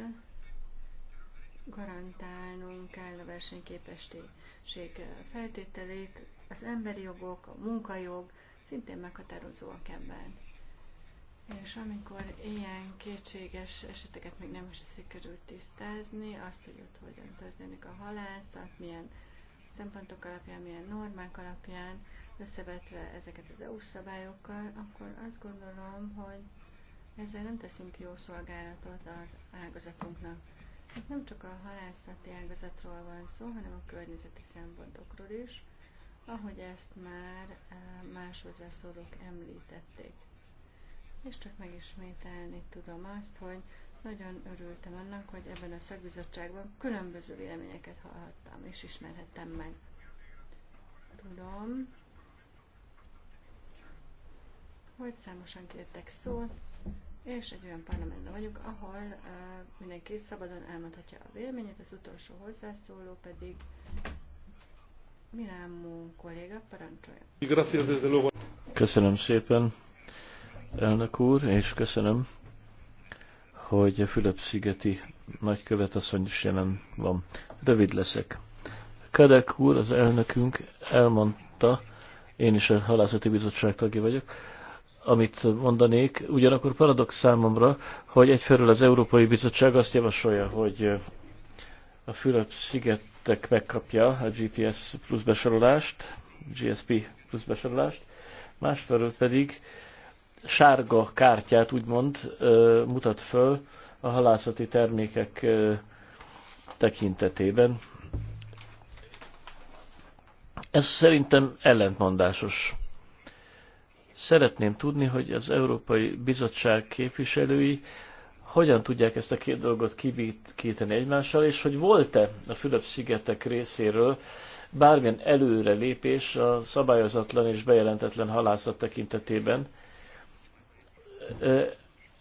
Speaker 5: garantálnunk kell a versenyképesség uh, feltételét, az emberi jogok, a munkajog szintén meghatározóak ebben. És amikor ilyen kétséges eseteket még nem is sikerült tisztázni, azt, hogy ott hogyan történik a halászat, milyen szempontok alapján, milyen normák alapján, összevetve ezeket az EU szabályokkal, akkor azt gondolom, hogy ezzel nem teszünk jó szolgálatot az ágazatunknak. Itt nem csak a halászati ágazatról van szó, hanem a környezeti szempontokról is, ahogy ezt már eh, más hozzászólók említették. És csak megismételni tudom azt, hogy nagyon örültem annak, hogy ebben a szakbizottságban különböző véleményeket hallhattam és ismerhettem meg. Tudom, hogy számosan kértek szót, és egy olyan parlamentben vagyunk, ahol uh, mindenki szabadon elmondhatja a véleményét, az utolsó hozzászóló pedig Milámú kolléga
Speaker 4: parancsolja. Köszönöm szépen, elnök úr, és köszönöm, hogy a Fülöp-szigeti nagykövet asszony is jelen van. Rövid leszek. Kadek úr, az elnökünk elmondta, én is a halászati bizottság tagja vagyok, amit mondanék, ugyanakkor paradox számomra, hogy egyfelől az Európai Bizottság azt javasolja, hogy a Fülöp-szigetek megkapja a GPS plusz besorolást, GSP plusz besorolást, másfelől pedig sárga kártyát úgymond mutat föl a halászati termékek tekintetében. Ez szerintem ellentmondásos Szeretném tudni, hogy az Európai Bizottság képviselői hogyan tudják ezt a két dolgot kibékíteni egymással, és hogy volt-e a Fülöp-szigetek részéről bármilyen előrelépés a szabályozatlan és bejelentetlen halászat tekintetében.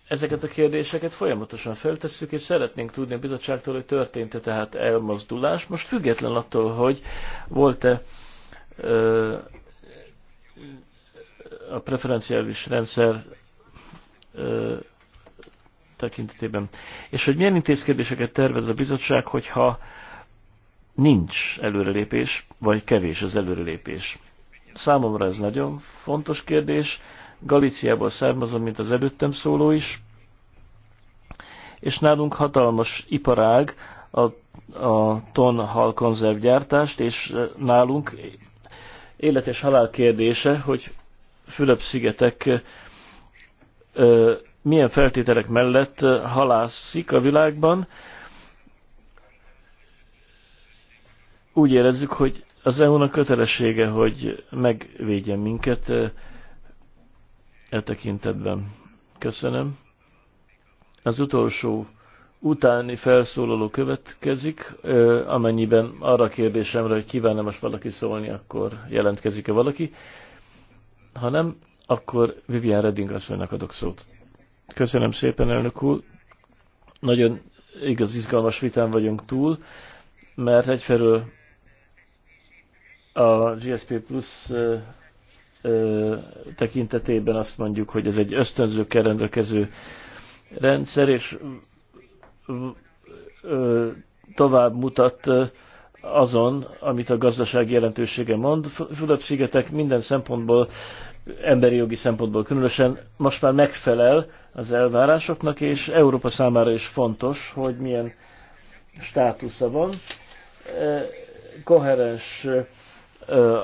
Speaker 4: Ezeket a kérdéseket folyamatosan feltesszük, és szeretnénk tudni a bizottságtól, hogy történt-e tehát elmozdulás. Most független attól, hogy volt-e a preferenciális rendszer ö, tekintetében. És hogy milyen intézkedéseket tervez a bizottság, hogyha nincs előrelépés, vagy kevés az előrelépés. Számomra ez nagyon fontos kérdés. Galíciából származom, mint az előttem szóló is, és nálunk hatalmas iparág a, a ton hal és nálunk élet és halál kérdése, hogy Fülöp-szigetek milyen feltételek mellett halászik a világban. Úgy érezzük, hogy az EU-nak kötelessége, hogy megvédjen minket e tekintetben. Köszönöm. Az utolsó utáni felszólaló következik, amennyiben arra kérdésemre, hogy kívánna most valaki szólni, akkor jelentkezik-e valaki. Ha nem, akkor Vivian Redding asszonynak adok szót. Köszönöm szépen, elnök úr. Nagyon igaz, izgalmas vitán vagyunk túl, mert egyfelől a GSP Plus tekintetében azt mondjuk, hogy ez egy ösztönzőkkel rendelkező rendszer, és tovább mutat azon, amit a gazdaság jelentősége mond. Fülöp-szigetek minden szempontból, emberi jogi szempontból különösen most már megfelel az elvárásoknak, és Európa számára is fontos, hogy milyen státusza van. E, koherens e,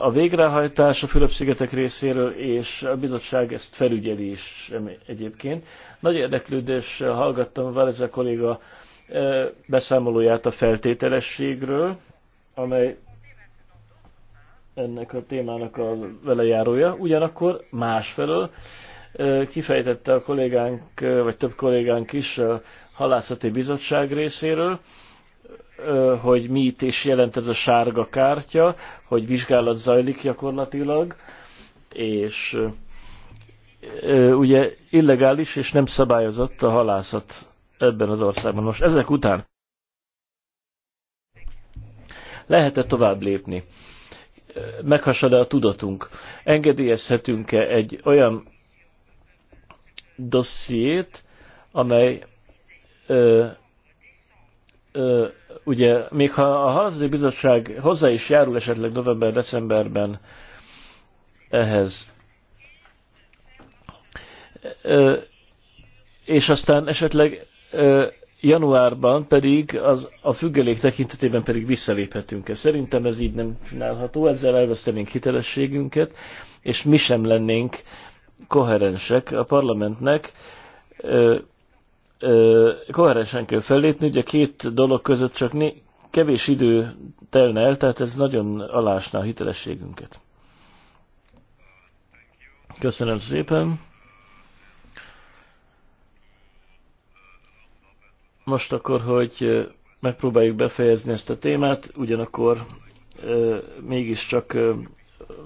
Speaker 4: a végrehajtás a Fülöp-szigetek részéről, és a bizottság ezt felügyeli is egyébként. Nagy érdeklődés hallgattam Váleza kolléga e, beszámolóját a feltételességről, amely ennek a témának a velejárója. Ugyanakkor másfelől kifejtette a kollégánk, vagy több kollégánk is a halászati bizottság részéről, hogy mit is jelent ez a sárga kártya, hogy vizsgálat zajlik gyakorlatilag, és ugye illegális és nem szabályozott a halászat ebben az országban. Most ezek után lehet-e tovább lépni? Meghasad-e a tudatunk? Engedélyezhetünk-e egy olyan dossziét, amely ö, ö, ugye, még ha a Halászati Bizottság hozzá is járul esetleg november-decemberben ehhez, ö, és aztán esetleg ö, januárban pedig az, a függelék tekintetében pedig visszaléphetünk-e. Szerintem ez így nem csinálható, ezzel elvesztenénk hitelességünket, és mi sem lennénk koherensek a parlamentnek. Ö, ö, koherensen kell fellépni, ugye két dolog között csak né- kevés idő telne el, tehát ez nagyon alásná a hitelességünket. Köszönöm szépen! most akkor, hogy megpróbáljuk befejezni ezt a témát, ugyanakkor mégiscsak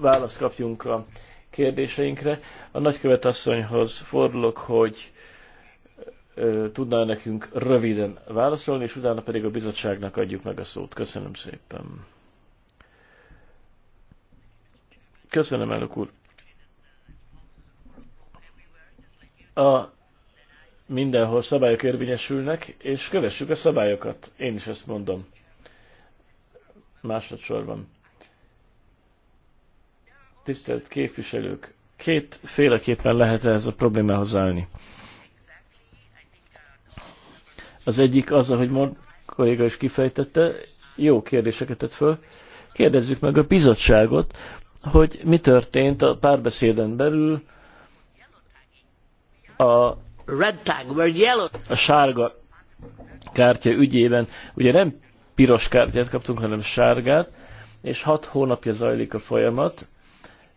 Speaker 4: választ kapjunk a kérdéseinkre. A nagykövet asszonyhoz fordulok, hogy tudná nekünk röviden válaszolni, és utána pedig a bizottságnak adjuk meg a szót. Köszönöm szépen. Köszönöm, elnök úr. A mindenhol szabályok érvényesülnek, és kövessük a szabályokat. Én is ezt mondom. Másodszorban. Tisztelt képviselők, két féleképpen lehet ez a problémához állni. Az egyik az, ahogy mond, kolléga is kifejtette, jó kérdéseket tett föl. Kérdezzük meg a bizottságot, hogy mi történt a párbeszéden belül a red tag, where yellow... A sárga kártya ügyében, ugye nem piros kártyát kaptunk, hanem sárgát, és hat hónapja zajlik a folyamat,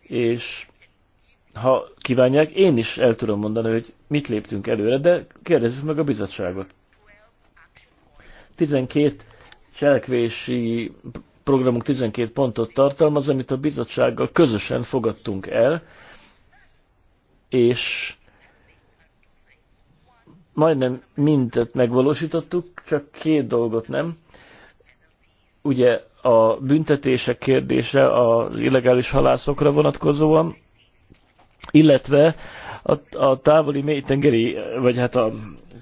Speaker 4: és ha kívánják, én is el tudom mondani, hogy mit léptünk előre, de kérdezzük meg a bizottságot. 12 cselekvési programunk 12 pontot tartalmaz, amit a bizottsággal közösen fogadtunk el, és majdnem mindet megvalósítottuk, csak két dolgot nem. Ugye a büntetések kérdése az illegális halászokra vonatkozóan, illetve a, a távoli mélytengeri, vagy hát a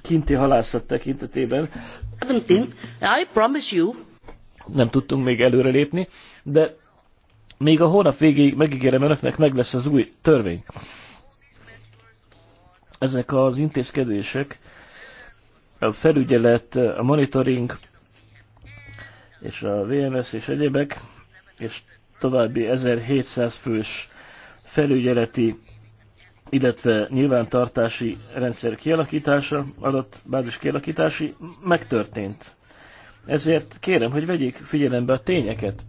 Speaker 4: kinti halászat tekintetében
Speaker 6: I promise you.
Speaker 4: nem tudtunk még előrelépni, de még a hónap végéig megígérem önöknek, meg lesz az új törvény. Ezek az intézkedések a felügyelet, a monitoring és a VMS és egyébek, és további 1700 fős felügyeleti, illetve nyilvántartási rendszer kialakítása, adatbázis kialakítási megtörtént. Ezért kérem, hogy vegyék figyelembe a tényeket.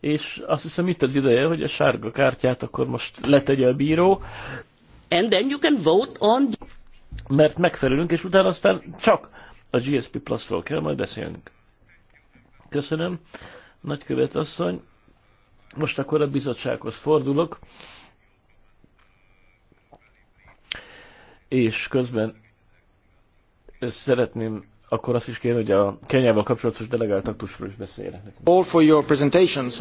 Speaker 4: És azt hiszem itt az ideje, hogy a sárga kártyát akkor most letegye a bíró, and then you can vote on... Mert megfelelünk, és utána aztán csak a GSP Plus-ról kell majd beszélnünk. Köszönöm, nagykövet asszony. Most akkor a bizottsághoz fordulok. És közben szeretném akkor azt is kéne, hogy a Kenyával kapcsolatos delegált aktusról is
Speaker 3: beszéljenek. All for your presentations.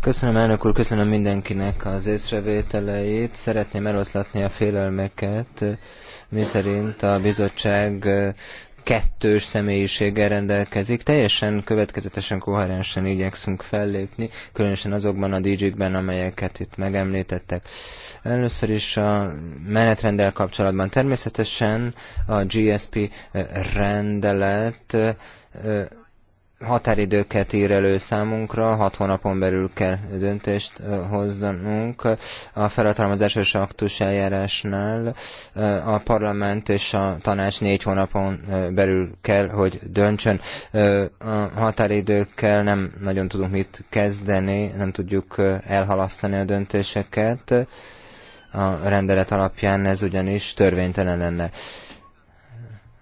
Speaker 3: Köszönöm elnök úr, köszönöm mindenkinek az észrevételeit. Szeretném eloszlatni a félelmeket, miszerint a bizottság kettős személyiséggel rendelkezik. Teljesen következetesen, koherensen igyekszünk fellépni, különösen azokban a DJ-kben, amelyeket itt megemlítettek. Először is a menetrendel kapcsolatban. Természetesen a GSP eh, rendelet eh, határidőket ír elő számunkra, hat hónapon belül kell döntést hoznunk. A felhatalmazásos aktus eljárásnál a parlament és a tanács négy hónapon belül kell, hogy döntsön. A határidőkkel nem nagyon tudunk mit kezdeni, nem tudjuk elhalasztani a döntéseket. A rendelet alapján ez ugyanis törvénytelen lenne.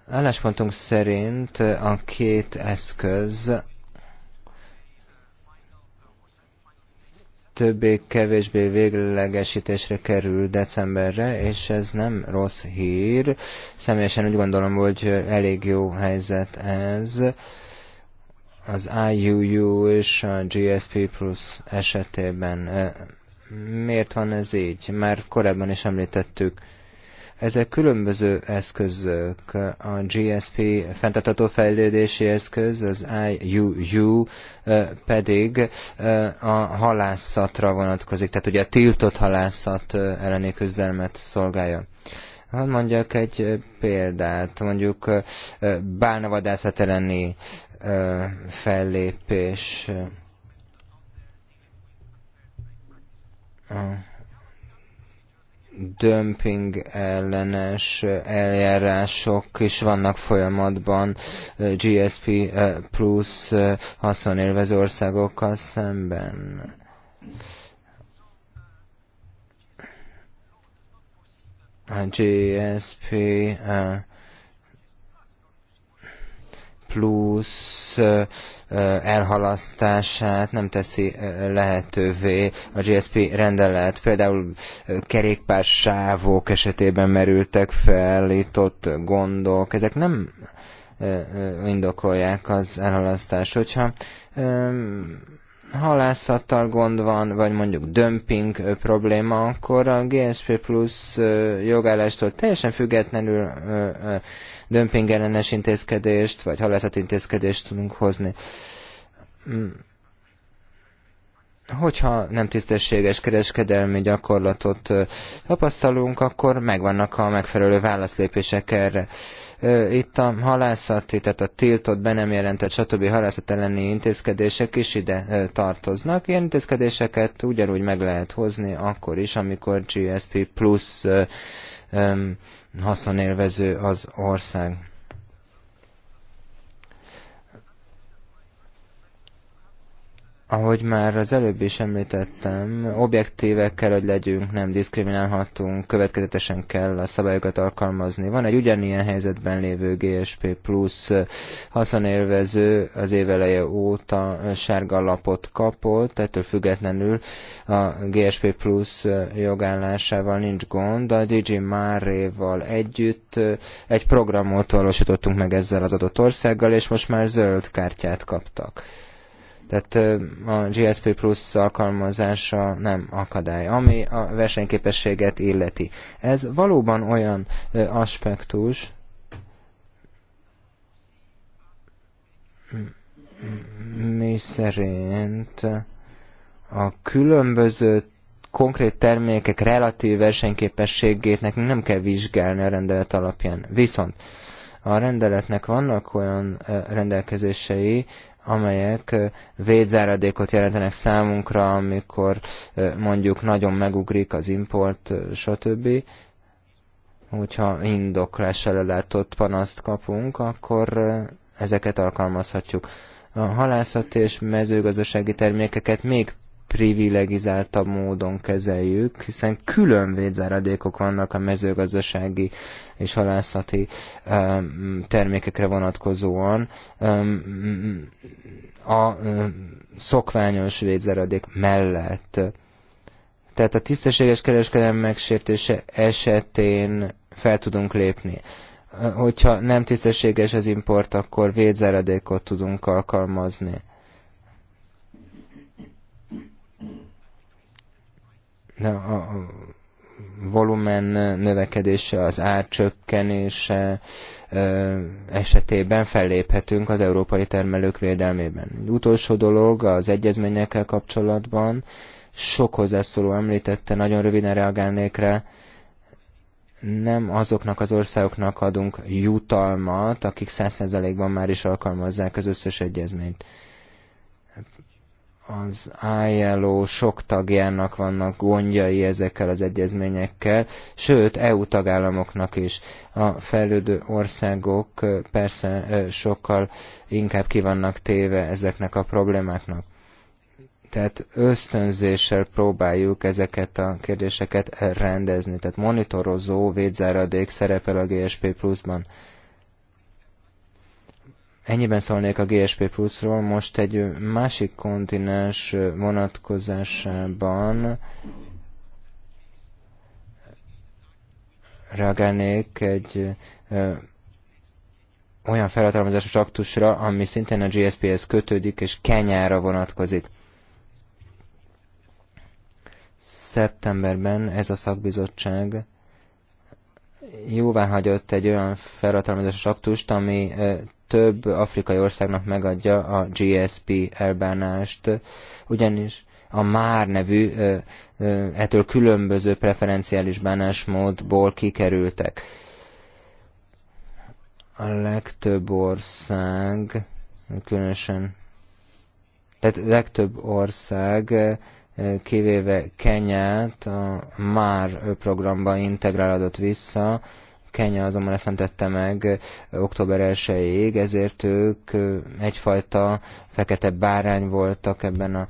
Speaker 3: Álláspontunk szerint a két eszköz többé-kevésbé véglegesítésre kerül decemberre, és ez nem rossz hír. Személyesen úgy gondolom, hogy elég jó helyzet ez. Az IUU és a GSP Plus esetében eh, miért van ez így? Már korábban is említettük. Ezek különböző eszközök, a GSP fenntartható fejlődési eszköz, az IUU pedig a halászatra vonatkozik, tehát ugye a tiltott halászat elleni küzdelmet szolgálja. Hát mondjak egy példát, mondjuk bálnavadászat elleni fellépés dömping ellenes eljárások is vannak folyamatban eh, GSP eh, plusz eh, haszonélvező országokkal szemben. A GSP plusz elhalasztását nem teszi lehetővé a GSP rendelet. Például kerékpársávok esetében merültek fel itt ott gondok. Ezek nem indokolják az elhalasztást. Hogyha halászattal gond van, vagy mondjuk dömping probléma, akkor a GSP plusz jogállástól teljesen függetlenül dömpingellenes intézkedést, vagy halászati intézkedést tudunk hozni. Hmm. Hogyha nem tisztességes kereskedelmi gyakorlatot tapasztalunk, akkor megvannak a megfelelő válaszlépések erre itt a halászati, tehát a tiltott, be nem jelentett, stb. halászat elleni intézkedések is ide tartoznak. Ilyen intézkedéseket ugyanúgy meg lehet hozni akkor is, amikor GSP plusz haszonélvező az ország. Ahogy már az előbb is említettem, objektívek kell, hogy legyünk, nem diszkriminálhatunk, következetesen kell a szabályokat alkalmazni. Van egy ugyanilyen helyzetben lévő GSP plusz haszonélvező az éveleje óta sárga lapot kapott, ettől függetlenül a GSP plusz jogállásával nincs gond, a DJ Máréval együtt egy programot valósítottunk meg ezzel az adott országgal, és most már zöld kártyát kaptak. Tehát a GSP Plus alkalmazása nem akadály, ami a versenyképességet illeti. Ez valóban olyan aspektus, mi szerint a különböző konkrét termékek relatív versenyképességét nekünk nem kell vizsgálni a rendelet alapján. Viszont a rendeletnek vannak olyan rendelkezései, amelyek védzáradékot jelentenek számunkra, amikor mondjuk nagyon megugrik az import, stb. Hogyha indoklással ellátott panaszt kapunk, akkor ezeket alkalmazhatjuk. A halászati és mezőgazdasági termékeket még privilegizáltabb módon kezeljük, hiszen külön védzáradékok vannak a mezőgazdasági és halászati termékekre vonatkozóan. A szokványos védzáradék mellett. Tehát a tisztességes kereskedelem megsértése esetén fel tudunk lépni hogyha nem tisztességes az import, akkor védzáradékot tudunk alkalmazni. a volumen növekedése, az ár csökkenése esetében felléphetünk az európai termelők védelmében. Utolsó dolog az egyezményekkel kapcsolatban, sok hozzászóló említette, nagyon röviden reagálnék rá, nem azoknak az országoknak adunk jutalmat, akik 100%-ban már is alkalmazzák az összes egyezményt az ILO sok tagjának vannak gondjai ezekkel az egyezményekkel, sőt EU tagállamoknak is. A fejlődő országok persze sokkal inkább kivannak téve ezeknek a problémáknak. Tehát ösztönzéssel próbáljuk ezeket a kérdéseket rendezni, tehát monitorozó védzáradék szerepel a GSP Plus-ban. Ennyiben szólnék a GSP Plus-ról, most egy másik kontinens vonatkozásában reagálnék egy ö, olyan felhatalmazásos aktusra, ami szintén a GSP-hez kötődik, és Kenyára vonatkozik. Szeptemberben ez a szakbizottság jóvá hagyott egy olyan felhatalmazásos aktust, ami több afrikai országnak megadja a GSP elbánást, ugyanis a már nevű ettől különböző preferenciális bánásmódból kikerültek. A legtöbb ország, különösen, tehát legtöbb ország kivéve Kenyát a MÁR programban integrálódott vissza, Kenya azonban ezt nem tette meg október 1-ig, ezért ők egyfajta fekete bárány voltak ebben a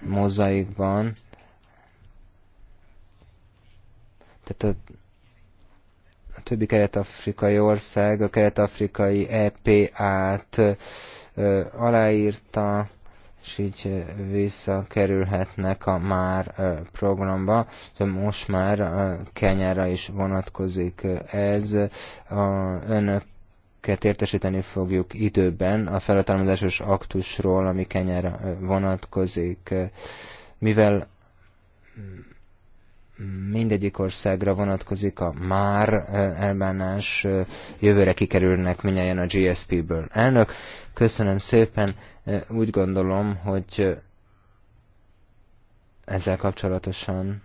Speaker 3: mozaikban. Tehát a a többi kelet-afrikai ország a kelet-afrikai EPA-t aláírta, és így visszakerülhetnek a már programba. Most már Kenyára is vonatkozik ez. A önök értesíteni fogjuk időben a felhatalmazásos aktusról, ami Kenyára vonatkozik. Mivel mindegyik országra vonatkozik a már eh, elbánás, eh, jövőre kikerülnek minnyáján a GSP-ből. Elnök, köszönöm szépen, eh, úgy gondolom, hogy ezzel kapcsolatosan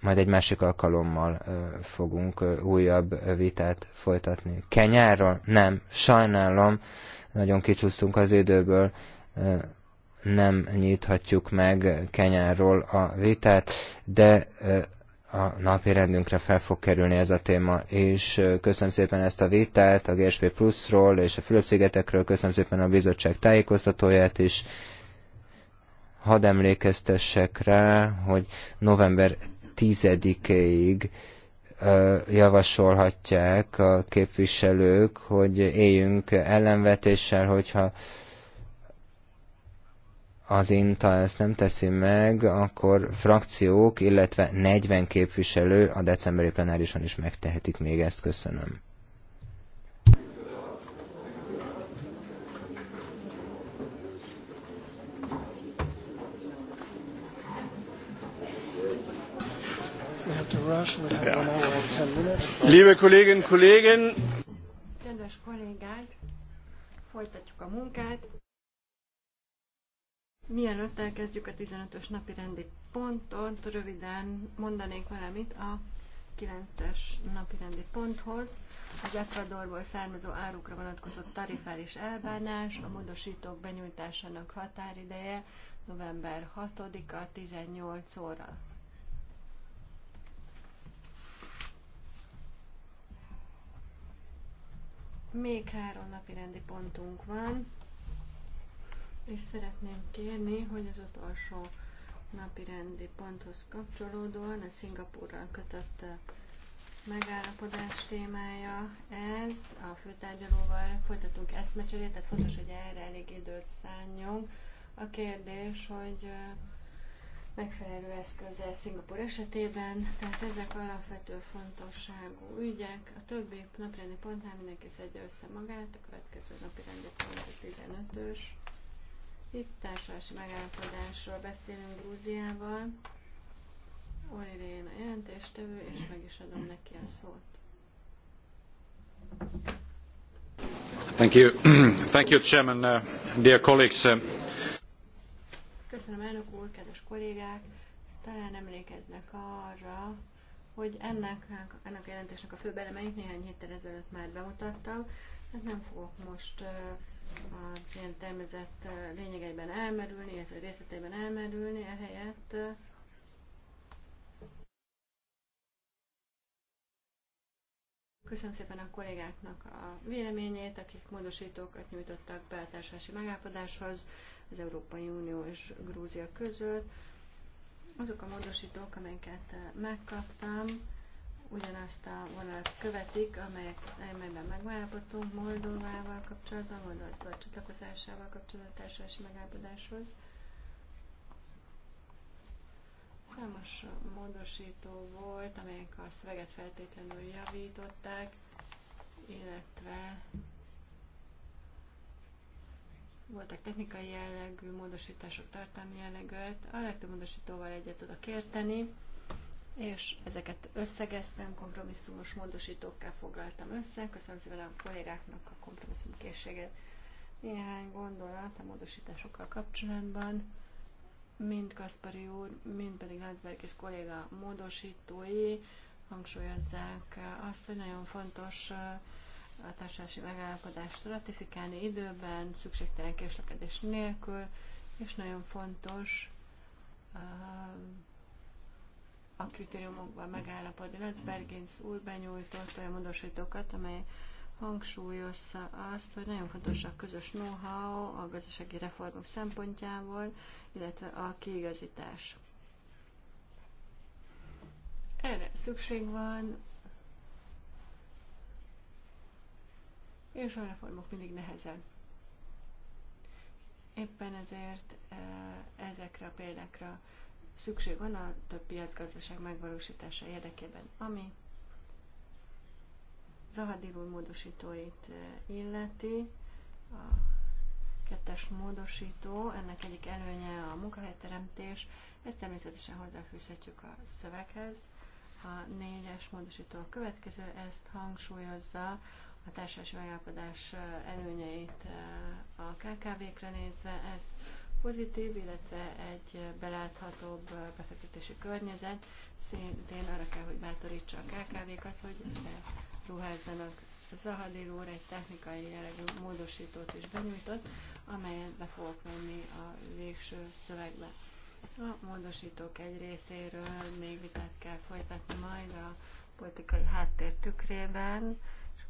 Speaker 3: majd egy másik alkalommal fogunk újabb vitát folytatni. Kenyáról? Nem, sajnálom, nagyon kicsúsztunk az időből nem nyithatjuk meg Kenyáról a vitát, de a napi rendünkre fel fog kerülni ez a téma, és köszönöm szépen ezt a vitát a GSP Plusról és a Fülöp-szigetekről, köszönöm szépen a bizottság tájékoztatóját is. Hadd emlékeztessek rá, hogy november 10-ig javasolhatják a képviselők, hogy éljünk ellenvetéssel, hogyha az INTA ezt nem teszi meg, akkor frakciók, illetve 40 képviselő a decemberi plenárison is megtehetik még ezt. Köszönöm.
Speaker 7: Liebe Kolleginnen und Kollegen!
Speaker 5: Kedves kollégák, folytatjuk a munkát. Mielőtt elkezdjük a 15-ös napi rendi pontot, röviden mondanék valamit a 9-es napi rendi ponthoz. Az Ecuadorból származó árukra vonatkozott tarifális elbánás, a módosítók benyújtásának határideje november 6-a 18 óra. Még három napi rendi pontunk van és szeretném kérni, hogy az utolsó napi rendi ponthoz kapcsolódóan a Szingapúrral kötött megállapodás témája ez, a főtárgyalóval folytatunk eszmecserét, tehát fontos, hogy erre elég időt szálljunk. A kérdés, hogy megfelelő eszközzel Szingapur esetében, tehát ezek alapvető fontosságú ügyek. A többi rendi pontnál mindenki szedje össze magát, a következő rendi pont a 15-ös. Itt társas megállapodásról beszélünk Grúziával. Olirén a jelentéstevő, és meg is adom neki a szót.
Speaker 2: Thank you. (clears throat) Thank you, Chairman, uh, dear colleagues. Uh.
Speaker 5: Köszönöm, elnök úr, kedves kollégák! Talán emlékeznek arra, hogy ennek, ennek a jelentésnek a főbelemeit néhány héttel ezelőtt már bemutattam, hát nem fogok most uh, a ilyen tervezett lényegeiben elmerülni, illetve részleteiben elmerülni, ehelyett Köszönöm szépen a kollégáknak a véleményét, akik módosítókat nyújtottak be a társulási megállapodáshoz az Európai Unió és Grúzia között. Azok a módosítók, amelyeket megkaptam, ugyanazt a vonalat követik, amelyek, amelyben megállapodtunk Moldovával kapcsolatban, Moldova csatlakozásával kapcsolatban társadalmi megállapodáshoz. Számos módosító volt, amelyek a szöveget feltétlenül javították, illetve voltak technikai jellegű módosítások, tartalmi jellegűt. A legtöbb módosítóval egyet tudok érteni és ezeket összegeztem, kompromisszumos módosítókkal foglaltam össze. Köszönöm szépen a kollégáknak a kompromisszumkészséget. Néhány gondolat a módosításokkal kapcsolatban. Mind Kaspari úr, mind pedig és kolléga módosítói hangsúlyozzák azt, hogy nagyon fontos a társadalmi megállapodást ratifikálni időben, szükségtelen késlekedés nélkül, és nagyon fontos a kritériumokban megállapodni. Bergénz úr benyújtott olyan módosítókat, amely hangsúlyozza azt, hogy nagyon fontos a közös know-how a gazdasági reformok szempontjából, illetve a kiigazítás. Erre szükség van, és a reformok mindig nehezen. Éppen ezért eh, ezekre a példákra szükség van a több piacgazdaság megvalósítása érdekében, ami Zahadil módosítóit eh, illeti. A kettes módosító, ennek egyik előnye a munkahelyteremtés, ezt természetesen hozzáfűzhetjük a szöveghez. A négyes módosító a következő, ezt hangsúlyozza a társasági megállapodás eh, előnyeit eh, a KKV-kre nézve, ezt pozitív, illetve egy beláthatóbb befektetési környezet szintén arra kell, hogy bátorítsa a KKV-kat, hogy ruházzanak. Zahadil úr egy technikai jellegű módosítót is benyújtott, amelyet be fogok venni a végső szövegbe. A módosítók egy részéről még vitát kell folytatni majd a politikai háttér tükrében,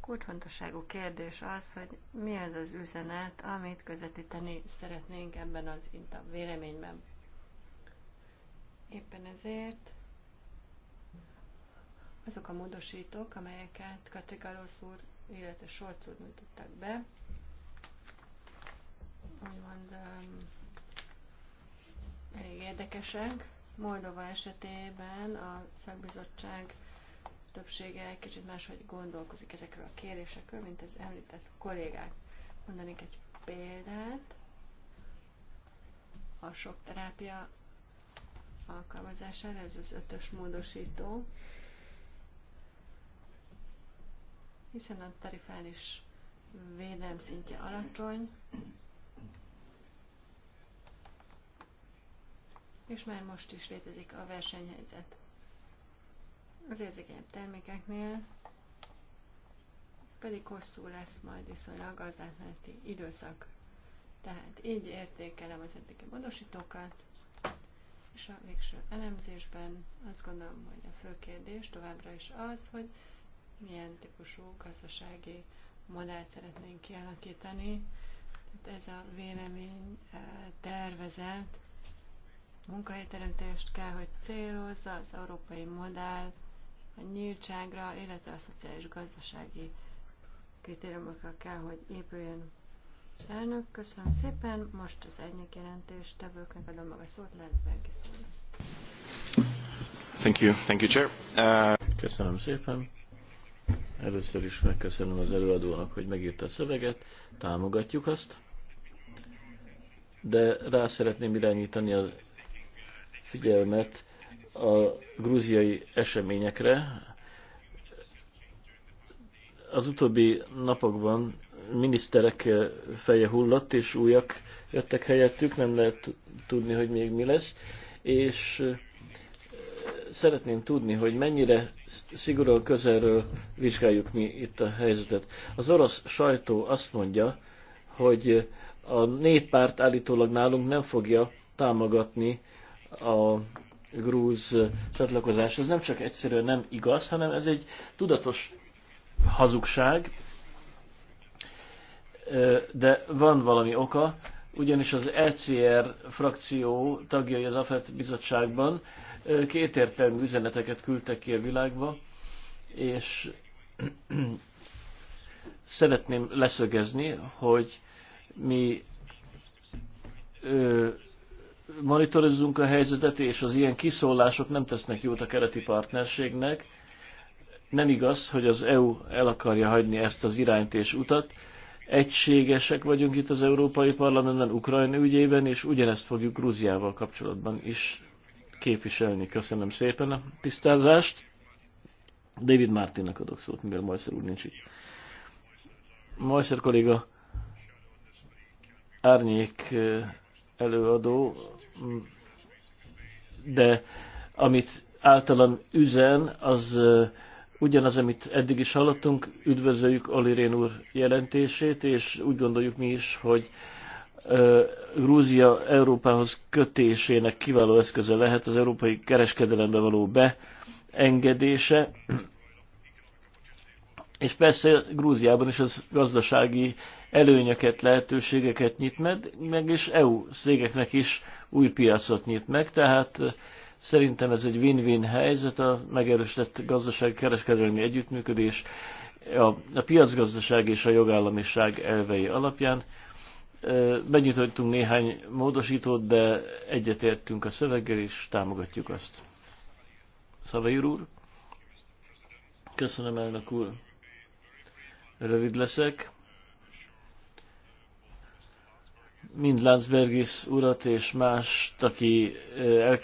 Speaker 5: Kulcsfontosságú kérdés az, hogy mi az az üzenet, amit közvetíteni szeretnénk ebben az INTA véleményben. Éppen ezért azok a módosítók, amelyeket Katrikalosz úr, illetve Solc úr nyújtottak be, úgymond um, elég érdekesek. Moldova esetében a szakbizottság többsége kicsit máshogy gondolkozik ezekről a kérésekről, mint az említett kollégák. Mondanék egy példát. A sok terápia alkalmazására, ez az ötös módosító, hiszen a tarifális védelem szintje alacsony, és már most is létezik a versenyhelyzet. Az érzékenyebb termékeknél pedig hosszú lesz majd viszonylag az átmeneti időszak. Tehát így értékelem az értéke módosítókat, és a végső elemzésben azt gondolom, hogy a fő kérdés továbbra is az, hogy milyen típusú gazdasági modellt szeretnénk kialakítani. Tehát ez a vélemény eh, tervezet munkahelyteremtést kell, hogy célozza, az európai modell a nyíltságra, illetve a szociális gazdasági kritériumokra kell, hogy épüljön. Elnök, köszönöm szépen. Most az egyik jelentés tevőknek adom meg a szót, Lenzbergi szól.
Speaker 4: Thank you. Thank you, Chair. Uh... Köszönöm szépen. Először is megköszönöm az előadónak, hogy megírta a szöveget, támogatjuk azt, de rá szeretném irányítani a figyelmet a grúziai eseményekre. Az utóbbi napokban miniszterek feje hullott, és újak jöttek helyettük, nem lehet tudni, hogy még mi lesz. És szeretném tudni, hogy mennyire szigorúan közelről vizsgáljuk mi itt a helyzetet. Az orosz sajtó azt mondja, hogy a néppárt állítólag nálunk nem fogja támogatni a grúz csatlakozás. Ez nem csak egyszerűen nem igaz, hanem ez egy tudatos hazugság, de van valami oka, ugyanis az ECR frakció tagjai az AFET bizottságban kétértelmű üzeneteket küldtek ki a világba, és (clears throat) szeretném leszögezni, hogy mi monitorozzunk a helyzetet, és az ilyen kiszólások nem tesznek jót a keleti partnerségnek. Nem igaz, hogy az EU el akarja hagyni ezt az irányt és utat. Egységesek vagyunk itt az Európai Parlamentben, Ukrajna ügyében, és ugyanezt fogjuk Grúziával kapcsolatban is képviselni. Köszönöm szépen a tisztázást. David Martinnak adok szót, mivel Majszer úr nincs itt. Majszer kolléga árnyék előadó, de amit általam üzen, az ugyanaz, amit eddig is hallottunk. Üdvözöljük Olirén úr jelentését, és úgy gondoljuk mi is, hogy Grúzia Európához kötésének kiváló eszköze lehet az európai kereskedelembe való beengedése, és persze Grúziában is az gazdasági előnyöket, lehetőségeket nyit meg, meg és EU szégeknek is új piacot nyit meg, tehát eh, szerintem ez egy win-win helyzet, a megerősített gazdasági kereskedelmi együttműködés, a, a piacgazdaság és a jogállamiság elvei alapján. Megnyitottunk eh, néhány módosítót, de egyetértünk a szöveggel, és támogatjuk azt. Szavair úr? Köszönöm, elnök úr rövid leszek. Mind Landsbergis urat és más, aki el,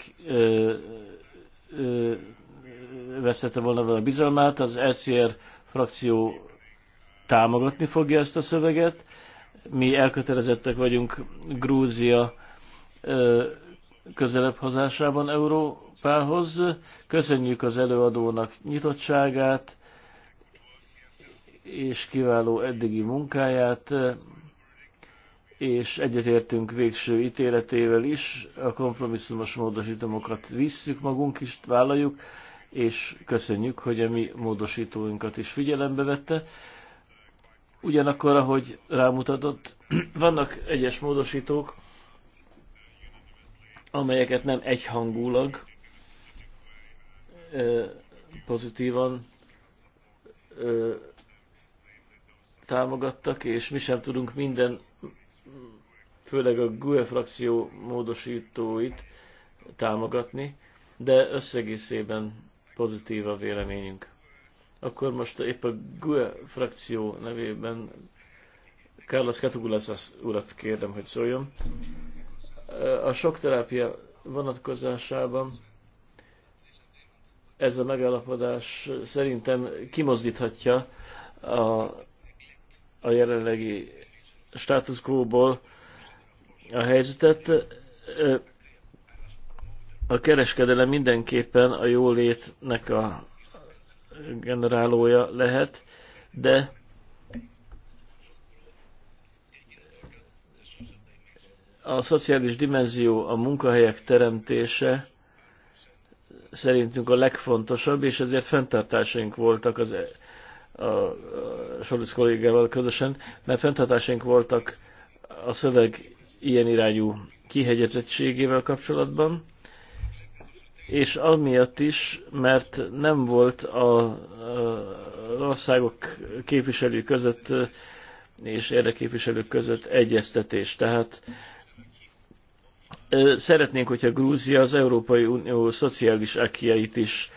Speaker 4: volna vele a bizalmát, az ECR frakció támogatni fogja ezt a szöveget. Mi elkötelezettek vagyunk Grúzia ö, közelebb hozásában Európához. Köszönjük az előadónak nyitottságát, és kiváló eddigi munkáját, és egyetértünk végső ítéletével is, a kompromisszumos módosítomokat visszük magunk is, vállaljuk, és köszönjük, hogy a mi módosítóinkat is figyelembe vette. Ugyanakkor, ahogy rámutatott, (clears throat) vannak egyes módosítók, amelyeket nem egyhangulag pozitívan támogattak, és mi sem tudunk minden, főleg a GUE frakció módosítóit támogatni, de összegészében pozitív a véleményünk. Akkor most épp a GUE frakció nevében Carlos Catugulas urat kérdem, hogy szóljon. A sok terápia vonatkozásában ez a megállapodás szerintem kimozdíthatja a a jelenlegi status quo-ból a helyzetet. A kereskedelem mindenképpen a jólétnek a generálója lehet, de a szociális dimenzió, a munkahelyek teremtése szerintünk a legfontosabb, és ezért fenntartásaink voltak az a, a kollégával közösen, mert fenntartásaink voltak a szöveg ilyen irányú kihegyezettségével kapcsolatban, és amiatt is, mert nem volt a, a, az országok képviselői között és érdeképviselők között egyeztetés. Tehát szeretnénk, hogyha Grúzia az Európai Unió szociális akiait is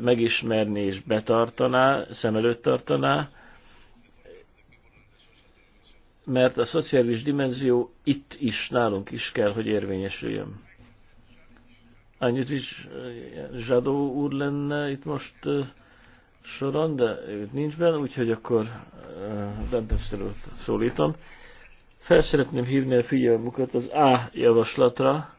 Speaker 4: megismerni és betartaná, szem előtt tartaná, mert a szociális dimenzió itt is, nálunk is kell, hogy érvényesüljön. Annyit is Zsadó úr lenne itt most soron, de őt nincs benne, úgyhogy akkor Dentesztelőt szólítom. Felszeretném hívni a figyelmüket az A javaslatra,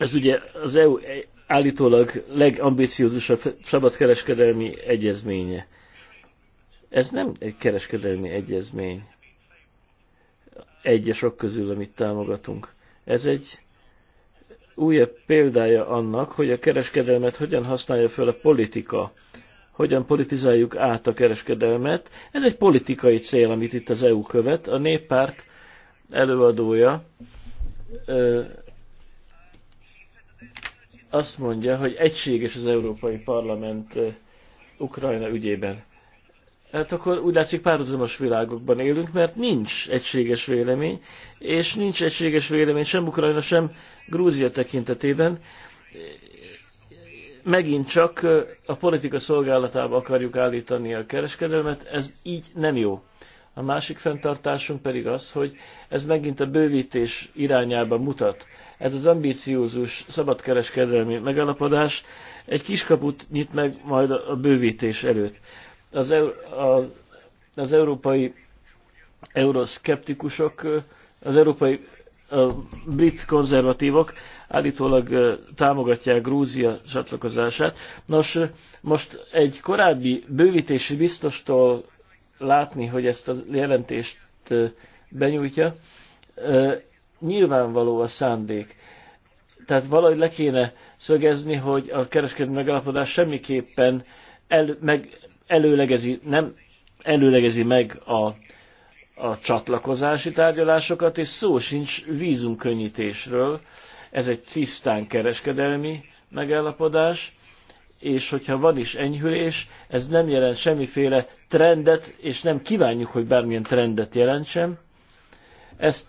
Speaker 4: Ez ugye az EU állítólag legambiciózusabb szabadkereskedelmi egyezménye. Ez nem egy kereskedelmi egyezmény. Egyesok közül, amit támogatunk. Ez egy újabb példája annak, hogy a kereskedelmet hogyan használja fel a politika, hogyan politizáljuk át a kereskedelmet. Ez egy politikai cél, amit itt az EU követ. A néppárt előadója azt mondja, hogy egységes az Európai Parlament Ukrajna ügyében. Hát akkor úgy látszik párhuzamos világokban élünk, mert nincs egységes vélemény, és nincs egységes vélemény sem Ukrajna, sem Grúzia tekintetében. Megint csak a politika szolgálatába akarjuk állítani a kereskedelmet, ez így nem jó. A másik fenntartásunk pedig az, hogy ez megint a bővítés irányába mutat. Ez az ambíciózus szabadkereskedelmi megállapodás egy kiskaput nyit meg majd a bővítés előtt. Az, a, az európai euroszkeptikusok, az európai a brit konzervatívok állítólag támogatják Grúzia csatlakozását. Nos, most egy korábbi bővítési biztostól látni, hogy ezt a jelentést benyújtja, nyilvánvaló a szándék. Tehát valahogy le kéne szögezni, hogy a kereskedelmi megállapodás semmiképpen el, meg, előlegezi, nem előlegezi meg a, a csatlakozási tárgyalásokat, és szó sincs vízunkönnyítésről. Ez egy cisztán kereskedelmi megállapodás, és hogyha van is enyhülés, ez nem jelent semmiféle trendet, és nem kívánjuk, hogy bármilyen trendet jelentsen. Ezt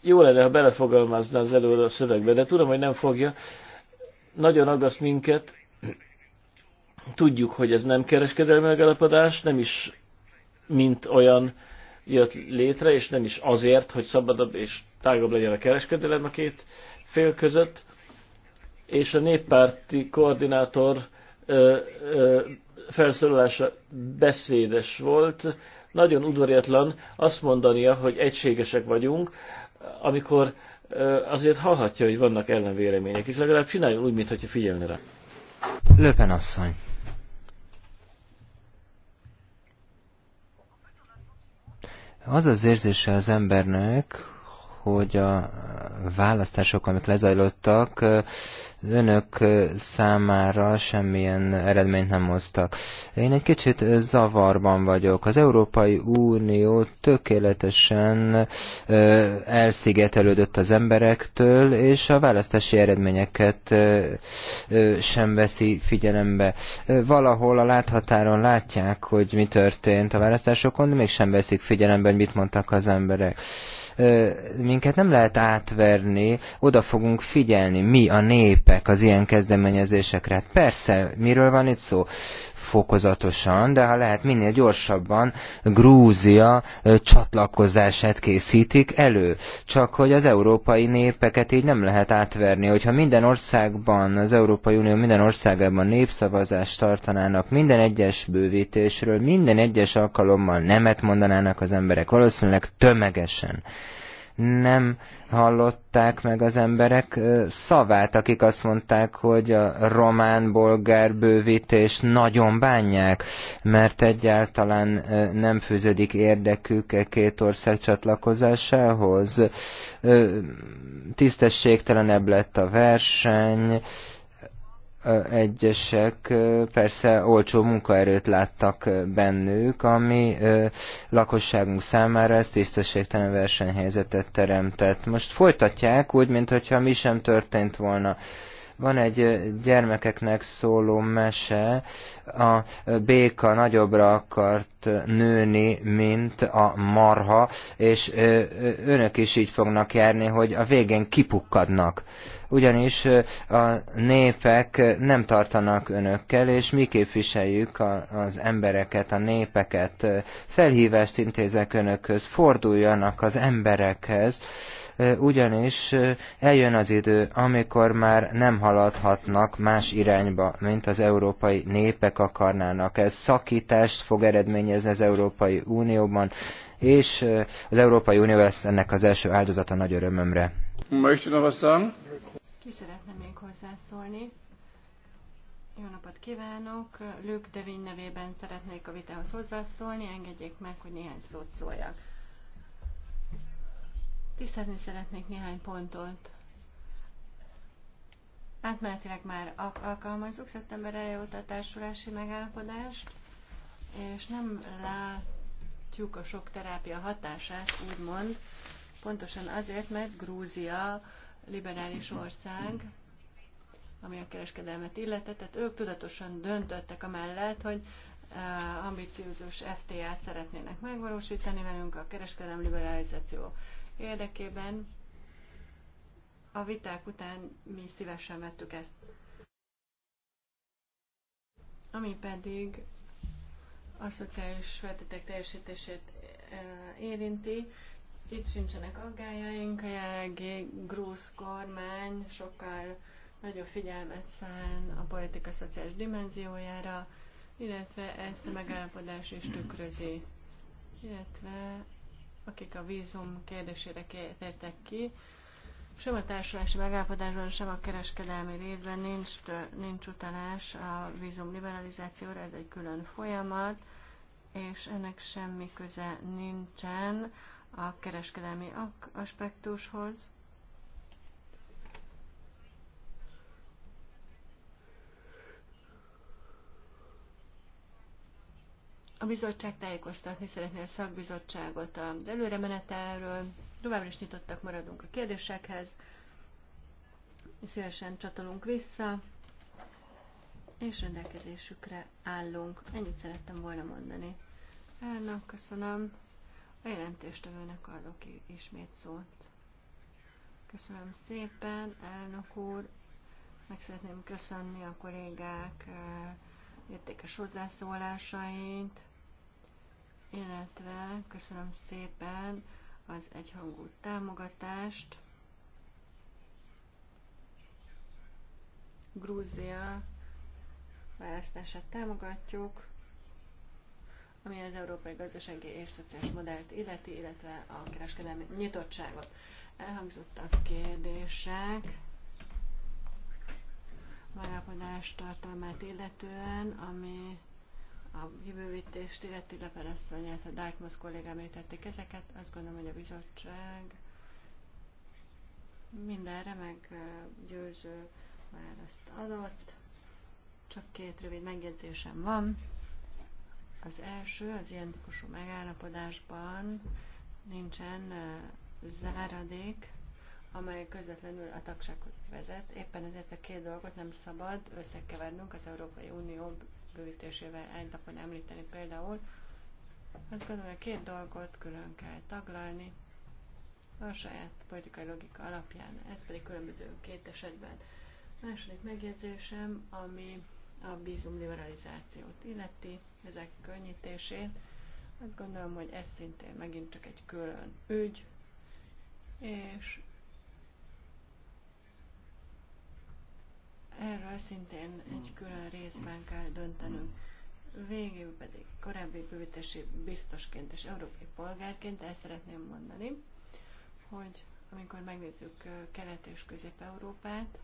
Speaker 4: jó lenne, ha belefogalmazna az előre a szövegbe, de tudom, hogy nem fogja. Nagyon aggaszt minket, tudjuk, hogy ez nem kereskedelmi megállapodás, nem is mint olyan jött létre, és nem is azért, hogy szabadabb és tágabb legyen a kereskedelem a két fél között, és a néppárti koordinátor ö, ö, felszólalása beszédes volt, nagyon udvariatlan azt mondania, hogy egységesek vagyunk, amikor azért hallhatja, hogy vannak ellenvélemények, és legalább csináljon úgy, mintha figyelne rá.
Speaker 3: Löpen asszony. Az az érzése az embernek, hogy a választások, amik lezajlottak, önök számára semmilyen eredményt nem hoztak. Én egy kicsit zavarban vagyok. Az Európai Unió tökéletesen elszigetelődött az emberektől, és a választási eredményeket sem veszi figyelembe. Valahol a láthatáron látják, hogy mi történt a választásokon, de mégsem veszik figyelembe, hogy mit mondtak az emberek minket nem lehet átverni, oda fogunk figyelni, mi a népek az ilyen kezdeményezésekre. Hát persze, miről van itt szó? fokozatosan, de ha lehet minél gyorsabban Grúzia csatlakozását készítik elő. Csak hogy az európai népeket így nem lehet átverni. Hogyha minden országban, az Európai Unió minden országában népszavazást tartanának minden egyes bővítésről, minden egyes alkalommal nemet mondanának az emberek, valószínűleg tömegesen nem hallották meg az emberek szavát, akik azt mondták, hogy a román-bolgár bővítés nagyon bánják, mert egyáltalán nem fűződik érdekük e két ország csatlakozásához. Tisztességtelenebb lett a verseny, egyesek persze olcsó munkaerőt láttak bennük, ami lakosságunk számára ezt tisztességtelen versenyhelyzetet teremtett. Most folytatják úgy, mintha mi sem történt volna van egy gyermekeknek szóló mese, a béka nagyobbra akart nőni, mint a marha, és önök is így fognak járni, hogy a végén kipukkadnak ugyanis a népek nem tartanak önökkel, és mi képviseljük az embereket, a népeket. Felhívást intézek önökhöz, forduljanak az emberekhez, ugyanis eljön az idő, amikor már nem haladhatnak más irányba, mint az európai népek akarnának. Ez szakítást fog eredményezni az Európai Unióban, és az Európai Unió lesz ennek az első áldozata nagy örömömre.
Speaker 7: Möchte noch was sagen?
Speaker 5: Ki szeretne még hozzászólni? Jó napot kívánok! Lők Devény nevében szeretnék a vitához hozzászólni. Engedjék meg, hogy néhány szót szóljak. Tisztázni szeretnék néhány pontot. Átmenetileg már alkalmazzuk szeptember eljóta a társulási megállapodást, és nem látjuk a sok terápia hatását, úgymond, pontosan azért, mert Grúzia liberális ország, ami a kereskedelmet illetett. tehát ők tudatosan döntöttek amellett, hogy e, ambiciózus FTA-t szeretnének megvalósítani velünk a kereskedelem liberalizáció érdekében. A viták után mi szívesen vettük ezt. Ami pedig a szociális feltétek teljesítését e, érinti, itt sincsenek aggájaink, a jelenlegi grúz kormány sokkal nagyobb figyelmet szán a politika szociális dimenziójára, illetve ezt a megállapodás is tükrözi. Illetve akik a vízum kérdésére tértek ki, sem a társulási megállapodásban, sem a kereskedelmi részben nincs, nincs utalás a vízum liberalizációra, ez egy külön folyamat, és ennek semmi köze nincsen a kereskedelmi aspektushoz. A bizottság tájékoztatni szeretné a szakbizottságot a előre menetelről. Továbbra is nyitottak maradunk a kérdésekhez. Szívesen csatolunk vissza, és rendelkezésükre állunk. Ennyit szerettem volna mondani. Elnök, köszönöm. A jelentéstevőnek adok ismét szót. Köszönöm szépen, elnök úr. Meg szeretném köszönni a kollégák eh, értékes hozzászólásait, illetve köszönöm szépen az egyhangú támogatást. Grúzia választását támogatjuk ami az európai gazdasági és szociális modellt illeti, illetve a kereskedelmi nyitottságot. Elhangzottak kérdések megállapodás tartalmát illetően, ami a kibővítést illeti leperasszony, A Dartmouth kollégám értették ezeket, azt gondolom, hogy a bizottság mindenre meg győző választ adott. Csak két rövid megjegyzésem van. Az első, az ilyen típusú megállapodásban nincsen záradék, amely közvetlenül a tagsághoz vezet. Éppen ezért a két dolgot nem szabad összekevernünk az Európai Unió bővítésével egy napon említeni például. Azt gondolom, hogy a két dolgot külön kell taglalni a saját politikai logika alapján. Ez pedig különböző két esetben. Második megjegyzésem, ami a vízum liberalizációt illeti, ezek könnyítését. Azt gondolom, hogy ez szintén megint csak egy külön ügy, és erről szintén egy külön részben kell döntenünk. Végül pedig korábbi bővítési biztosként és európai polgárként el szeretném mondani, hogy amikor megnézzük Kelet- és Közép-Európát,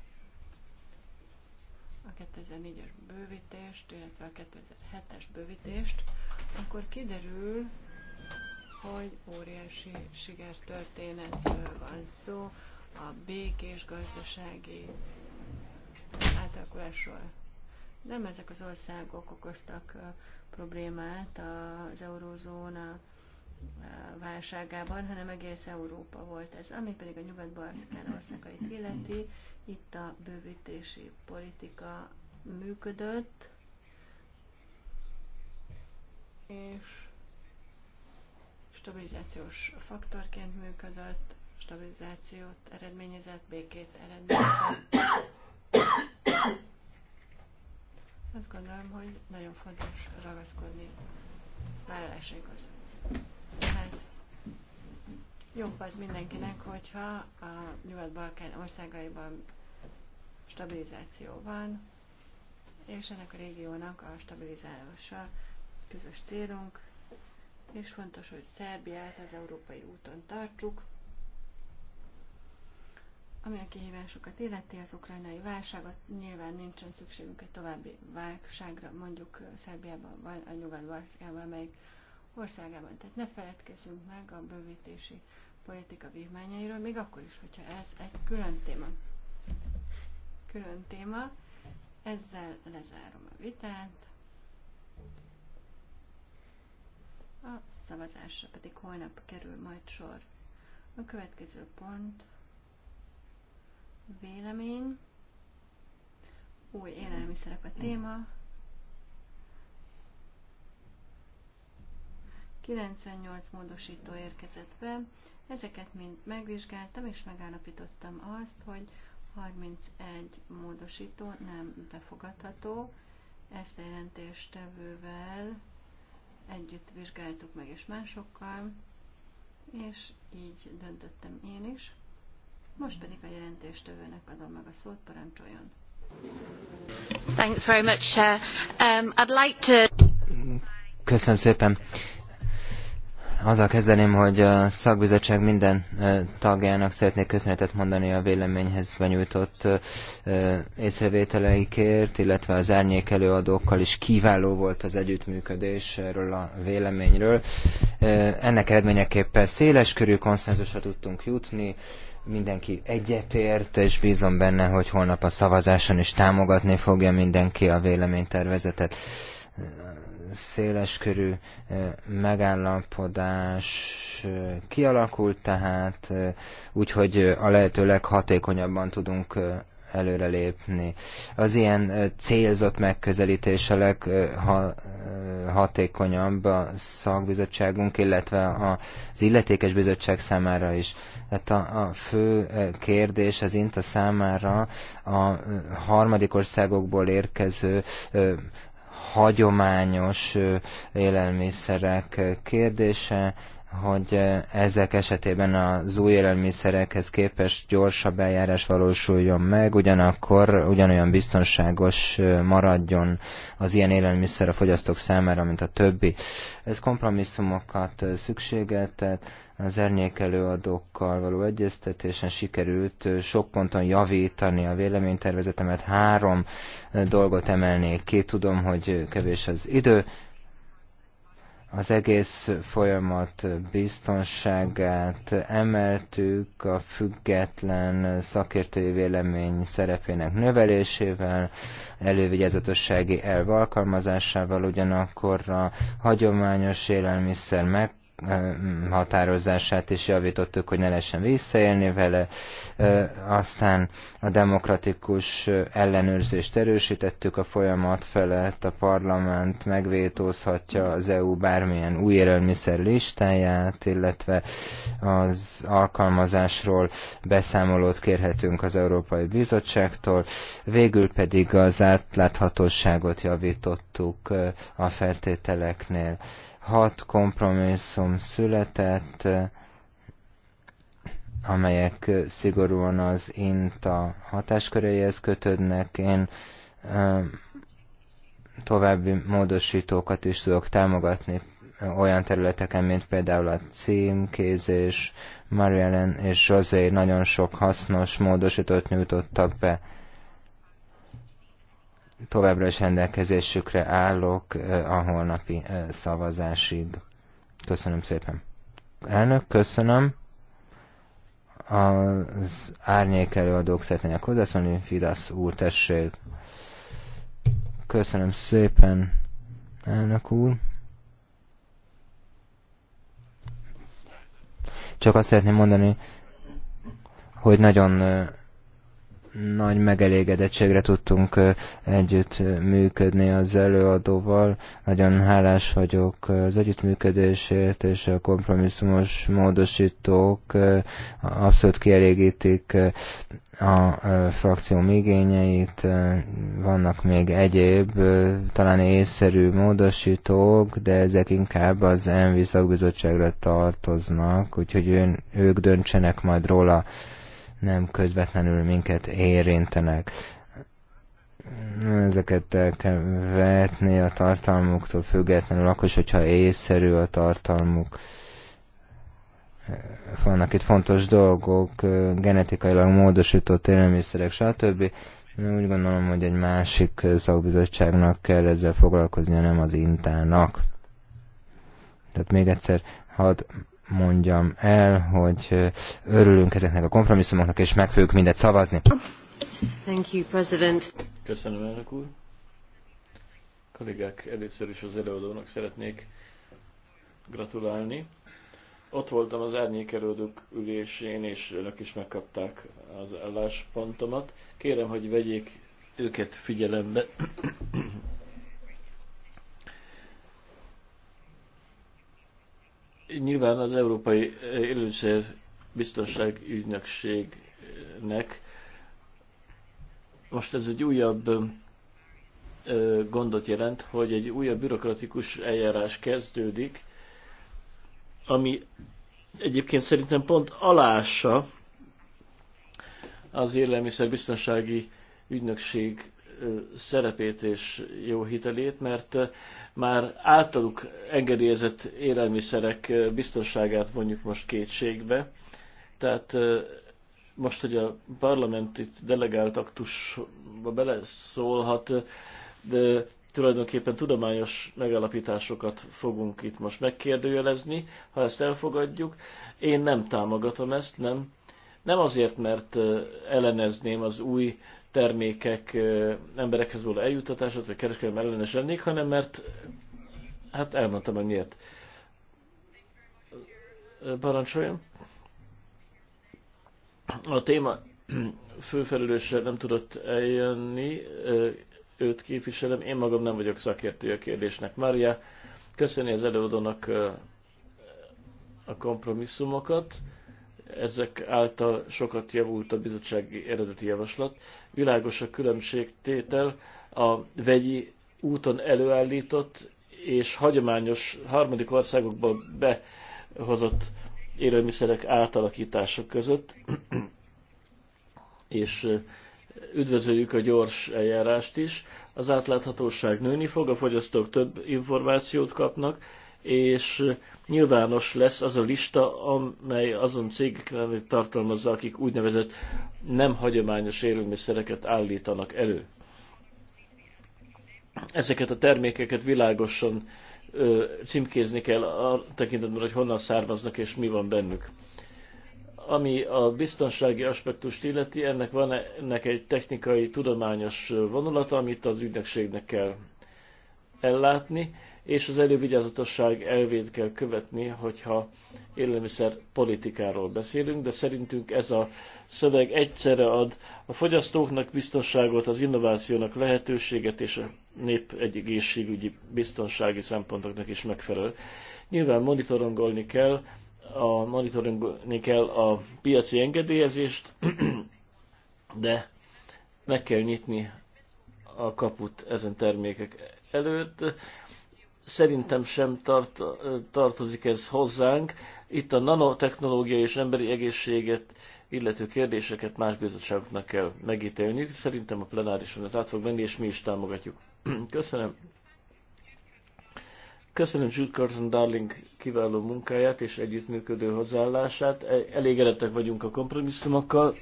Speaker 5: a 2004-es bővítést, illetve a 2007-es bővítést, akkor kiderül, hogy óriási sikertörténetről van szó, a békés gazdasági átalakulásról. Nem ezek az országok okoztak problémát az eurózóna válságában, hanem egész Európa volt ez. Ami pedig a nyugat-balkán országait illeti, itt a bővítési politika működött, és stabilizációs faktorként működött, stabilizációt eredményezett, békét eredményezett. Azt gondolom, hogy nagyon fontos ragaszkodni vállalásaikhoz. Tehát jó az mindenkinek, hogyha a Nyugat-Balkán országaiban stabilizáció van, és ennek a régiónak a stabilizálása közös célunk, és fontos, hogy Szerbiát az európai úton tartsuk, ami a kihívásokat illeti, az ukrajnai válságot, nyilván nincsen szükségünk egy további válságra, mondjuk Szerbiában vagy a nyugat balkában melyik országában. Tehát ne feledkezzünk meg a bővítési politika vívmányairól, még akkor is, hogyha ez egy külön téma. Külön téma. Ezzel lezárom a vitát. A szavazásra pedig holnap kerül majd sor. A következő pont vélemény, új élelmiszerek a téma, 98 módosító érkezett be, ezeket mind megvizsgáltam, és megállapítottam azt, hogy 31 módosító nem befogadható. Ezt a jelentéstevővel együtt vizsgáltuk meg, és másokkal, és így döntöttem én is. Most pedig a jelentéstevőnek adom meg a szót, parancsoljon. Thanks very much, Chair. Um, I'd like to...
Speaker 3: Köszönöm szépen. Azzal kezdeném, hogy a szakbizottság minden tagjának szeretnék köszönetet mondani a véleményhez benyújtott észrevételeikért, illetve az árnyék előadókkal is kiváló volt az együttműködés erről a véleményről. Ennek eredményeképpen körű konszenzusra tudtunk jutni, mindenki egyetért, és bízom benne, hogy holnap a szavazáson is támogatni fogja mindenki a véleménytervezetet széleskörű megállapodás kialakult, tehát úgyhogy a lehető leghatékonyabban tudunk előrelépni. Az ilyen célzott megközelítés a leghatékonyabb a szakbizottságunk, illetve az illetékes bizottság számára is. Tehát a, a fő kérdés az INTA számára a harmadik országokból érkező hagyományos élelmiszerek kérdése, hogy ezek esetében az új élelmiszerekhez képest gyorsabb eljárás valósuljon meg, ugyanakkor ugyanolyan biztonságos maradjon az ilyen élelmiszer a fogyasztók számára, mint a többi. Ez kompromisszumokat szükségeltet, az adókkal való egyeztetésen sikerült sok ponton javítani a véleménytervezetemet. Három dolgot emelnék ki, tudom, hogy kevés az idő. Az egész folyamat biztonságát emeltük a független szakértői vélemény szerepének növelésével, elővigyázatossági elv alkalmazásával, ugyanakkor a hagyományos élelmiszer meg Eh, határozását is javítottuk, hogy ne lehessen visszaélni vele. Eh, aztán a demokratikus ellenőrzést erősítettük a folyamat felett, a parlament megvétózhatja az EU bármilyen új élelmiszer listáját, illetve az alkalmazásról beszámolót kérhetünk az Európai Bizottságtól. Végül pedig az átláthatóságot javítottuk eh, a feltételeknél Hat kompromisszum született, amelyek szigorúan az INTA hatásköréhez kötődnek. Én további módosítókat is tudok támogatni olyan területeken, mint például a címkézés, Mariellen és José nagyon sok hasznos módosítót nyújtottak be továbbra is rendelkezésükre állok a holnapi szavazásig. Köszönöm szépen. Elnök, köszönöm. Az árnyék előadók szeretnének hozzászólni. Fidasz úr, tessék. Köszönöm szépen, elnök úr. Csak azt szeretném mondani, hogy nagyon nagy megelégedettségre tudtunk együtt működni az előadóval. Nagyon hálás vagyok az együttműködésért, és a kompromisszumos módosítók abszolút kielégítik a frakcióm igényeit. Vannak még egyéb, talán észszerű módosítók, de ezek inkább az ENVI szakbizottságra tartoznak, úgyhogy ön, ők döntsenek majd róla nem közvetlenül minket érintenek. Ezeket el kell vetni a tartalmuktól függetlenül, akkor is, hogyha észszerű a tartalmuk. Vannak itt fontos dolgok, genetikailag módosított élelmiszerek, stb. Én úgy gondolom, hogy egy másik szakbizottságnak kell ezzel foglalkoznia, nem az intának. Tehát még egyszer, hadd mondjam el, hogy örülünk ezeknek a kompromisszumoknak, és meg fogjuk mindet szavazni. Thank you, President.
Speaker 4: Köszönöm, elnök úr. Kollégák, először is az előadónak szeretnék gratulálni. Ott voltam az árnyék előadók ülésén, és önök is megkapták az álláspontomat. Kérem, hogy vegyék őket figyelembe nyilván az Európai Élőszer Biztonság Ügynökségnek most ez egy újabb gondot jelent, hogy egy újabb bürokratikus eljárás kezdődik, ami egyébként szerintem pont alássa az élelmiszerbiztonsági ügynökség szerepét és jó hitelét, mert már általuk engedélyezett élelmiszerek biztonságát mondjuk most kétségbe. Tehát most, hogy a parlament itt delegált aktusba beleszólhat, de tulajdonképpen tudományos megalapításokat fogunk itt most megkérdőjelezni, ha ezt elfogadjuk. Én nem támogatom ezt, nem. Nem azért, mert ellenezném az új termékek emberekhez való eljutatását, vagy kereskedelmi ellenes lennék, hanem mert, hát elmondtam, hogy miért. Parancsoljon. A téma főfelelőse nem tudott eljönni, őt képviselem, én magam nem vagyok szakértő a kérdésnek. Mária, köszöni az előadónak a kompromisszumokat ezek által sokat javult a bizottsági eredeti javaslat. Világos a különbségtétel a vegyi úton előállított és hagyományos harmadik országokba behozott élelmiszerek átalakítása között, (clears throat) és üdvözöljük a gyors eljárást is. Az átláthatóság nőni fog, a fogyasztók több információt kapnak, és nyilvános lesz az a lista, amely azon cégeknek tartalmazza, akik úgynevezett nem hagyományos élelmiszereket állítanak elő. Ezeket a termékeket világosan ö, címkézni kell a tekintetben, hogy honnan származnak és mi van bennük. Ami a biztonsági aspektust illeti, ennek van ennek egy technikai, tudományos vonulata, amit az ügynökségnek kell ellátni és az elővigyázatosság elvét kell követni, hogyha élelmiszer politikáról beszélünk, de szerintünk ez a szöveg egyszerre ad a fogyasztóknak biztonságot, az innovációnak lehetőséget és a nép egy egészségügyi biztonsági szempontoknak is megfelel. Nyilván monitorongolni kell, a monitorolni kell a piaci engedélyezést, (clears throat) de meg kell nyitni a kaput ezen termékek előtt szerintem sem tart, tartozik ez hozzánk. Itt a nanotechnológia és emberi egészséget illető kérdéseket más bizottságoknak kell megítélniük. Szerintem a plenárison ez át fog menni, és mi is támogatjuk. (clears throat) Köszönöm. Köszönöm Jude Carson Darling kiváló munkáját és együttműködő hozzáállását. E- elégedettek vagyunk a kompromisszumokkal.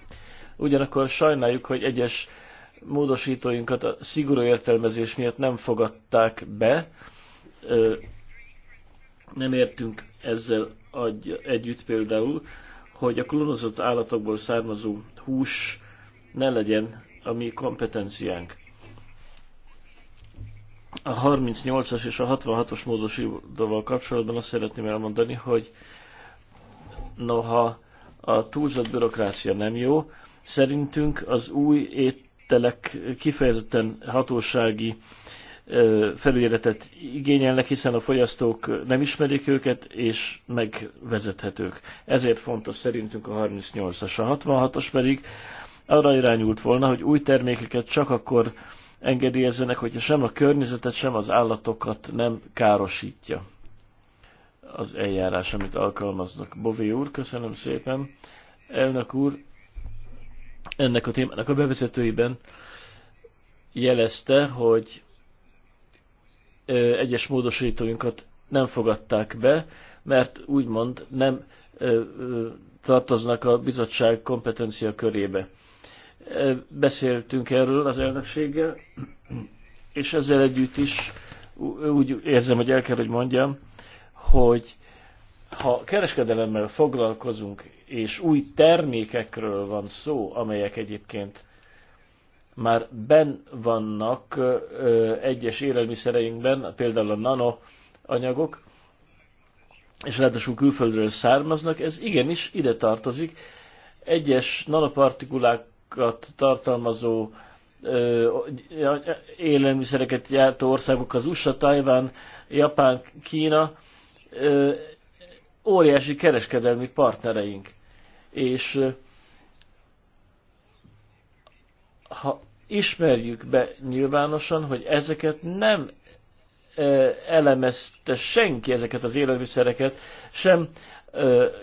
Speaker 4: Ugyanakkor sajnáljuk, hogy egyes módosítóinkat a szigorú értelmezés miatt nem fogadták be nem értünk ezzel együtt például, hogy a klónozott állatokból származó hús ne legyen a mi kompetenciánk. A 38-as és a 66-os módosítóval kapcsolatban azt szeretném elmondani, hogy noha a túlzott bürokrácia nem jó, szerintünk az új ételek kifejezetten hatósági felügyeletet igényelnek, hiszen a fogyasztók nem ismerik őket, és megvezethetők. Ezért fontos szerintünk a 38-as, a 66-as pedig arra irányult volna, hogy új termékeket csak akkor engedélyezzenek, hogyha sem a környezetet, sem az állatokat nem károsítja az eljárás, amit alkalmaznak. Bové úr, köszönöm szépen. Elnök úr, ennek a témának a bevezetőiben jelezte, hogy egyes módosítóinkat nem fogadták be, mert úgymond nem tartoznak a bizottság kompetencia körébe. Beszéltünk erről az elnökséggel, és ezzel együtt is úgy érzem, hogy el kell, hogy mondjam, hogy ha kereskedelemmel foglalkozunk, és új termékekről van szó, amelyek egyébként már ben vannak egyes élelmiszereinkben, például a nano anyagok, és ráadásul külföldről származnak, ez igenis ide tartozik. Egyes nanopartikulákat tartalmazó élelmiszereket gyártó országok, az USA, Tajván, Japán, Kína, óriási kereskedelmi partnereink. És ha ismerjük be nyilvánosan, hogy ezeket nem elemezte senki ezeket az élelmiszereket, sem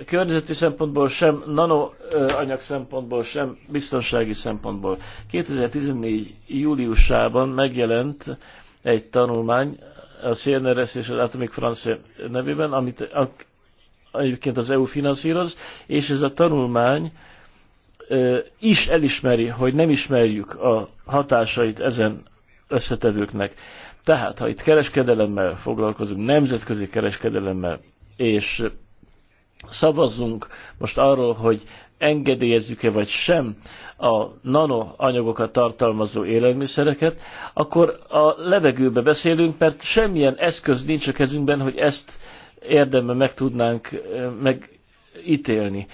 Speaker 4: környezeti szempontból, sem nanoanyag szempontból, sem biztonsági szempontból. 2014. júliusában megjelent egy tanulmány a CNRS és az Atomic France nevében, amit egyébként az EU finanszíroz, és ez a tanulmány is elismeri, hogy nem ismerjük a hatásait ezen összetevőknek. Tehát, ha itt kereskedelemmel foglalkozunk, nemzetközi kereskedelemmel, és szavazzunk most arról, hogy engedélyezzük-e vagy sem a nanoanyagokat tartalmazó élelmiszereket, akkor a levegőbe beszélünk, mert semmilyen eszköz nincs a kezünkben, hogy ezt érdemben meg tudnánk megítélni.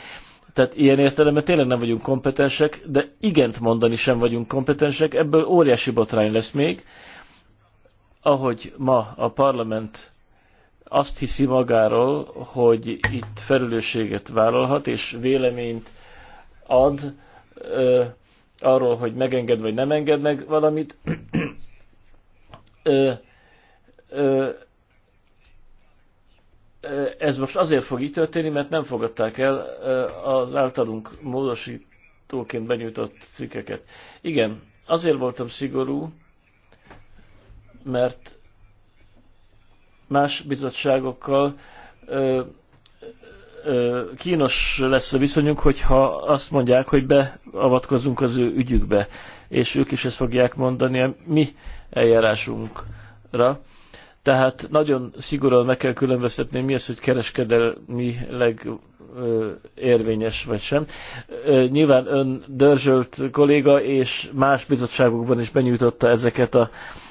Speaker 4: Tehát ilyen értelemben tényleg nem vagyunk kompetensek, de igent mondani sem vagyunk kompetensek, ebből óriási botrány lesz még. Ahogy ma a parlament azt hiszi magáról, hogy itt felelősséget vállalhat, és véleményt ad ö, arról, hogy megenged vagy nem enged meg valamit, (clears throat) ö, ö, ez most azért fog így történni, mert nem fogadták el az általunk módosítóként benyújtott cikkeket. Igen, azért voltam szigorú, mert más bizottságokkal ö, ö, kínos lesz a viszonyunk, hogyha azt mondják, hogy beavatkozunk az ő ügyükbe, és ők is ezt fogják mondani a mi eljárásunkra. Tehát nagyon szigorúan meg kell különböztetni, mi az, hogy kereskedelmileg érvényes vagy sem. Nyilván ön dörzsölt kolléga és más bizottságokban is benyújtotta ezeket a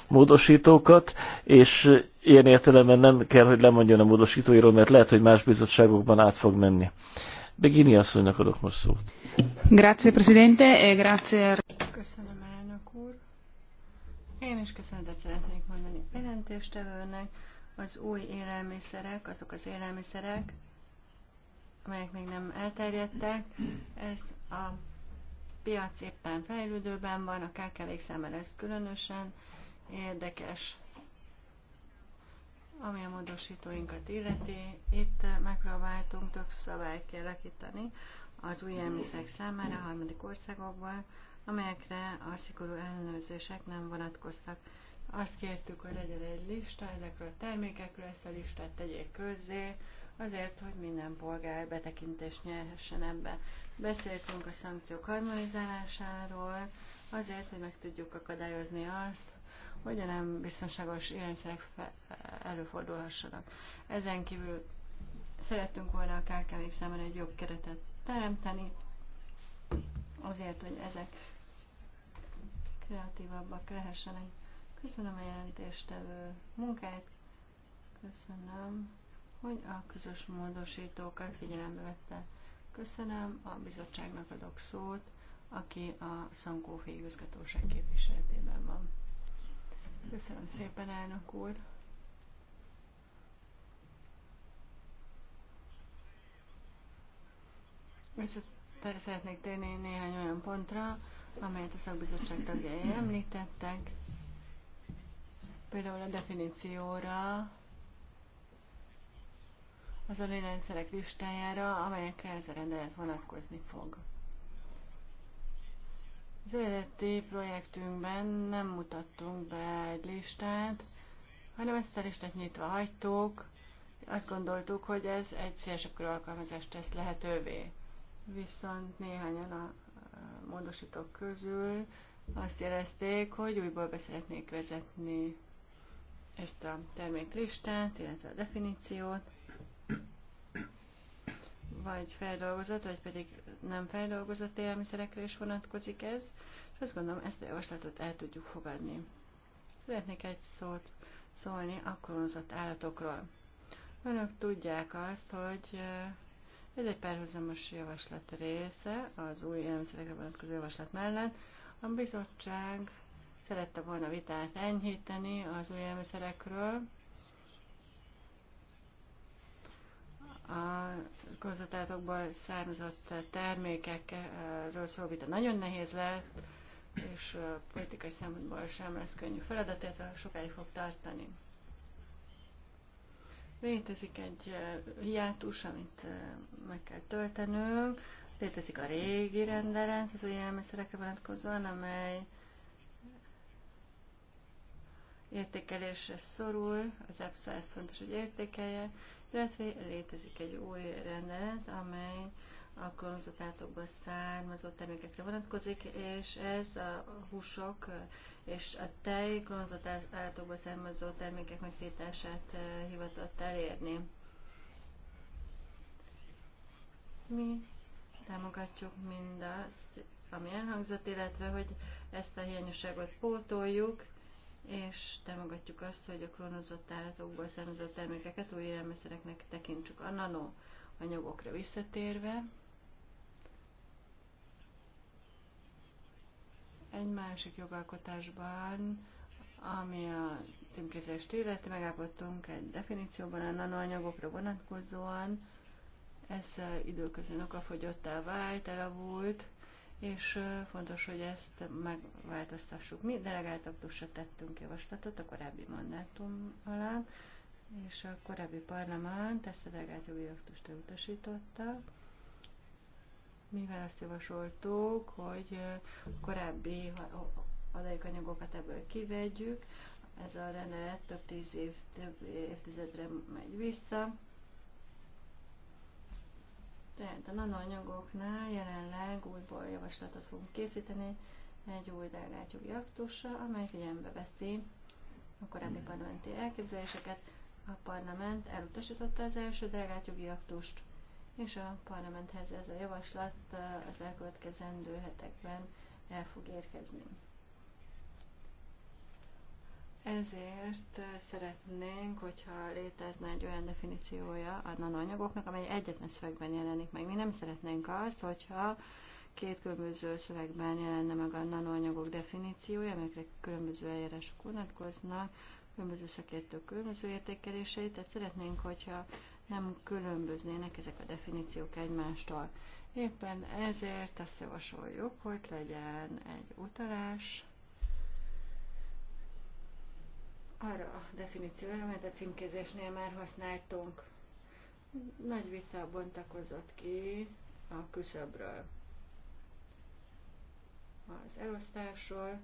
Speaker 4: módosítókat, és ilyen értelemben nem kell, hogy lemondjon a módosítóiról, mert lehet, hogy más bizottságokban át fog menni. Begini asszonynak adok most szót.
Speaker 8: Grazie, Presidente, e grazie.
Speaker 5: Köszönöm, én is köszönetet szeretnék mondani a jelentéstevőnek. Az új élelmiszerek, azok az élelmiszerek, amelyek még nem elterjedtek, ez a piac éppen fejlődőben van, a kkv számára ez különösen érdekes, ami a módosítóinkat illeti. Itt megpróbáltunk több szabályt kialakítani az új élelmiszerek számára a harmadik országokban, amelyekre a szigorú ellenőrzések nem vonatkoztak. Azt kértük, hogy legyen egy lista ezekről a termékekről, ezt a listát tegyék közzé, azért, hogy minden polgár betekintést nyerhessen ebbe. Beszéltünk a szankciók harmonizálásáról, azért, hogy meg tudjuk akadályozni azt, hogy a nem biztonságos irányszerek előfordulhassanak. Ezen kívül szerettünk volna a KKV számára egy jobb keretet teremteni, azért, hogy ezek kreatívabbak lehessenek. Köszönöm a jelentéstevő munkát, köszönöm, hogy a közös módosítókat figyelembe vette. Köszönöm, a bizottságnak adok szót, aki a Szankó igazgatóság képviseletében van. Köszönöm szépen, elnök úr! Vissza szeretnék térni néhány olyan pontra, amelyet a szakbizottság tagjai említettek, például a definícióra, az olélelszerek listájára, amelyekre ez a rendelet vonatkozni fog. Az eredeti projektünkben nem mutattunk be egy listát, hanem ezt a listát nyitva hagytuk, azt gondoltuk, hogy ez egy szélesebb körű alkalmazást tesz lehetővé. Viszont néhányan a módosítók közül azt jelezték, hogy újból beszeretnék vezetni ezt a terméklistát, illetve a definíciót, vagy feldolgozott, vagy pedig nem feldolgozott élelmiszerekre is vonatkozik ez, és azt gondolom, ezt a javaslatot el tudjuk fogadni. Szeretnék egy szót szólni a klónozott állatokról. Önök tudják azt, hogy ez egy párhuzamos javaslat része az új élelmiszerekre vonatkozó javaslat mellett. A bizottság szerette volna vitát enyhíteni az új élelmiszerekről, a konzultátokból származott termékekről szóló vita nagyon nehéz lett, és politikai szempontból sem lesz könnyű feladat, illetve sokáig fog tartani. Létezik egy hiátus, amit meg kell töltenünk. Létezik a régi rendelet az új élelmiszerekre vonatkozóan, amely értékelésre szorul, az EPSA ezt fontos, hogy értékelje, illetve létezik egy új rendelet, amely a klónozatátokból származó termékekre vonatkozik, és ez a húsok és a tej klónozatátokból származó termékek megtiltását eh, hivatott elérni. Mi támogatjuk mindazt, ami elhangzott, illetve hogy ezt a hiányosságot pótoljuk, és támogatjuk azt, hogy a klónozott állatokból származó termékeket új élelmiszereknek tekintsük a nano anyagokra visszatérve. Egy másik jogalkotásban, ami a címkézést illeti, megállapodtunk egy definícióban a nanoanyagokra vonatkozóan, ez időközben okafogyottá vált, elavult, és fontos, hogy ezt megváltoztassuk. Mi delegált aktusra tettünk javaslatot a korábbi mandátum alá, és a korábbi parlament ezt a delegált jogi aktust elutasította mivel azt javasoltuk, hogy korábbi adalékanyagokat ebből kivegyük, ez a rendelet több tíz év, több évtizedre megy vissza. Tehát a nanoanyagoknál jelenleg újból javaslatot fogunk készíteni egy új delegációi aktusra, amely figyelembe veszi a korábbi hmm. parlamenti elképzeléseket. A parlament elutasította az első delegációi aktust, és a parlamenthez ez a javaslat az elkövetkezendő hetekben el fog érkezni. Ezért szeretnénk, hogyha létezne egy olyan definíciója a nanoanyagoknak, amely egyetlen szövegben jelenik meg. Mi nem szeretnénk azt, hogyha két különböző szövegben jelenne meg a nanoanyagok definíciója, amelyekre különböző eljárások vonatkoznak, különböző szakértők különböző értékeléseit, tehát szeretnénk, hogyha nem különböznének ezek a definíciók egymástól. Éppen ezért azt javasoljuk, hogy legyen egy utalás arra a definícióra, amit a címkézésnél már használtunk. Nagy vita bontakozott ki a küszöbről. Az elosztásról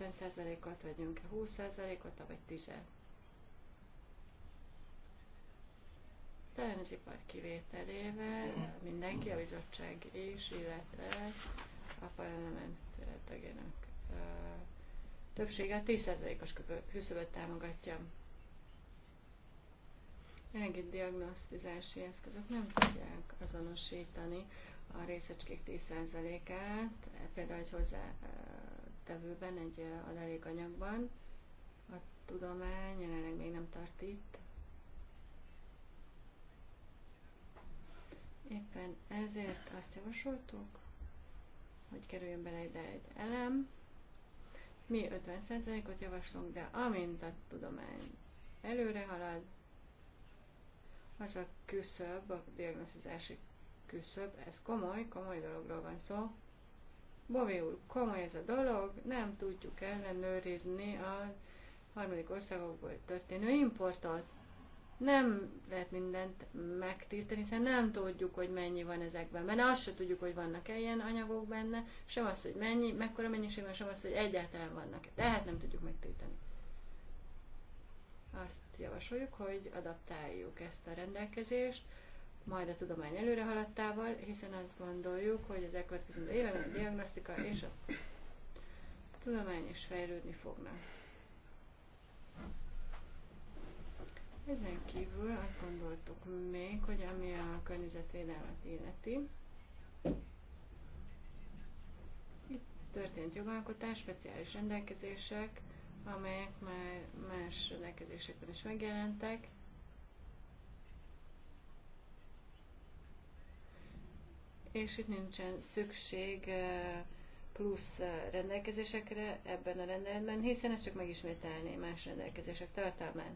Speaker 5: 50%-ot vegyünk 20%-ot, vagy 10 ot élelmiszeripar kivételével mindenki, a bizottság is, illetve a parlament tagjának többsége 10%-os küszöböt támogatja. Jelenlegi diagnosztizási eszközök nem tudják azonosítani a részecskék 10%-át, például egy hozzátevőben, egy adalékanyagban. A tudomány jelenleg még nem tart itt, Éppen ezért azt javasoltuk, hogy kerüljön bele ide egy elem. Mi 50%-ot javaslunk, de amint a tudomány előre halad, az a küszöbb, a diagnosztizási küszöbb, ez komoly, komoly dologról van szó. Bové úr, komoly ez a dolog, nem tudjuk ellenőrizni a harmadik országokból történő importot nem lehet mindent megtiltani, hiszen nem tudjuk, hogy mennyi van ezekben benne, azt se tudjuk, hogy vannak-e ilyen anyagok benne, sem az, hogy mennyi, mekkora mennyiségben, sem az, hogy egyáltalán vannak-e. Tehát nem tudjuk megtiltani. Azt javasoljuk, hogy adaptáljuk ezt a rendelkezést, majd a tudomány előre haladtával, hiszen azt gondoljuk, hogy az elkövetkező években a diagnosztika és a tudomány is fejlődni fognak. Ezen kívül azt gondoltuk még, hogy ami a környezetvédelmet illeti, itt történt jogalkotás, speciális rendelkezések, amelyek már más rendelkezésekben is megjelentek, és itt nincsen szükség plusz rendelkezésekre ebben a rendeletben, hiszen ez csak megismételné más rendelkezések tartalmát.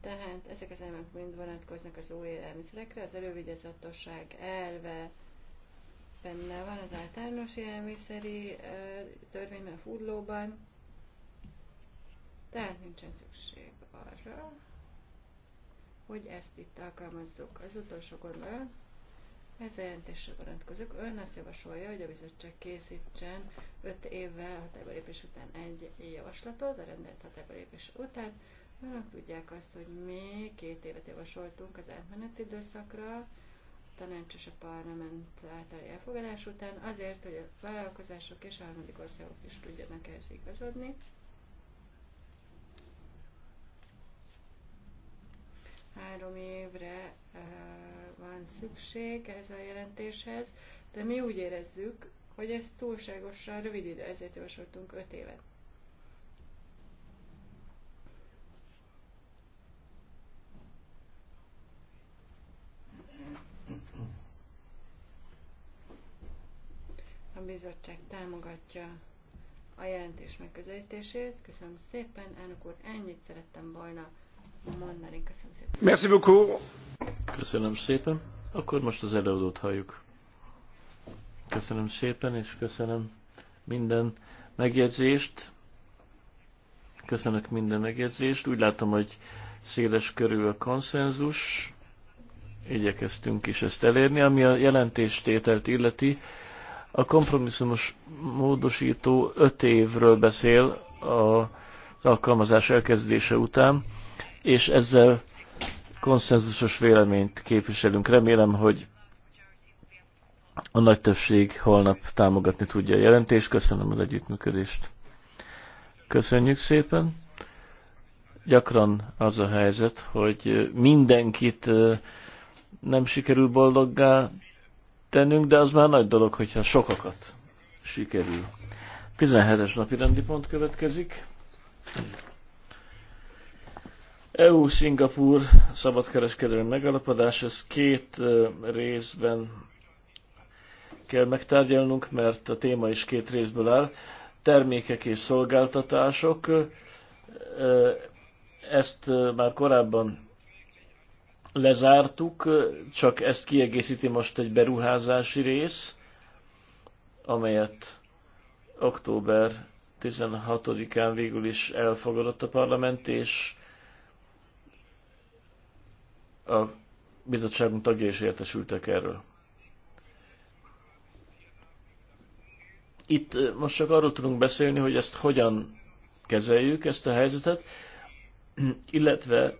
Speaker 5: Tehát ezek az elemek mind vonatkoznak az új élelmiszerekre, az elővigyázatosság elve benne van az általános élelmiszeri törvényben, a fúdlóban, tehát nincsen szükség arra, hogy ezt itt alkalmazzuk. Az utolsó gondolat, ez a jelentésre vonatkozik. Ön azt javasolja, hogy a bizottság készítsen 5 évvel a hatályba lépés után egy javaslatot, a rendelt hatályba lépés után, Önök tudják azt, hogy mi két évet javasoltunk az átmeneti időszakra, Tanácsos tanács és a parlament által elfogadás után, azért, hogy a vállalkozások és a harmadik országok is tudjanak ehhez igazodni. Három évre eh, van szükség ez a jelentéshez, de mi úgy érezzük, hogy ez túlságosan rövid idő, ezért javasoltunk öt évet. A bizottság támogatja a jelentés megközelítését. Köszönöm szépen, elnök úr, ennyit szerettem volna mondani. Köszönöm szépen. Merci beaucoup.
Speaker 4: Köszönöm szépen. Akkor most az előadót halljuk. Köszönöm szépen, és köszönöm minden megjegyzést. Köszönök minden megjegyzést. Úgy látom, hogy széles körül a konszenzus. Igyekeztünk is ezt elérni. Ami a jelentéstételt illeti, a kompromisszumos módosító öt évről beszél a alkalmazás elkezdése után, és ezzel konszenzusos véleményt képviselünk. Remélem, hogy a nagy többség holnap támogatni tudja a jelentést. Köszönöm az együttműködést. Köszönjük szépen. Gyakran az a helyzet, hogy mindenkit nem sikerül boldoggá tennünk, de az már nagy dolog, hogyha sokakat sikerül. 17-es napi rendi pont következik. EU-Szingapúr szabadkereskedelmi megalapodás, ez két részben kell megtárgyalnunk, mert a téma is két részből áll. Termékek és szolgáltatások, ezt már korábban lezártuk, csak ezt kiegészíti most egy beruházási rész, amelyet október 16-án végül is elfogadott a parlament, és a bizottságunk tagja is értesültek erről. Itt most csak arról tudunk beszélni, hogy ezt hogyan kezeljük, ezt a helyzetet, (clears throat) illetve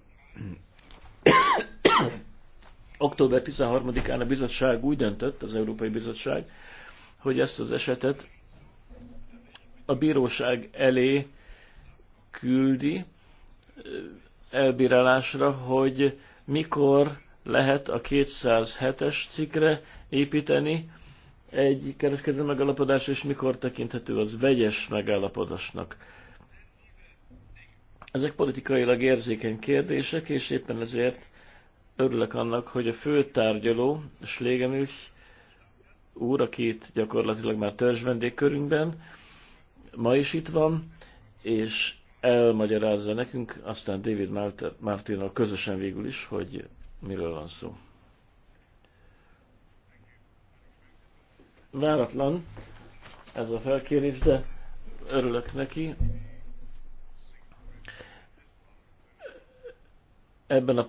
Speaker 4: Október 13-án a bizottság úgy döntött, az Európai Bizottság, hogy ezt az esetet a bíróság elé küldi elbírálásra, hogy mikor lehet a 207-es cikre építeni egy kereskedelmi megállapodás, és mikor tekinthető az vegyes megállapodásnak. Ezek politikailag érzékeny kérdések, és éppen ezért örülök annak, hogy a tárgyaló, Slégemilch úr, aki itt gyakorlatilag már törzs vendégkörünkben, ma is itt van, és elmagyarázza nekünk, aztán David Martinnal közösen végül is, hogy miről van szó. Váratlan ez a felkérés, de örülök neki. Ebben a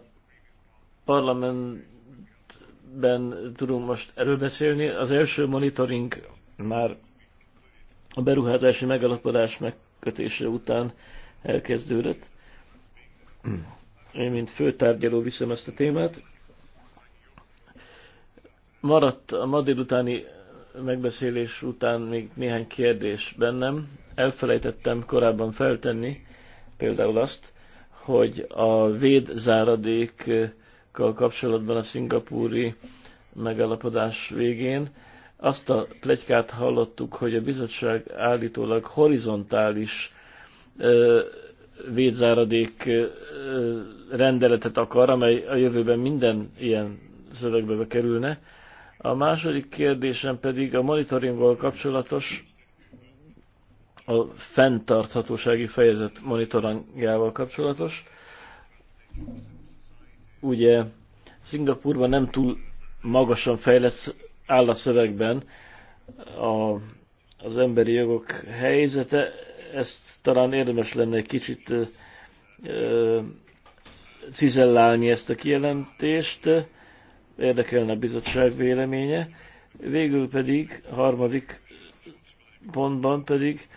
Speaker 4: parlamentben tudunk most erről beszélni. Az első monitoring már a beruházási megalapodás megkötése után elkezdődött. Én, mint főtárgyaló viszem ezt a témát. Maradt a ma délutáni megbeszélés után még néhány kérdés bennem. Elfelejtettem korábban feltenni, például azt, hogy a védzáradék kapcsolatban a szingapúri megállapodás végén. Azt a plegykát hallottuk, hogy a bizottság állítólag horizontális ö, védzáradék ö, rendeletet akar, amely a jövőben minden ilyen szövegbe bekerülne. A második kérdésem pedig a monitoringgal kapcsolatos, a fenntarthatósági fejezet monitorangjával kapcsolatos ugye Szingapurban nem túl magasan fejlett áll a szövegben a, az emberi jogok helyzete, ezt talán érdemes lenne egy kicsit cizellálni ezt a kijelentést, érdekelne a bizottság véleménye. Végül pedig, harmadik pontban pedig,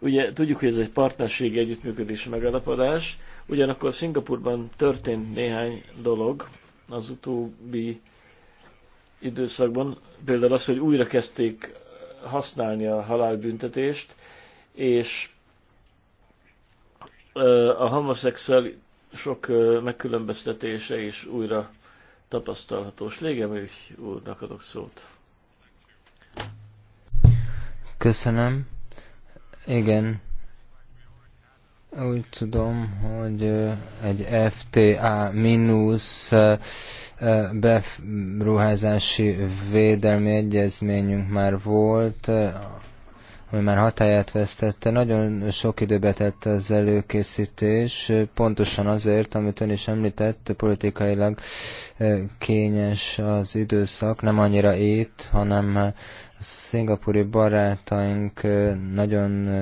Speaker 4: ugye tudjuk, hogy ez egy partnerségi együttműködés megalapodás, Ugyanakkor Szingapurban történt néhány dolog az utóbbi időszakban, például az, hogy újra kezdték használni a halálbüntetést, és a homoszexuál sok megkülönböztetése is újra tapasztalható. Slégeműk úrnak adok szót.
Speaker 3: Köszönöm. Igen, úgy tudom, hogy egy FTA mínusz beruházási védelmi egyezményünk már volt, ami már hatáját vesztette. Nagyon sok időbe tett az előkészítés, pontosan azért, amit ön is említett, politikailag kényes az időszak, nem annyira itt, hanem a szingapúri barátaink nagyon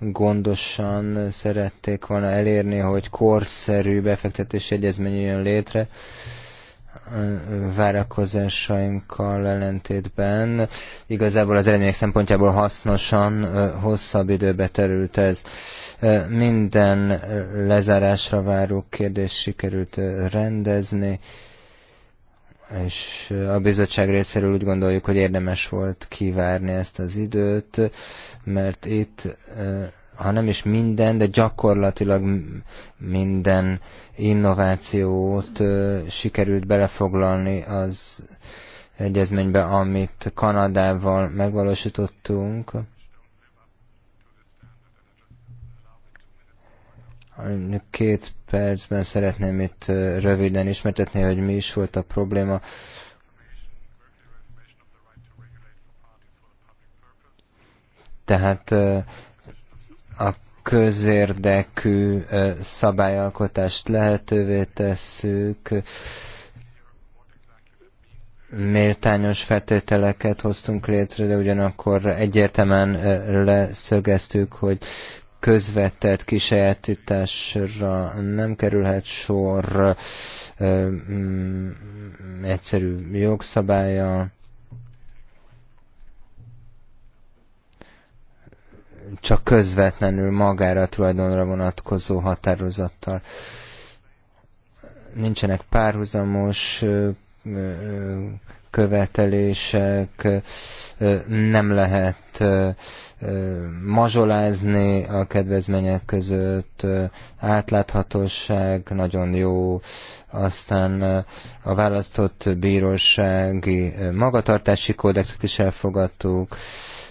Speaker 3: gondosan szerették volna elérni, hogy korszerű befektetési egyezmény jön létre várakozásainkkal ellentétben. Igazából az eredmények szempontjából hasznosan hosszabb időbe terült ez. Minden lezárásra váró kérdés sikerült rendezni és a bizottság részéről úgy gondoljuk, hogy érdemes volt kivárni ezt az időt, mert itt, ha nem is minden, de gyakorlatilag minden innovációt sikerült belefoglalni az egyezménybe, amit Kanadával megvalósítottunk. Két percben szeretném itt röviden ismertetni, hogy mi is volt a probléma. Tehát a közérdekű szabályalkotást lehetővé tesszük, méltányos feltételeket hoztunk létre, de ugyanakkor egyértelműen leszögeztük, hogy közvetett kisajátításra nem kerülhet sor mm, egyszerű jogszabálya, csak közvetlenül magára a tulajdonra vonatkozó határozattal. Nincsenek párhuzamos követelések, nem lehet mazsolázni a kedvezmények között, átláthatóság nagyon jó, aztán a választott bírósági magatartási kódexet is elfogadtuk,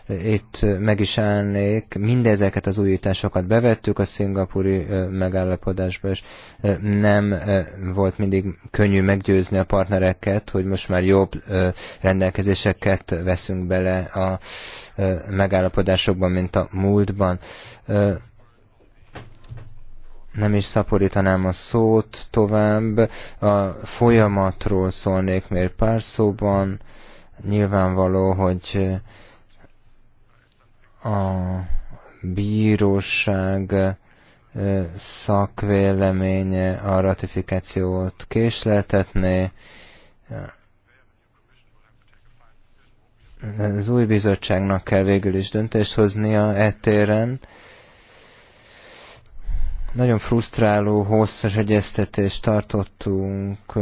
Speaker 3: itt meg is állnék, mindezeket az újításokat bevettük a szingapúri megállapodásba, és nem volt mindig könnyű meggyőzni a partnereket, hogy most már jobb rendelkezéseket veszünk bele a megállapodásokban, mint a múltban nem is szaporítanám a szót tovább, a folyamatról szólnék még pár szóban. Nyilvánvaló, hogy a bíróság szakvéleménye a ratifikációt késletetné. Az új bizottságnak kell végül is döntést hoznia e téren, nagyon frusztráló, hosszas egyeztetést tartottunk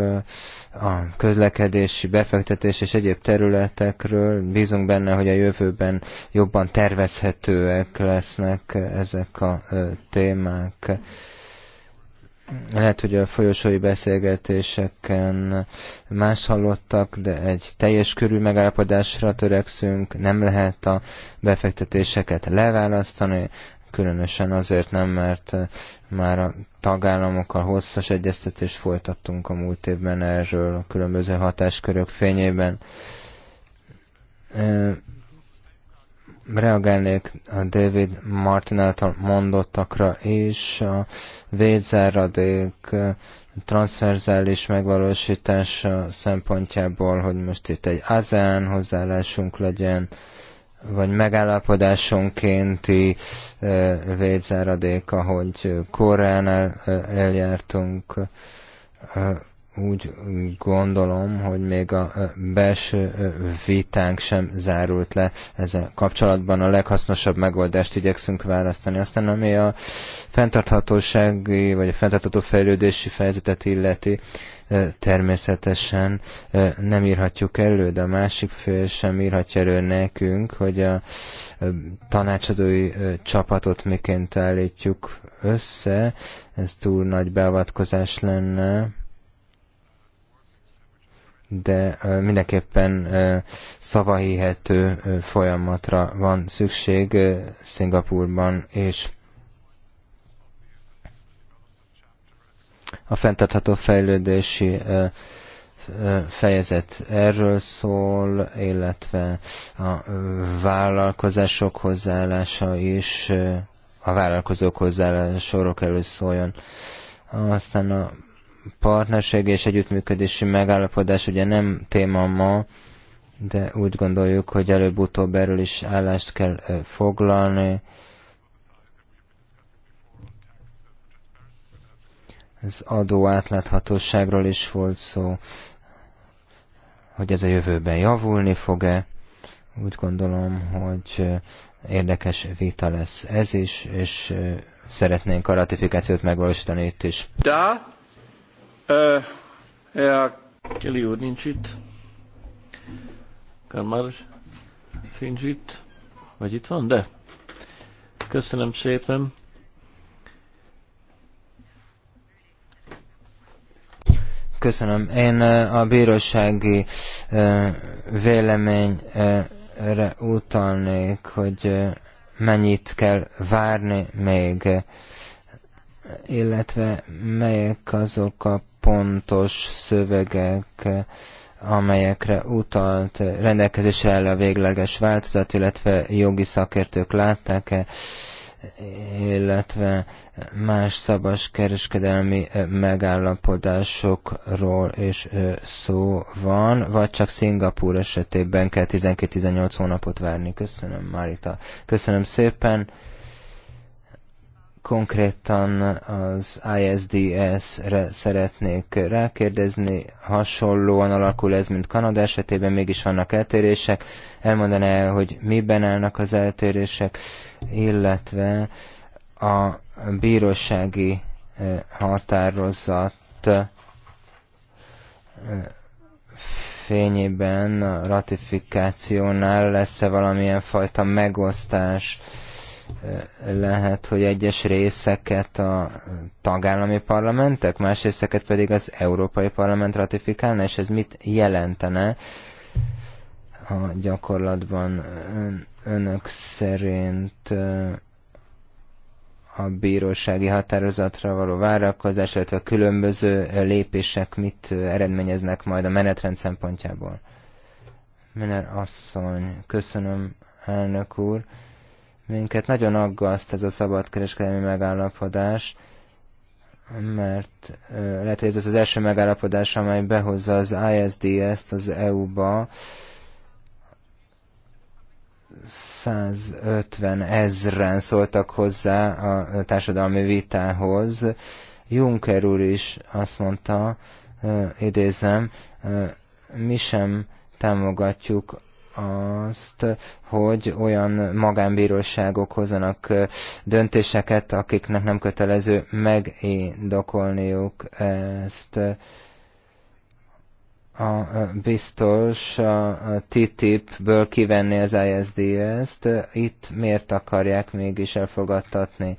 Speaker 3: a közlekedési, befektetés és egyéb területekről. Bízunk benne, hogy a jövőben jobban tervezhetőek lesznek ezek a témák lehet, hogy a folyosói beszélgetéseken más hallottak, de egy teljes körű megállapodásra törekszünk, nem lehet a befektetéseket leválasztani, különösen azért nem, mert eh, már a tagállamokkal hosszas egyeztetést folytattunk a múlt évben erről a különböző hatáskörök fényében. Eh, reagálnék a David Martin által mondottakra és a védzáradék eh, transferzális megvalósítása szempontjából, hogy most itt egy azán hozzáállásunk legyen, vagy megállapodásonkénti védzáradék, ahogy el, eljártunk, úgy gondolom, hogy még a belső vitánk sem zárult le ezzel kapcsolatban. A leghasznosabb megoldást igyekszünk választani. Aztán ami a fenntarthatósági vagy a fenntartható fejlődési fejezetet illeti, természetesen nem írhatjuk elő, de a másik fél sem írhatja elő nekünk, hogy a tanácsadói csapatot miként állítjuk össze, ez túl nagy beavatkozás lenne, de mindenképpen szavahihető folyamatra van szükség Szingapurban és A fenntartható fejlődési fejezet erről szól, illetve a vállalkozások hozzáállása is a vállalkozók hozzáállása sorok előtt szóljon. Aztán a partnerség és együttműködési megállapodás ugye nem téma ma, de úgy gondoljuk, hogy előbb-utóbb erről is állást kell foglalni. az adó átláthatóságról is volt szó, hogy ez a jövőben javulni fog-e. Úgy gondolom, hogy érdekes vita lesz ez is, és szeretnénk a ratifikációt megvalósítani itt is.
Speaker 4: Da, Uh, ja. Kelly úr nincs itt. Kamar sincs itt. Vagy itt van, de köszönöm szépen.
Speaker 3: Köszönöm. Én a bírósági véleményre utalnék, hogy mennyit kell várni még, illetve melyek azok a pontos szövegek, amelyekre utalt rendelkezésre áll a végleges változat, illetve jogi szakértők látták-e illetve más szabas kereskedelmi megállapodásokról is szó van, vagy csak Szingapúr esetében kell 12-18 hónapot várni. Köszönöm, Márita. Köszönöm szépen. Konkrétan az ISDS-re szeretnék rákérdezni. Hasonlóan alakul ez, mint Kanada esetében, mégis vannak eltérések. Elmondaná, -e, hogy miben állnak az eltérések, illetve a bírósági eh, határozat eh, fényében a ratifikációnál lesz-e valamilyen fajta megosztás lehet, hogy egyes részeket a tagállami parlamentek, más részeket pedig az Európai Parlament ratifikálna, és ez mit jelentene a gyakorlatban ön, önök szerint a bírósági határozatra való várakozás, illetve a különböző lépések mit eredményeznek majd a menetrend szempontjából? Miner asszony, köszönöm elnök úr. Minket nagyon aggaszt ez a szabadkereskedelmi megállapodás, mert lehet, hogy ez az első megállapodás, amely behozza az ISDS-t az EU-ba. 150 ezren szóltak hozzá a társadalmi vitához. Juncker úr is azt mondta, idézem, mi sem támogatjuk azt, hogy olyan magánbíróságok hozanak döntéseket, akiknek nem kötelező megindokolniuk ezt. A biztos a TTIP-ből kivenni az ISDS-t, itt miért akarják mégis elfogadtatni?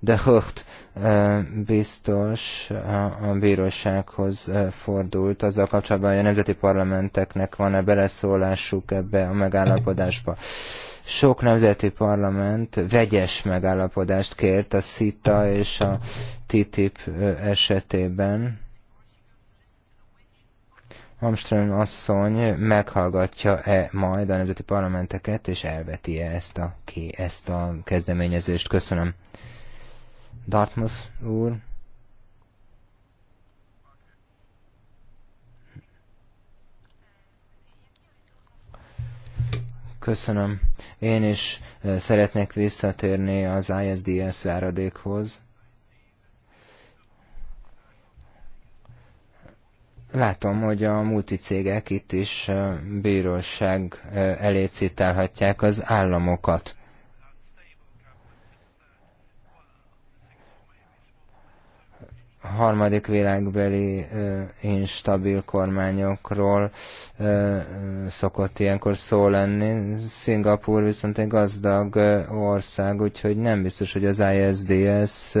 Speaker 3: de Höcht biztos a bírósághoz fordult azzal kapcsolatban, hogy a nemzeti parlamenteknek van-e beleszólásuk ebbe a megállapodásba. Sok nemzeti parlament vegyes megállapodást kért a CITA és a TTIP esetében. Armstrong asszony meghallgatja-e majd a nemzeti parlamenteket, és elveti-e ezt a, ki, ezt a kezdeményezést? Köszönöm. Dartmouth úr. Köszönöm. Én is eh, szeretnék visszatérni az ISDS áradékhoz. Látom, hogy a multicégek itt is eh, bíróság eh, elé citálhatják az államokat. harmadik világbeli instabil kormányokról szokott ilyenkor szó lenni. Szingapúr viszont egy gazdag ország, úgyhogy nem biztos, hogy az ISDS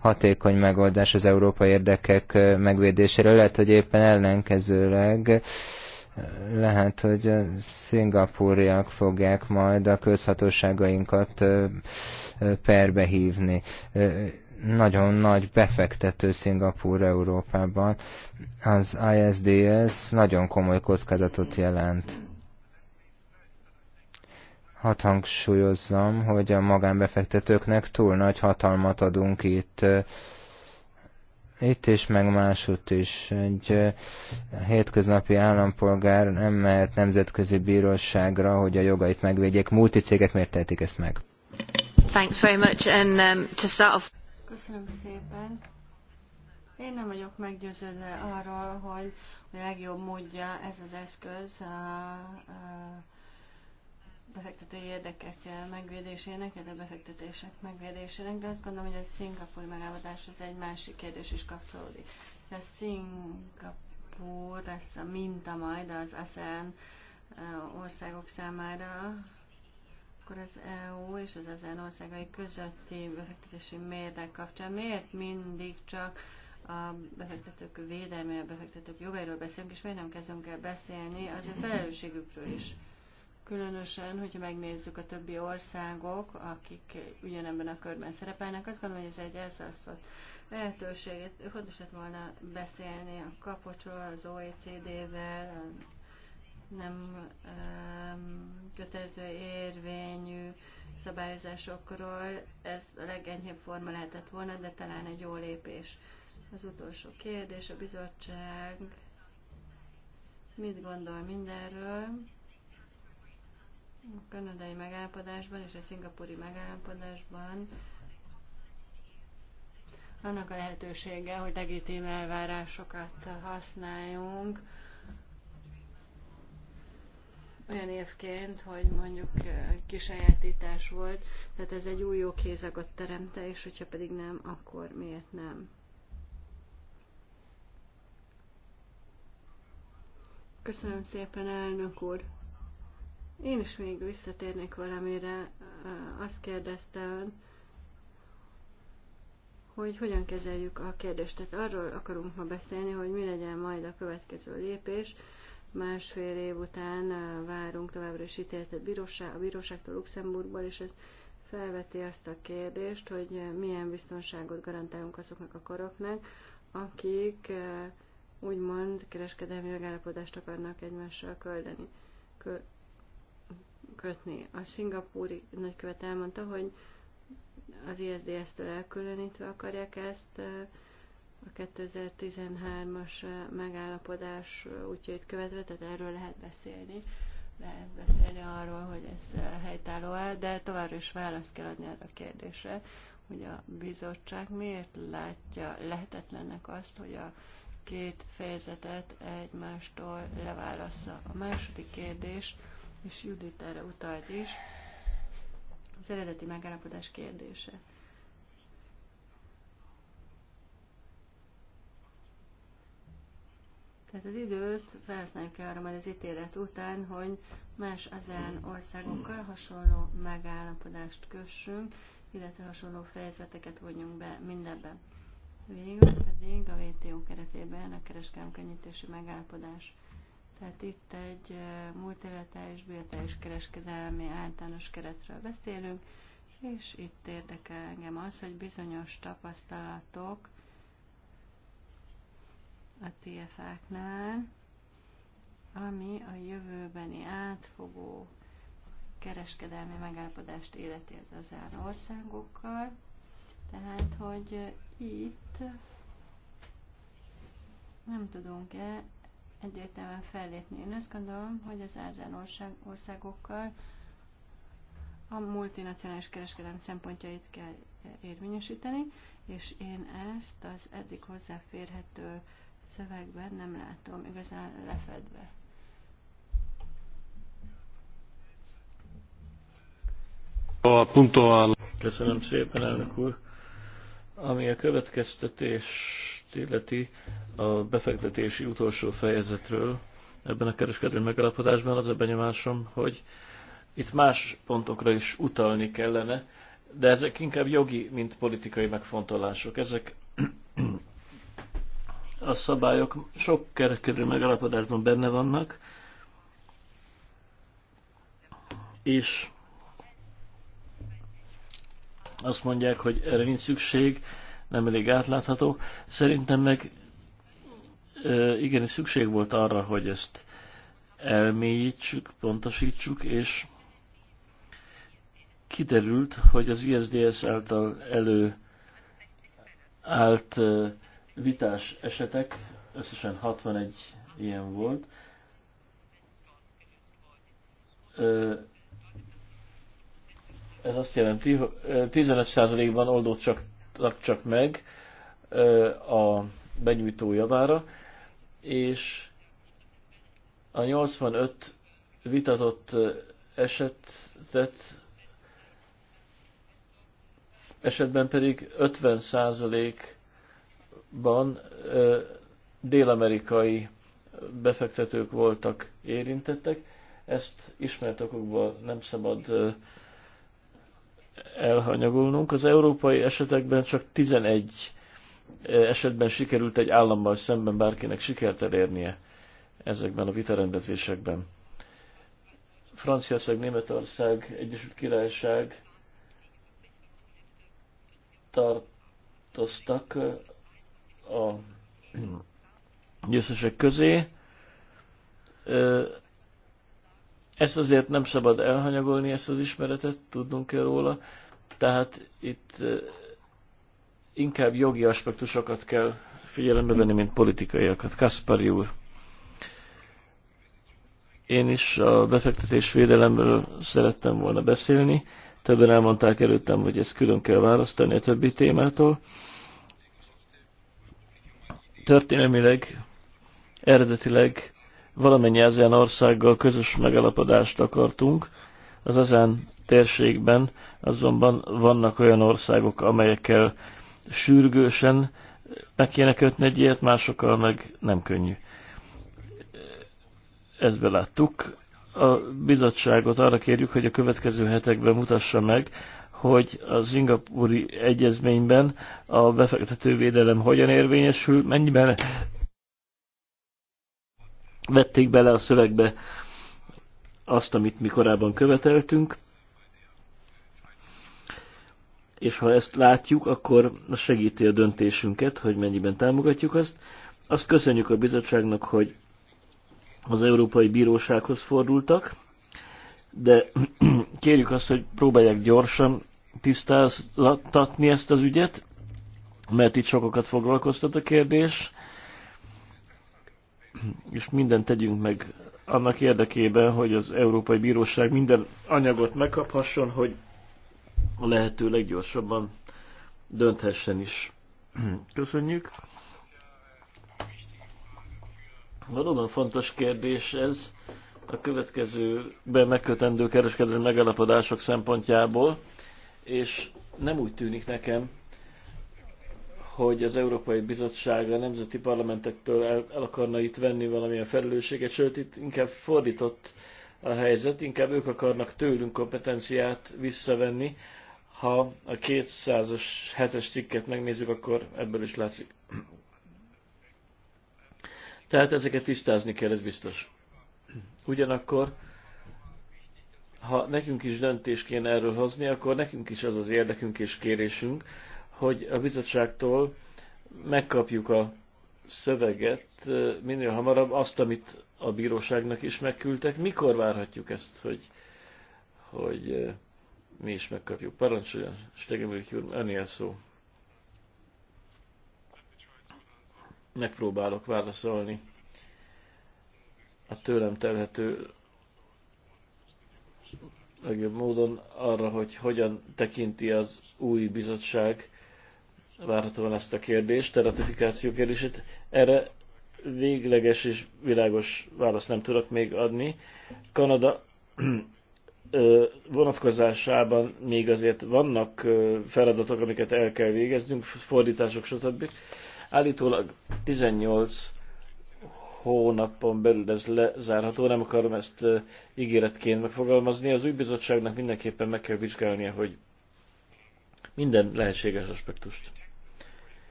Speaker 3: hatékony megoldás az európai érdekek megvédésére. Lehet, hogy éppen ellenkezőleg lehet, hogy a szingapúriak fogják majd a közhatóságainkat perbe hívni nagyon nagy befektető Szingapúr Európában. Az ISDS nagyon komoly kockázatot jelent. Hat hangsúlyozzam, hogy a magánbefektetőknek túl nagy hatalmat adunk itt itt is, meg másutt is. Egy eh, hétköznapi állampolgár nem mehet nemzetközi bíróságra, hogy a jogait megvédjék. Multicégek miért tehetik ezt meg?
Speaker 6: Thanks very much. And, um,
Speaker 5: to start off... Köszönöm szépen. Én nem vagyok meggyőződve arról, hogy a legjobb módja ez az eszköz a, a befektetői érdekek megvédésének, illetve befektetések megvédésének, de azt gondolom, hogy a szingapúri megállapodás az egy másik kérdés is kapcsolódik. A Szingapúr lesz a minta majd az ASEAN országok számára, akkor az EU és az ezen országai közötti befektetési mérdek kapcsán miért mindig csak a befektetők védelmi, a befektetők jogairól beszélünk, és miért nem kezdünk el beszélni az a felelősségükről is? Különösen, hogyha megnézzük a többi országok, akik ugyanebben a körben szerepelnek, azt gondolom, hogy ez egy elszasztott lehetőséget. Fontos lett volna beszélni a kapocsról, az OECD-vel, a nem kötelező érvényű szabályozásokról, ez a legenyhébb forma lehetett volna, de talán egy jó lépés. Az utolsó kérdés, a bizottság mit gondol mindenről? A kanadai megállapodásban és a szingapúri megállapodásban annak a lehetősége, hogy legitim elvárásokat használjunk, olyan évként, hogy mondjuk kisajátítás volt, tehát ez egy új kézagot teremte, és hogyha pedig nem, akkor miért nem? Köszönöm szépen, elnök úr. Én is még visszatérnék valamire. Azt kérdezte ön, hogy hogyan kezeljük a kérdést. Tehát arról akarunk ma beszélni, hogy mi legyen majd a következő lépés, másfél év után várunk továbbra is ítéletet bíróság, a bíróságtól Luxemburgból, és ez felveti azt a kérdést, hogy milyen biztonságot garantálunk azoknak a koroknak, akik úgymond kereskedelmi megállapodást akarnak egymással köldeni, kö, kötni. A szingapúri nagykövet elmondta, hogy az ISDS-től elkülönítve akarják ezt a 2013-as megállapodás útjait követve, tehát erről lehet beszélni. Lehet beszélni arról, hogy ez helytálló-e, de továbbra is választ kell adni erre a kérdésre, hogy a bizottság miért látja lehetetlennek azt, hogy a két fejezetet egymástól leválassza. A második kérdés, és Judit erre utalt is, az eredeti megállapodás kérdése. Tehát az időt felhasználjuk arra már az ítélet után, hogy más azán országokkal hasonló megállapodást kössünk, illetve hasonló fejezeteket vonjunk be mindebben. Végül pedig a WTO keretében a kereskedelmi könnyítési megállapodás. Tehát itt egy eh, multilaterális, bilaterális kereskedelmi általános keretről beszélünk, és itt érdekel engem az, hogy bizonyos tapasztalatok, a TFA-knál, ami a jövőbeni átfogó kereskedelmi megállapodást életi az azán országokkal. Tehát, hogy itt nem tudunk-e egyértelműen fellépni. Én azt gondolom, hogy az ázán ország, országokkal a multinacionális kereskedelem szempontjait kell érvényesíteni, és én ezt az eddig hozzáférhető szövegben nem látom igazán lefedve.
Speaker 4: Köszönöm szépen, elnök úr. Ami a következtetést illeti a befektetési utolsó fejezetről ebben a kereskedelmi megalapodásban, az a benyomásom, hogy itt más pontokra is utalni kellene, de ezek inkább jogi, mint politikai megfontolások. Ezek a szabályok sok kerekedő megalapodásban benne vannak, és azt mondják, hogy erre nincs szükség, nem elég átlátható. Szerintem meg igenis szükség volt arra, hogy ezt elmélyítsük, pontosítsuk, és kiderült, hogy az ISDS által elő állt vitás esetek, összesen 61 ilyen volt. Ez azt jelenti, hogy 15%-ban oldódtak csak, csak meg a benyújtó javára, és a 85 vitatott esetet esetben pedig 50 ban dél-amerikai befektetők voltak érintettek. Ezt ismert okokból nem szabad elhanyagolnunk. Az európai esetekben csak 11 esetben sikerült egy állammal szemben bárkinek sikert elérnie ezekben a vitarendezésekben. Franciaország, Németország, Egyesült Királyság tartoztak a győztesek közé. Ezt azért nem szabad elhanyagolni, ezt az ismeretet, tudnunk kell róla. Tehát itt inkább jogi aspektusokat kell figyelembe venni, mint politikaiakat. Kaspari úr. Én is a befektetés védelemről szerettem volna beszélni. Többen elmondták előttem, hogy ezt külön kell választani a többi témától történelmileg, eredetileg valamennyi ASEAN országgal közös megalapodást akartunk. Az ASEAN térségben azonban vannak olyan országok, amelyekkel sürgősen meg kéne kötni egy ilyet, másokkal meg nem könnyű. Ezt beláttuk. A bizottságot arra kérjük, hogy a következő hetekben mutassa meg, hogy a szingapúri egyezményben a befektetővédelem hogyan érvényesül, mennyiben vették bele a szövegbe azt, amit mi korábban követeltünk, és ha ezt látjuk, akkor segíti a döntésünket, hogy mennyiben támogatjuk azt. Azt köszönjük a bizottságnak, hogy az Európai Bírósághoz fordultak, de (clears throat) kérjük azt, hogy próbálják gyorsan tisztáztatni ezt az ügyet, mert itt sokakat foglalkoztat a kérdés, és mindent tegyünk meg annak érdekében, hogy az Európai Bíróság minden anyagot megkaphasson, hogy a lehető leggyorsabban dönthessen is. Köszönjük! Valóban fontos kérdés ez a következőben megkötendő kereskedelmi megállapodások szempontjából és nem úgy tűnik nekem, hogy az Európai Bizottság a nemzeti parlamentektől el, el akarna itt venni valamilyen felelősséget, sőt itt inkább fordított a helyzet, inkább ők akarnak tőlünk kompetenciát visszavenni. Ha a 200-as 7-es cikket megnézzük, akkor ebből is látszik. Tehát ezeket tisztázni kell, ez biztos. Ugyanakkor ha nekünk is döntést kéne erről hozni, akkor nekünk is az az érdekünk és kérésünk, hogy a bizottságtól megkapjuk a szöveget minél hamarabb, azt, amit a bíróságnak is megküldtek. Mikor várhatjuk ezt, hogy, hogy mi is megkapjuk? Parancsoljon, Stegemülik úr, ennél szó. Megpróbálok válaszolni a tőlem telhető legjobb módon arra, hogy hogyan tekinti az új bizottság várhatóan ezt a kérdést, a ratifikáció kérdését. Erre végleges és világos választ nem tudok még adni. Kanada (clears throat) vonatkozásában még azért vannak feladatok, amiket el kell végeznünk, fordítások, stb. Állítólag 18 hónapon belül ez lezárható, nem akarom ezt ígéretként megfogalmazni. Az új bizottságnak mindenképpen meg kell vizsgálnia, hogy minden lehetséges aspektust.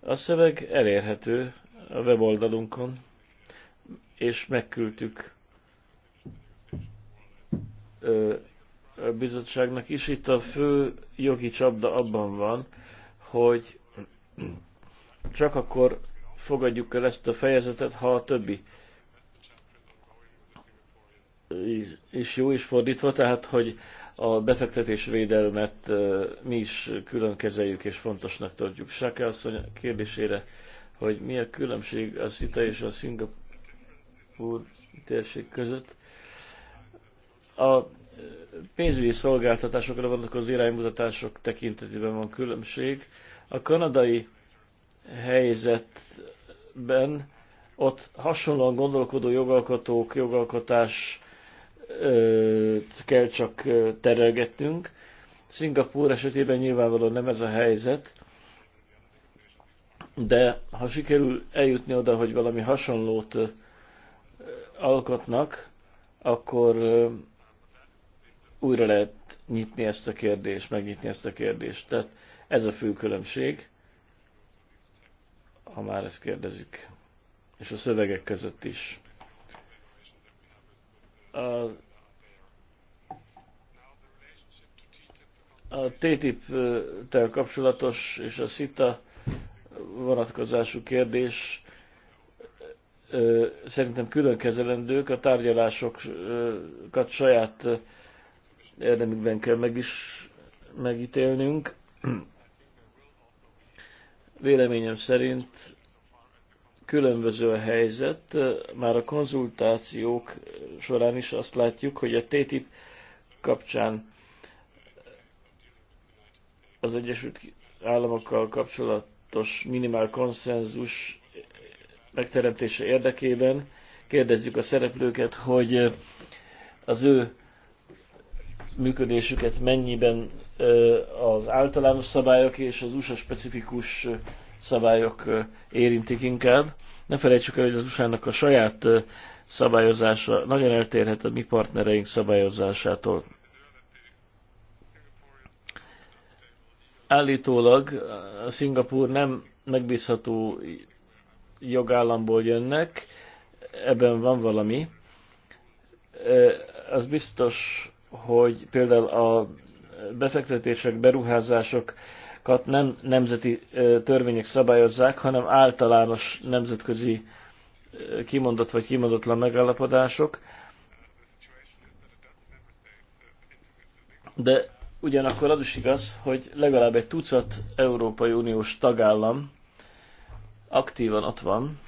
Speaker 4: A szöveg elérhető a weboldalunkon, és megküldtük a bizottságnak is. Itt a fő jogi csapda abban van, hogy csak akkor fogadjuk el ezt a fejezetet, ha a többi is jó, is fordítva, tehát hogy a befektetés védelmet mi is külön kezeljük és fontosnak tartjuk. Sáke asszony kérdésére, hogy mi a különbség a SZITA és a Szingapúr térség között. A pénzügyi szolgáltatásokra vonatkozó iránymutatások tekintetében van különbség. A kanadai helyzetben ott hasonlóan gondolkodó jogalkotók, jogalkotás kell csak terelgetnünk. Szingapúr esetében nyilvánvalóan nem ez a helyzet, de ha sikerül eljutni oda, hogy valami hasonlót alkotnak, akkor újra lehet nyitni ezt a kérdést, megnyitni ezt a kérdést. Tehát ez a fő különbség ha már ezt kérdezik, és a szövegek között is. A, a TTIP-tel kapcsolatos és a SITA vonatkozású kérdés szerintem külön kezelendők, a tárgyalásokat saját érdemükben kell meg is megítélnünk. Véleményem szerint különböző a helyzet. Már a konzultációk során is azt látjuk, hogy a TTIP kapcsán az Egyesült Államokkal kapcsolatos minimál konszenzus megteremtése érdekében kérdezzük a szereplőket, hogy az ő működésüket mennyiben az általános szabályok és az USA specifikus szabályok érintik inkább. Ne felejtsük el, hogy az USA-nak a saját szabályozása nagyon eltérhet a mi partnereink szabályozásától. Állítólag a Szingapúr nem megbízható jogállamból jönnek, ebben van valami. Az biztos, hogy például a befektetések, beruházásokat nem nemzeti törvények szabályozzák, hanem általános nemzetközi kimondott vagy kimondatlan megállapodások. De ugyanakkor az is igaz, hogy legalább egy tucat Európai Uniós tagállam aktívan ott van,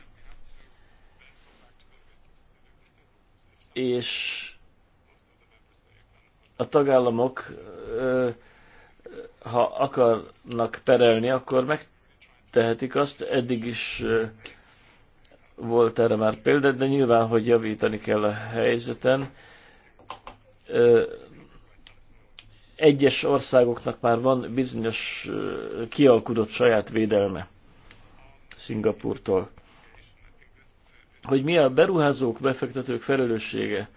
Speaker 4: és a tagállamok, ha akarnak perelni, akkor megtehetik azt. Eddig is volt erre már példa, de nyilván, hogy javítani kell a helyzeten. Egyes országoknak már van bizonyos kialkudott saját védelme Szingapurtól. Hogy mi a beruházók, befektetők felelőssége?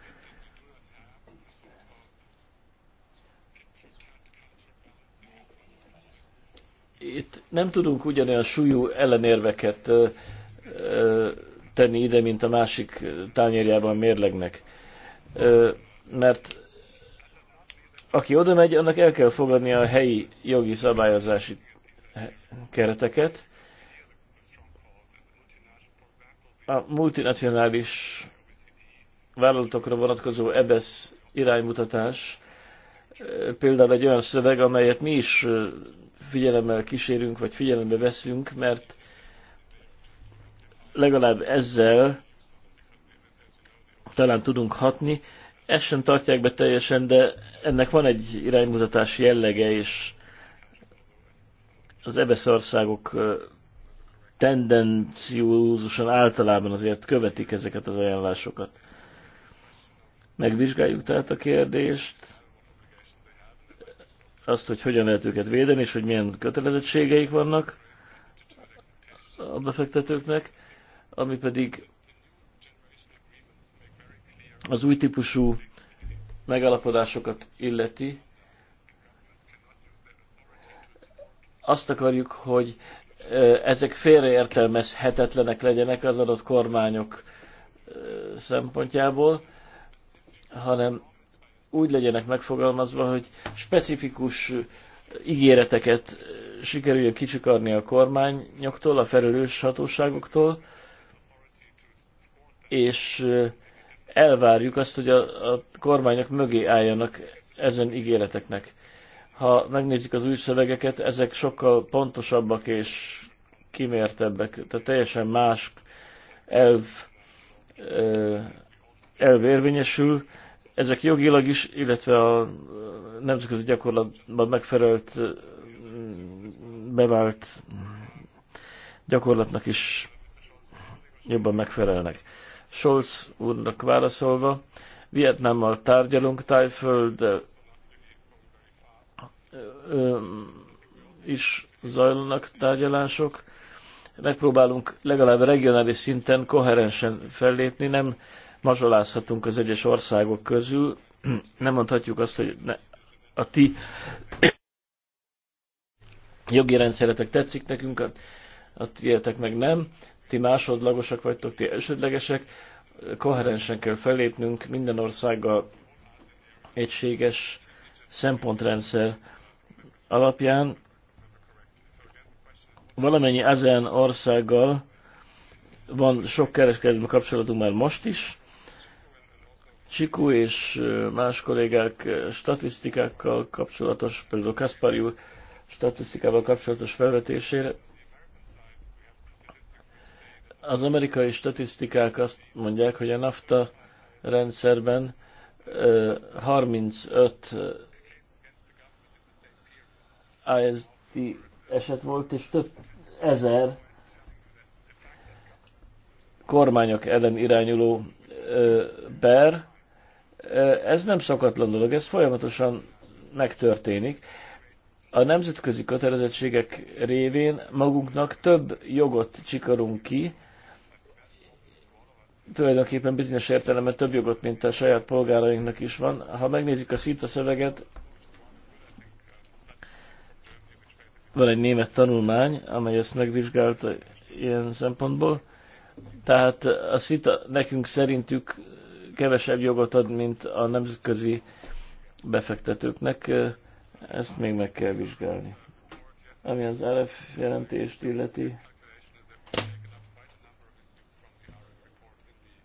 Speaker 4: itt nem tudunk ugyanolyan súlyú ellenérveket ö, ö, tenni ide, mint a másik tányérjában mérlegnek. Ö, mert aki oda megy, annak el kell fogadnia a helyi jogi szabályozási kereteket. A multinacionális vállalatokra vonatkozó EBESZ iránymutatás például egy olyan szöveg, amelyet mi is figyelemmel kísérünk, vagy figyelembe veszünk, mert legalább ezzel talán tudunk hatni. Ezt sem tartják be teljesen, de ennek van egy iránymutatás jellege, és az ebeszországok országok tendenciózusan általában azért követik ezeket az ajánlásokat. Megvizsgáljuk tehát a kérdést azt, hogy hogyan lehet őket védeni, és hogy milyen kötelezettségeik vannak a befektetőknek, ami pedig az új típusú megállapodásokat illeti. Azt akarjuk, hogy ezek félreértelmezhetetlenek legyenek az adott kormányok szempontjából, hanem úgy legyenek megfogalmazva, hogy specifikus ígéreteket sikerüljön kicsikarni a kormányoktól, a felelős hatóságoktól, és elvárjuk azt, hogy a, a kormányok mögé álljanak ezen ígéreteknek. Ha megnézik az új szövegeket, ezek sokkal pontosabbak és kimértebbek, tehát teljesen más elv, elv érvényesül, ezek jogilag is, illetve a nemzetközi gyakorlatban megfelelt, bevált gyakorlatnak is jobban megfelelnek. Scholz úrnak válaszolva, Vietnámmal tárgyalunk, Tájfölddel is zajlanak tárgyalások. Megpróbálunk legalább regionális szinten koherensen fellépni, nem mazsolázhatunk az egyes országok közül. Nem mondhatjuk azt, hogy ne, a ti jogi rendszeretek tetszik nekünk, a, a tietek meg nem, ti másodlagosak vagytok, ti elsődlegesek, koherensen kell fellépnünk, minden országgal egységes szempontrendszer alapján, valamennyi ezen országgal van sok kereskedelmi kapcsolatunk már most is, Csikú és más kollégák statisztikákkal kapcsolatos, például Kaspari úr statisztikával kapcsolatos felvetésére. Az amerikai statisztikák azt mondják, hogy a NAFTA rendszerben 35 ISD eset volt, és több ezer kormányok ellen irányuló ber. per, ez nem szokatlan dolog, ez folyamatosan megtörténik. A nemzetközi kötelezettségek révén magunknak több jogot csikarunk ki, tulajdonképpen bizonyos értelemben több jogot, mint a saját polgárainknak is van. Ha megnézik a szita szöveget, van egy német tanulmány, amely ezt megvizsgálta ilyen szempontból. Tehát a szita nekünk szerintük kevesebb jogot ad, mint a nemzetközi befektetőknek, ezt még meg kell vizsgálni. Ami az RF jelentést illeti,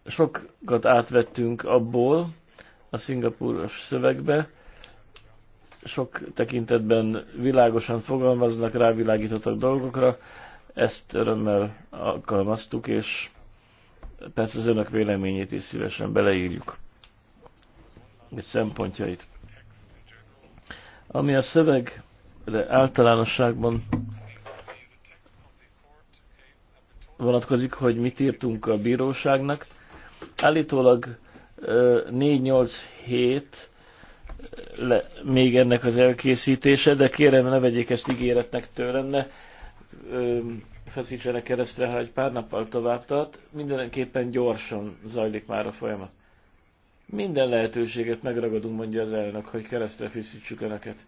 Speaker 4: sokat átvettünk abból a szingapúros szövegbe, sok tekintetben világosan fogalmaznak, rávilágítottak dolgokra, ezt örömmel alkalmaztuk, és persze az önök véleményét is szívesen beleírjuk, egy szempontjait. Ami a szöveg általánosságban vonatkozik, hogy mit írtunk a bíróságnak, állítólag 487 le, még ennek az elkészítése, de kérem, ne vegyék ezt ígéretnek tőlem, a keresztre, ha egy pár nappal tovább tart, mindenképpen gyorsan zajlik már a folyamat. Minden lehetőséget megragadunk, mondja az elnök, hogy keresztre feszítsük önöket.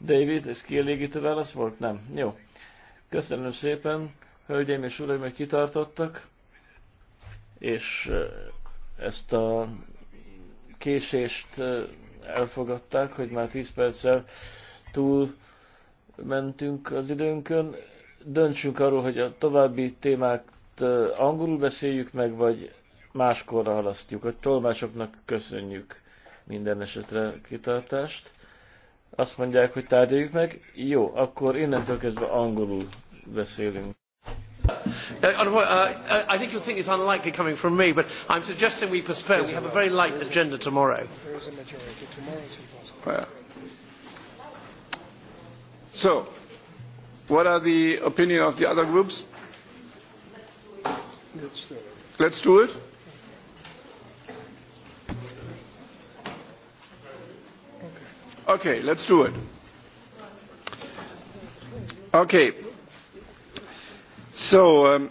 Speaker 4: David, ez kielégítő válasz volt? Nem. Jó. Köszönöm szépen, hölgyeim és uraim, hogy kitartottak, és eh, ezt a késést eh, elfogadták, hogy már 10 perccel túl mentünk az időnkön döntsünk arról, hogy a további témát angolul beszéljük meg, vagy máskorra halasztjuk. A tolmácsoknak köszönjük minden esetre kitartást. Azt mondják, hogy tárgyaljuk meg. Jó, akkor innentől kezdve angolul beszélünk.
Speaker 1: Uh, uh,
Speaker 7: uh I think you'll think it's unlikely coming from me, but I'm suggesting we postpone. We have a very light agenda tomorrow. There is a majority. Tomorrow impossible. So. What are the opinion of the other groups? Let's do it. Okay, let's do it. Okay. So, um,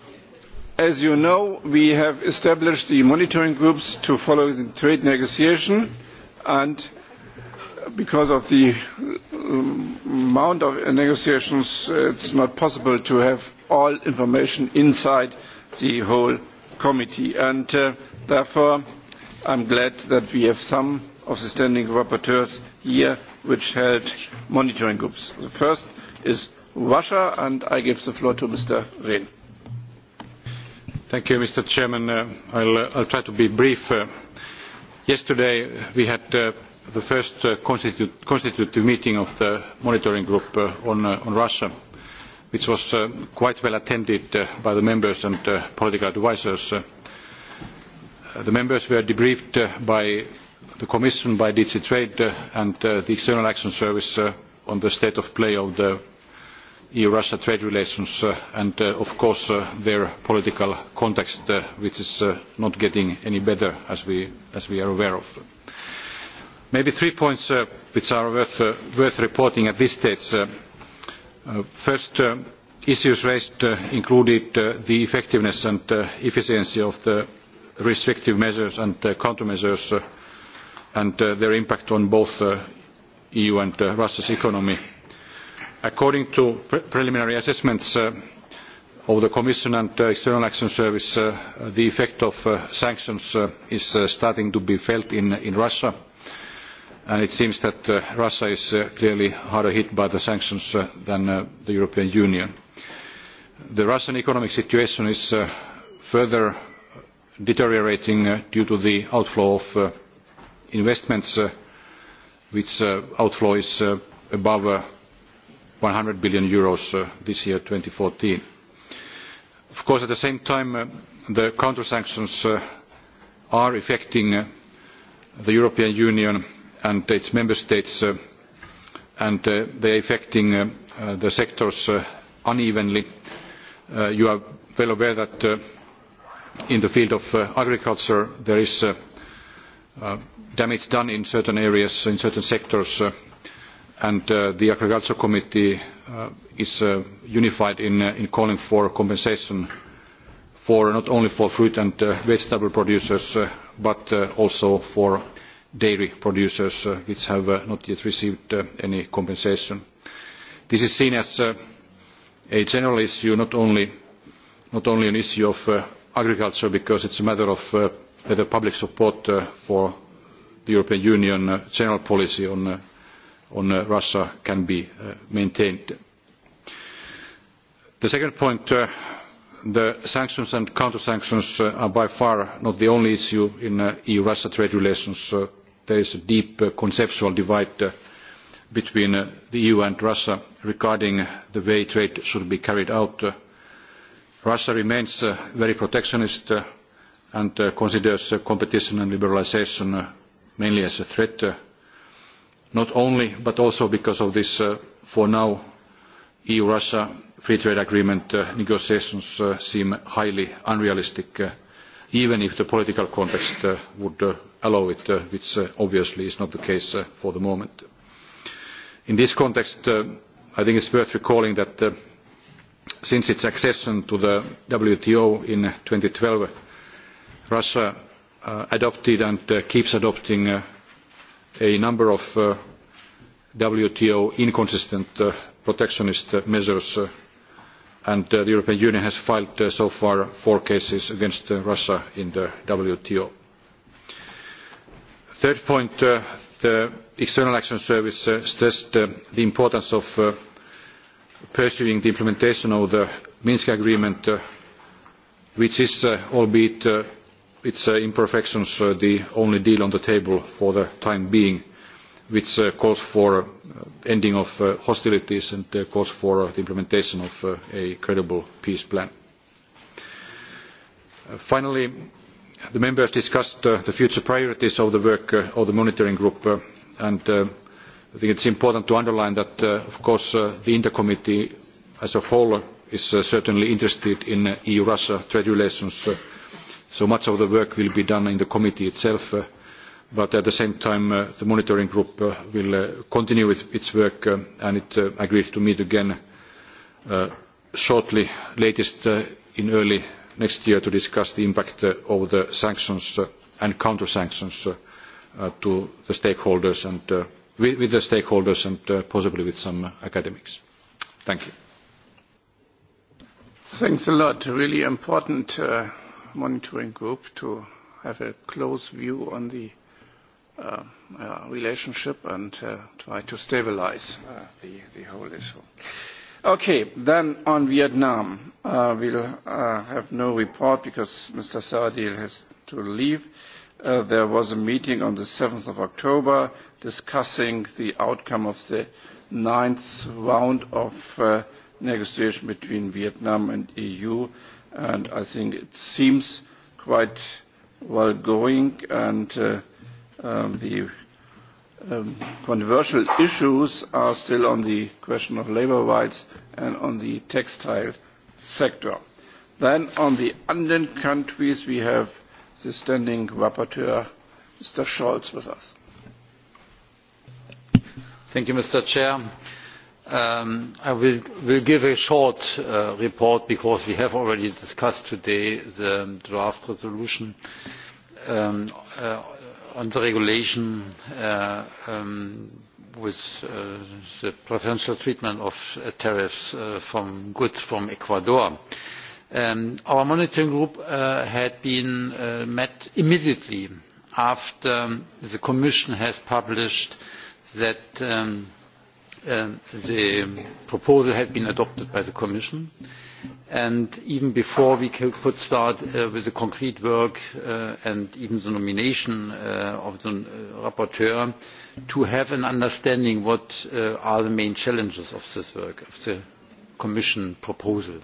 Speaker 7: as you know, we have established the monitoring groups to follow the trade negotiation and because of the um, amount of negotiations, it's not possible to have all information inside the whole committee. And uh, therefore, I'm glad that we have some of the standing rapporteurs here which held monitoring groups. The first is Russia, and I give the floor to Mr.
Speaker 2: Rehn. Thank you, Mr. Chairman. Uh, I'll, uh, I'll try to be brief. Uh, yesterday, we had uh, the first uh, constitutive meeting of the monitoring group uh, uh, on, Russia, which was quite well attended by the members and political advisers. the members were debriefed by the Commission, by DG Trade and the External Action Service on the state of play of the EU-Russia trade relations and, of course, their political context, which is not getting any better, as we are aware of maybe three points uh, which are uh, worth, reporting at this stage. Uh, first issues raised included the effectiveness and efficiency of the restrictive measures and countermeasures and their impact on both the eu and russia's economy. according to preliminary assessments of the commission and the external action service the effect of sanctions is starting to be felt in russia and it seems that uh, Russia is uh, clearly harder hit by the sanctions uh, than uh, the European Union. The Russian economic situation is uh, further deteriorating uh, due to the outflow of investments, which outflow is above uh, 100 billion euros this year, 2014. Of course, at the same time, the counter sanctions are affecting the European Union and its member states uh, and uh, they are affecting uh, the sectors unevenly. you are well aware that in the field of agriculture there is damage done in certain areas in certain sectors and the agriculture committee is unified in, in calling for compensation for not only for fruit and vegetable producers but also for dairy producers uh, which have uh, not yet received uh, any compensation. This is seen as a general issue, not only, not only an issue of agriculture, because it's a matter of whether public support for the European Union general policy on, on Russia can be maintained. The second point the sanctions and counter sanctions are by far not the only issue in eu russia trade relations there is a deep uh, conceptual divide uh, between uh, the EU and Russia regarding the way trade should be carried out. Russia remains very protectionist and considers competition and liberalisation mainly as a threat, not only but also because of this, for now, EU-Russia free trade agreement negotiations seem highly unrealistic, even if the political context would allow it uh, which uh, obviously is not the case uh, for the moment. in this context i think it is worth recalling that since its accession to the wto in two thousand and twelve russia adopted and keeps adopting a number of wto inconsistent protectionist measures and the european union has filed so far four cases against russia in the wto third point uh, the external action service uh, stressed uh, the importance of pursuing the implementation of the minsk agreement which is albeit its imperfections the only deal on the table for the time being which calls for ending of hostilities and calls for the implementation of a credible peace plan. finally the members discussed uh, the future priorities of the work uh, of the monitoring group uh, and i think it is important to underline that of course the inta committee as a whole is certainly interested in eu russia trade relations so much of the work will be done in the committee itself but at the same time the monitoring group will continue with its work and it agreed to meet again shortly latest in early next year to discuss the impact uh, of the sanctions uh, and counter sanctions uh, to the stakeholders and with the stakeholders and possibly with some academics. Thank you.
Speaker 7: Thanks a lot. Really important uh, monitoring group to have a close view on the uh, uh, relationship and uh, try to stabilize uh, the, the whole issue. Okay, then on Vietnam, uh, we'll uh, have no report because Mr. Saadil has to leave. Uh, there was a meeting on the 7th of October discussing the outcome of the ninth round of uh, negotiation between Vietnam and EU, and I think it seems quite well going, and uh, um, the Um, controversial issues are still on the question of labour rights and on the textile sector. Then on the Andean countries, we have the standing rapporteur, Mr. Scholz, with us.
Speaker 1: Thank you, Mr. Chair. Um, I will, will give a short uh, report because we have already discussed today the draft resolution um, uh, on the regulation uh, um, with uh, the preferential treatment of uh, tariffs uh, from goods from ecuador um, our monitoring group uh, had been uh, met immediately after the commission has published that um, um the proposal had been adopted by the commission and and even before we could start uh, with the concrete work uh, and even the nomination uh, of the rapporteur to have an understanding of what are the main challenges of this work of the commission proposal.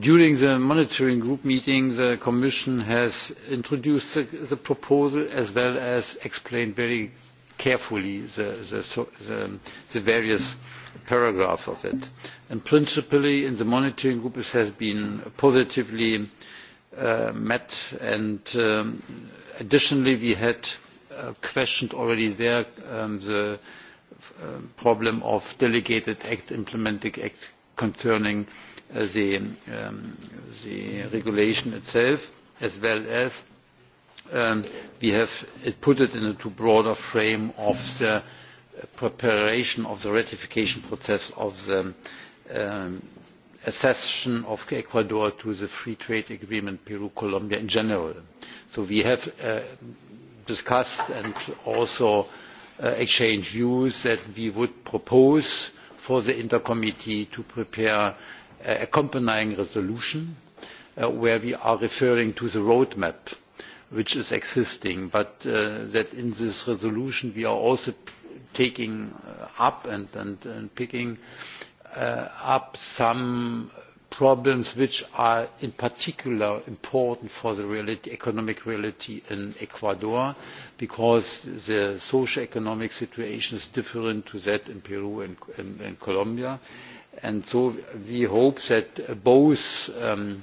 Speaker 1: during the monitoring group meeting the commission has introduced the, proposal as well as explained very carefully the various paragraphs of it and principally in the monitoring group it has been positively uh, met and um, additionally we had uh, questioned already there um, the um, problem of delegated act implementing acts concerning uh, the, um, the regulation itself as well as we have put it in a too broad a frame of the preparation of the ratification process of the Um, accession of ecuador to the free trade agreement peru colombia in general. so we have uh, discussed and also uh, exchanged views that we would propose for the inta committee to prepare an accompanying resolution uh, where we are referring to the roadmap which is existing but that in this resolution we are also taking up and, and picking up Uh, up some problems which are in particular important for the economic reality in Ecuador because the socio-economic situation is different to that in Peru and, Colombia. And so we hope that both um,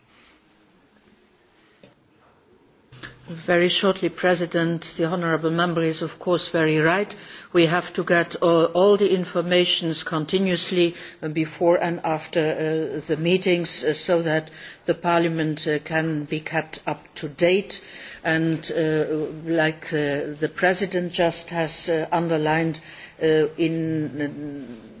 Speaker 6: very shortly president the honourable member is of course very right we have to get all, the information continuously before and after uh, the meetings uh, so that parliament uh, can be kept up to date and as like the president just has underlined in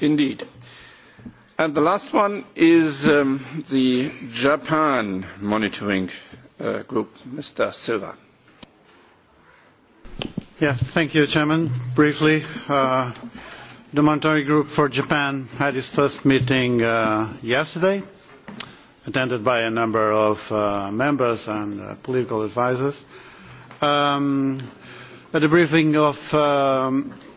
Speaker 7: Indeed. And the last one is um, the Japan monitoring uh, group, Mr. Silva.
Speaker 8: Yeah, thank you, Chairman. Briefly, uh, the monitoring group for Japan had its first meeting uh, yesterday, attended by a number of uh, members and uh, political advisers. Um, at the briefing of um,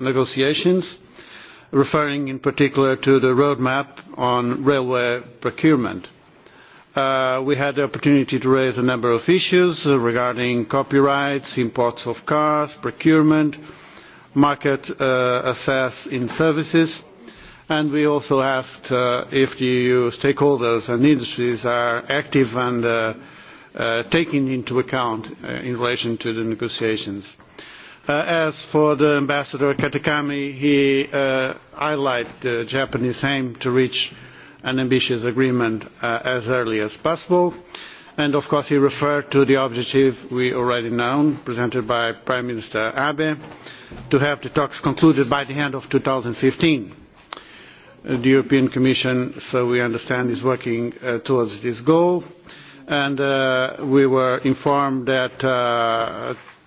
Speaker 8: negotiations, referring in particular to the roadmap on railway procurement. Uh, we had the opportunity to raise a number of issues regarding copyrights, imports of cars, procurement, market uh, access in services, and we also asked uh, if the EU stakeholders and industries are active and uh, uh taken into account uh, in relation to the negotiations. Uh, Uh, as for the ambassador katakami he highlighted uh, the japanese aim to reach an ambitious agreement uh, as early as possible and of course he referred to the objective we already know presented by prime minister abe to have the talks concluded by the end of. two thousand and fifteen the european commission so we understand is working towards this goal and we were informed that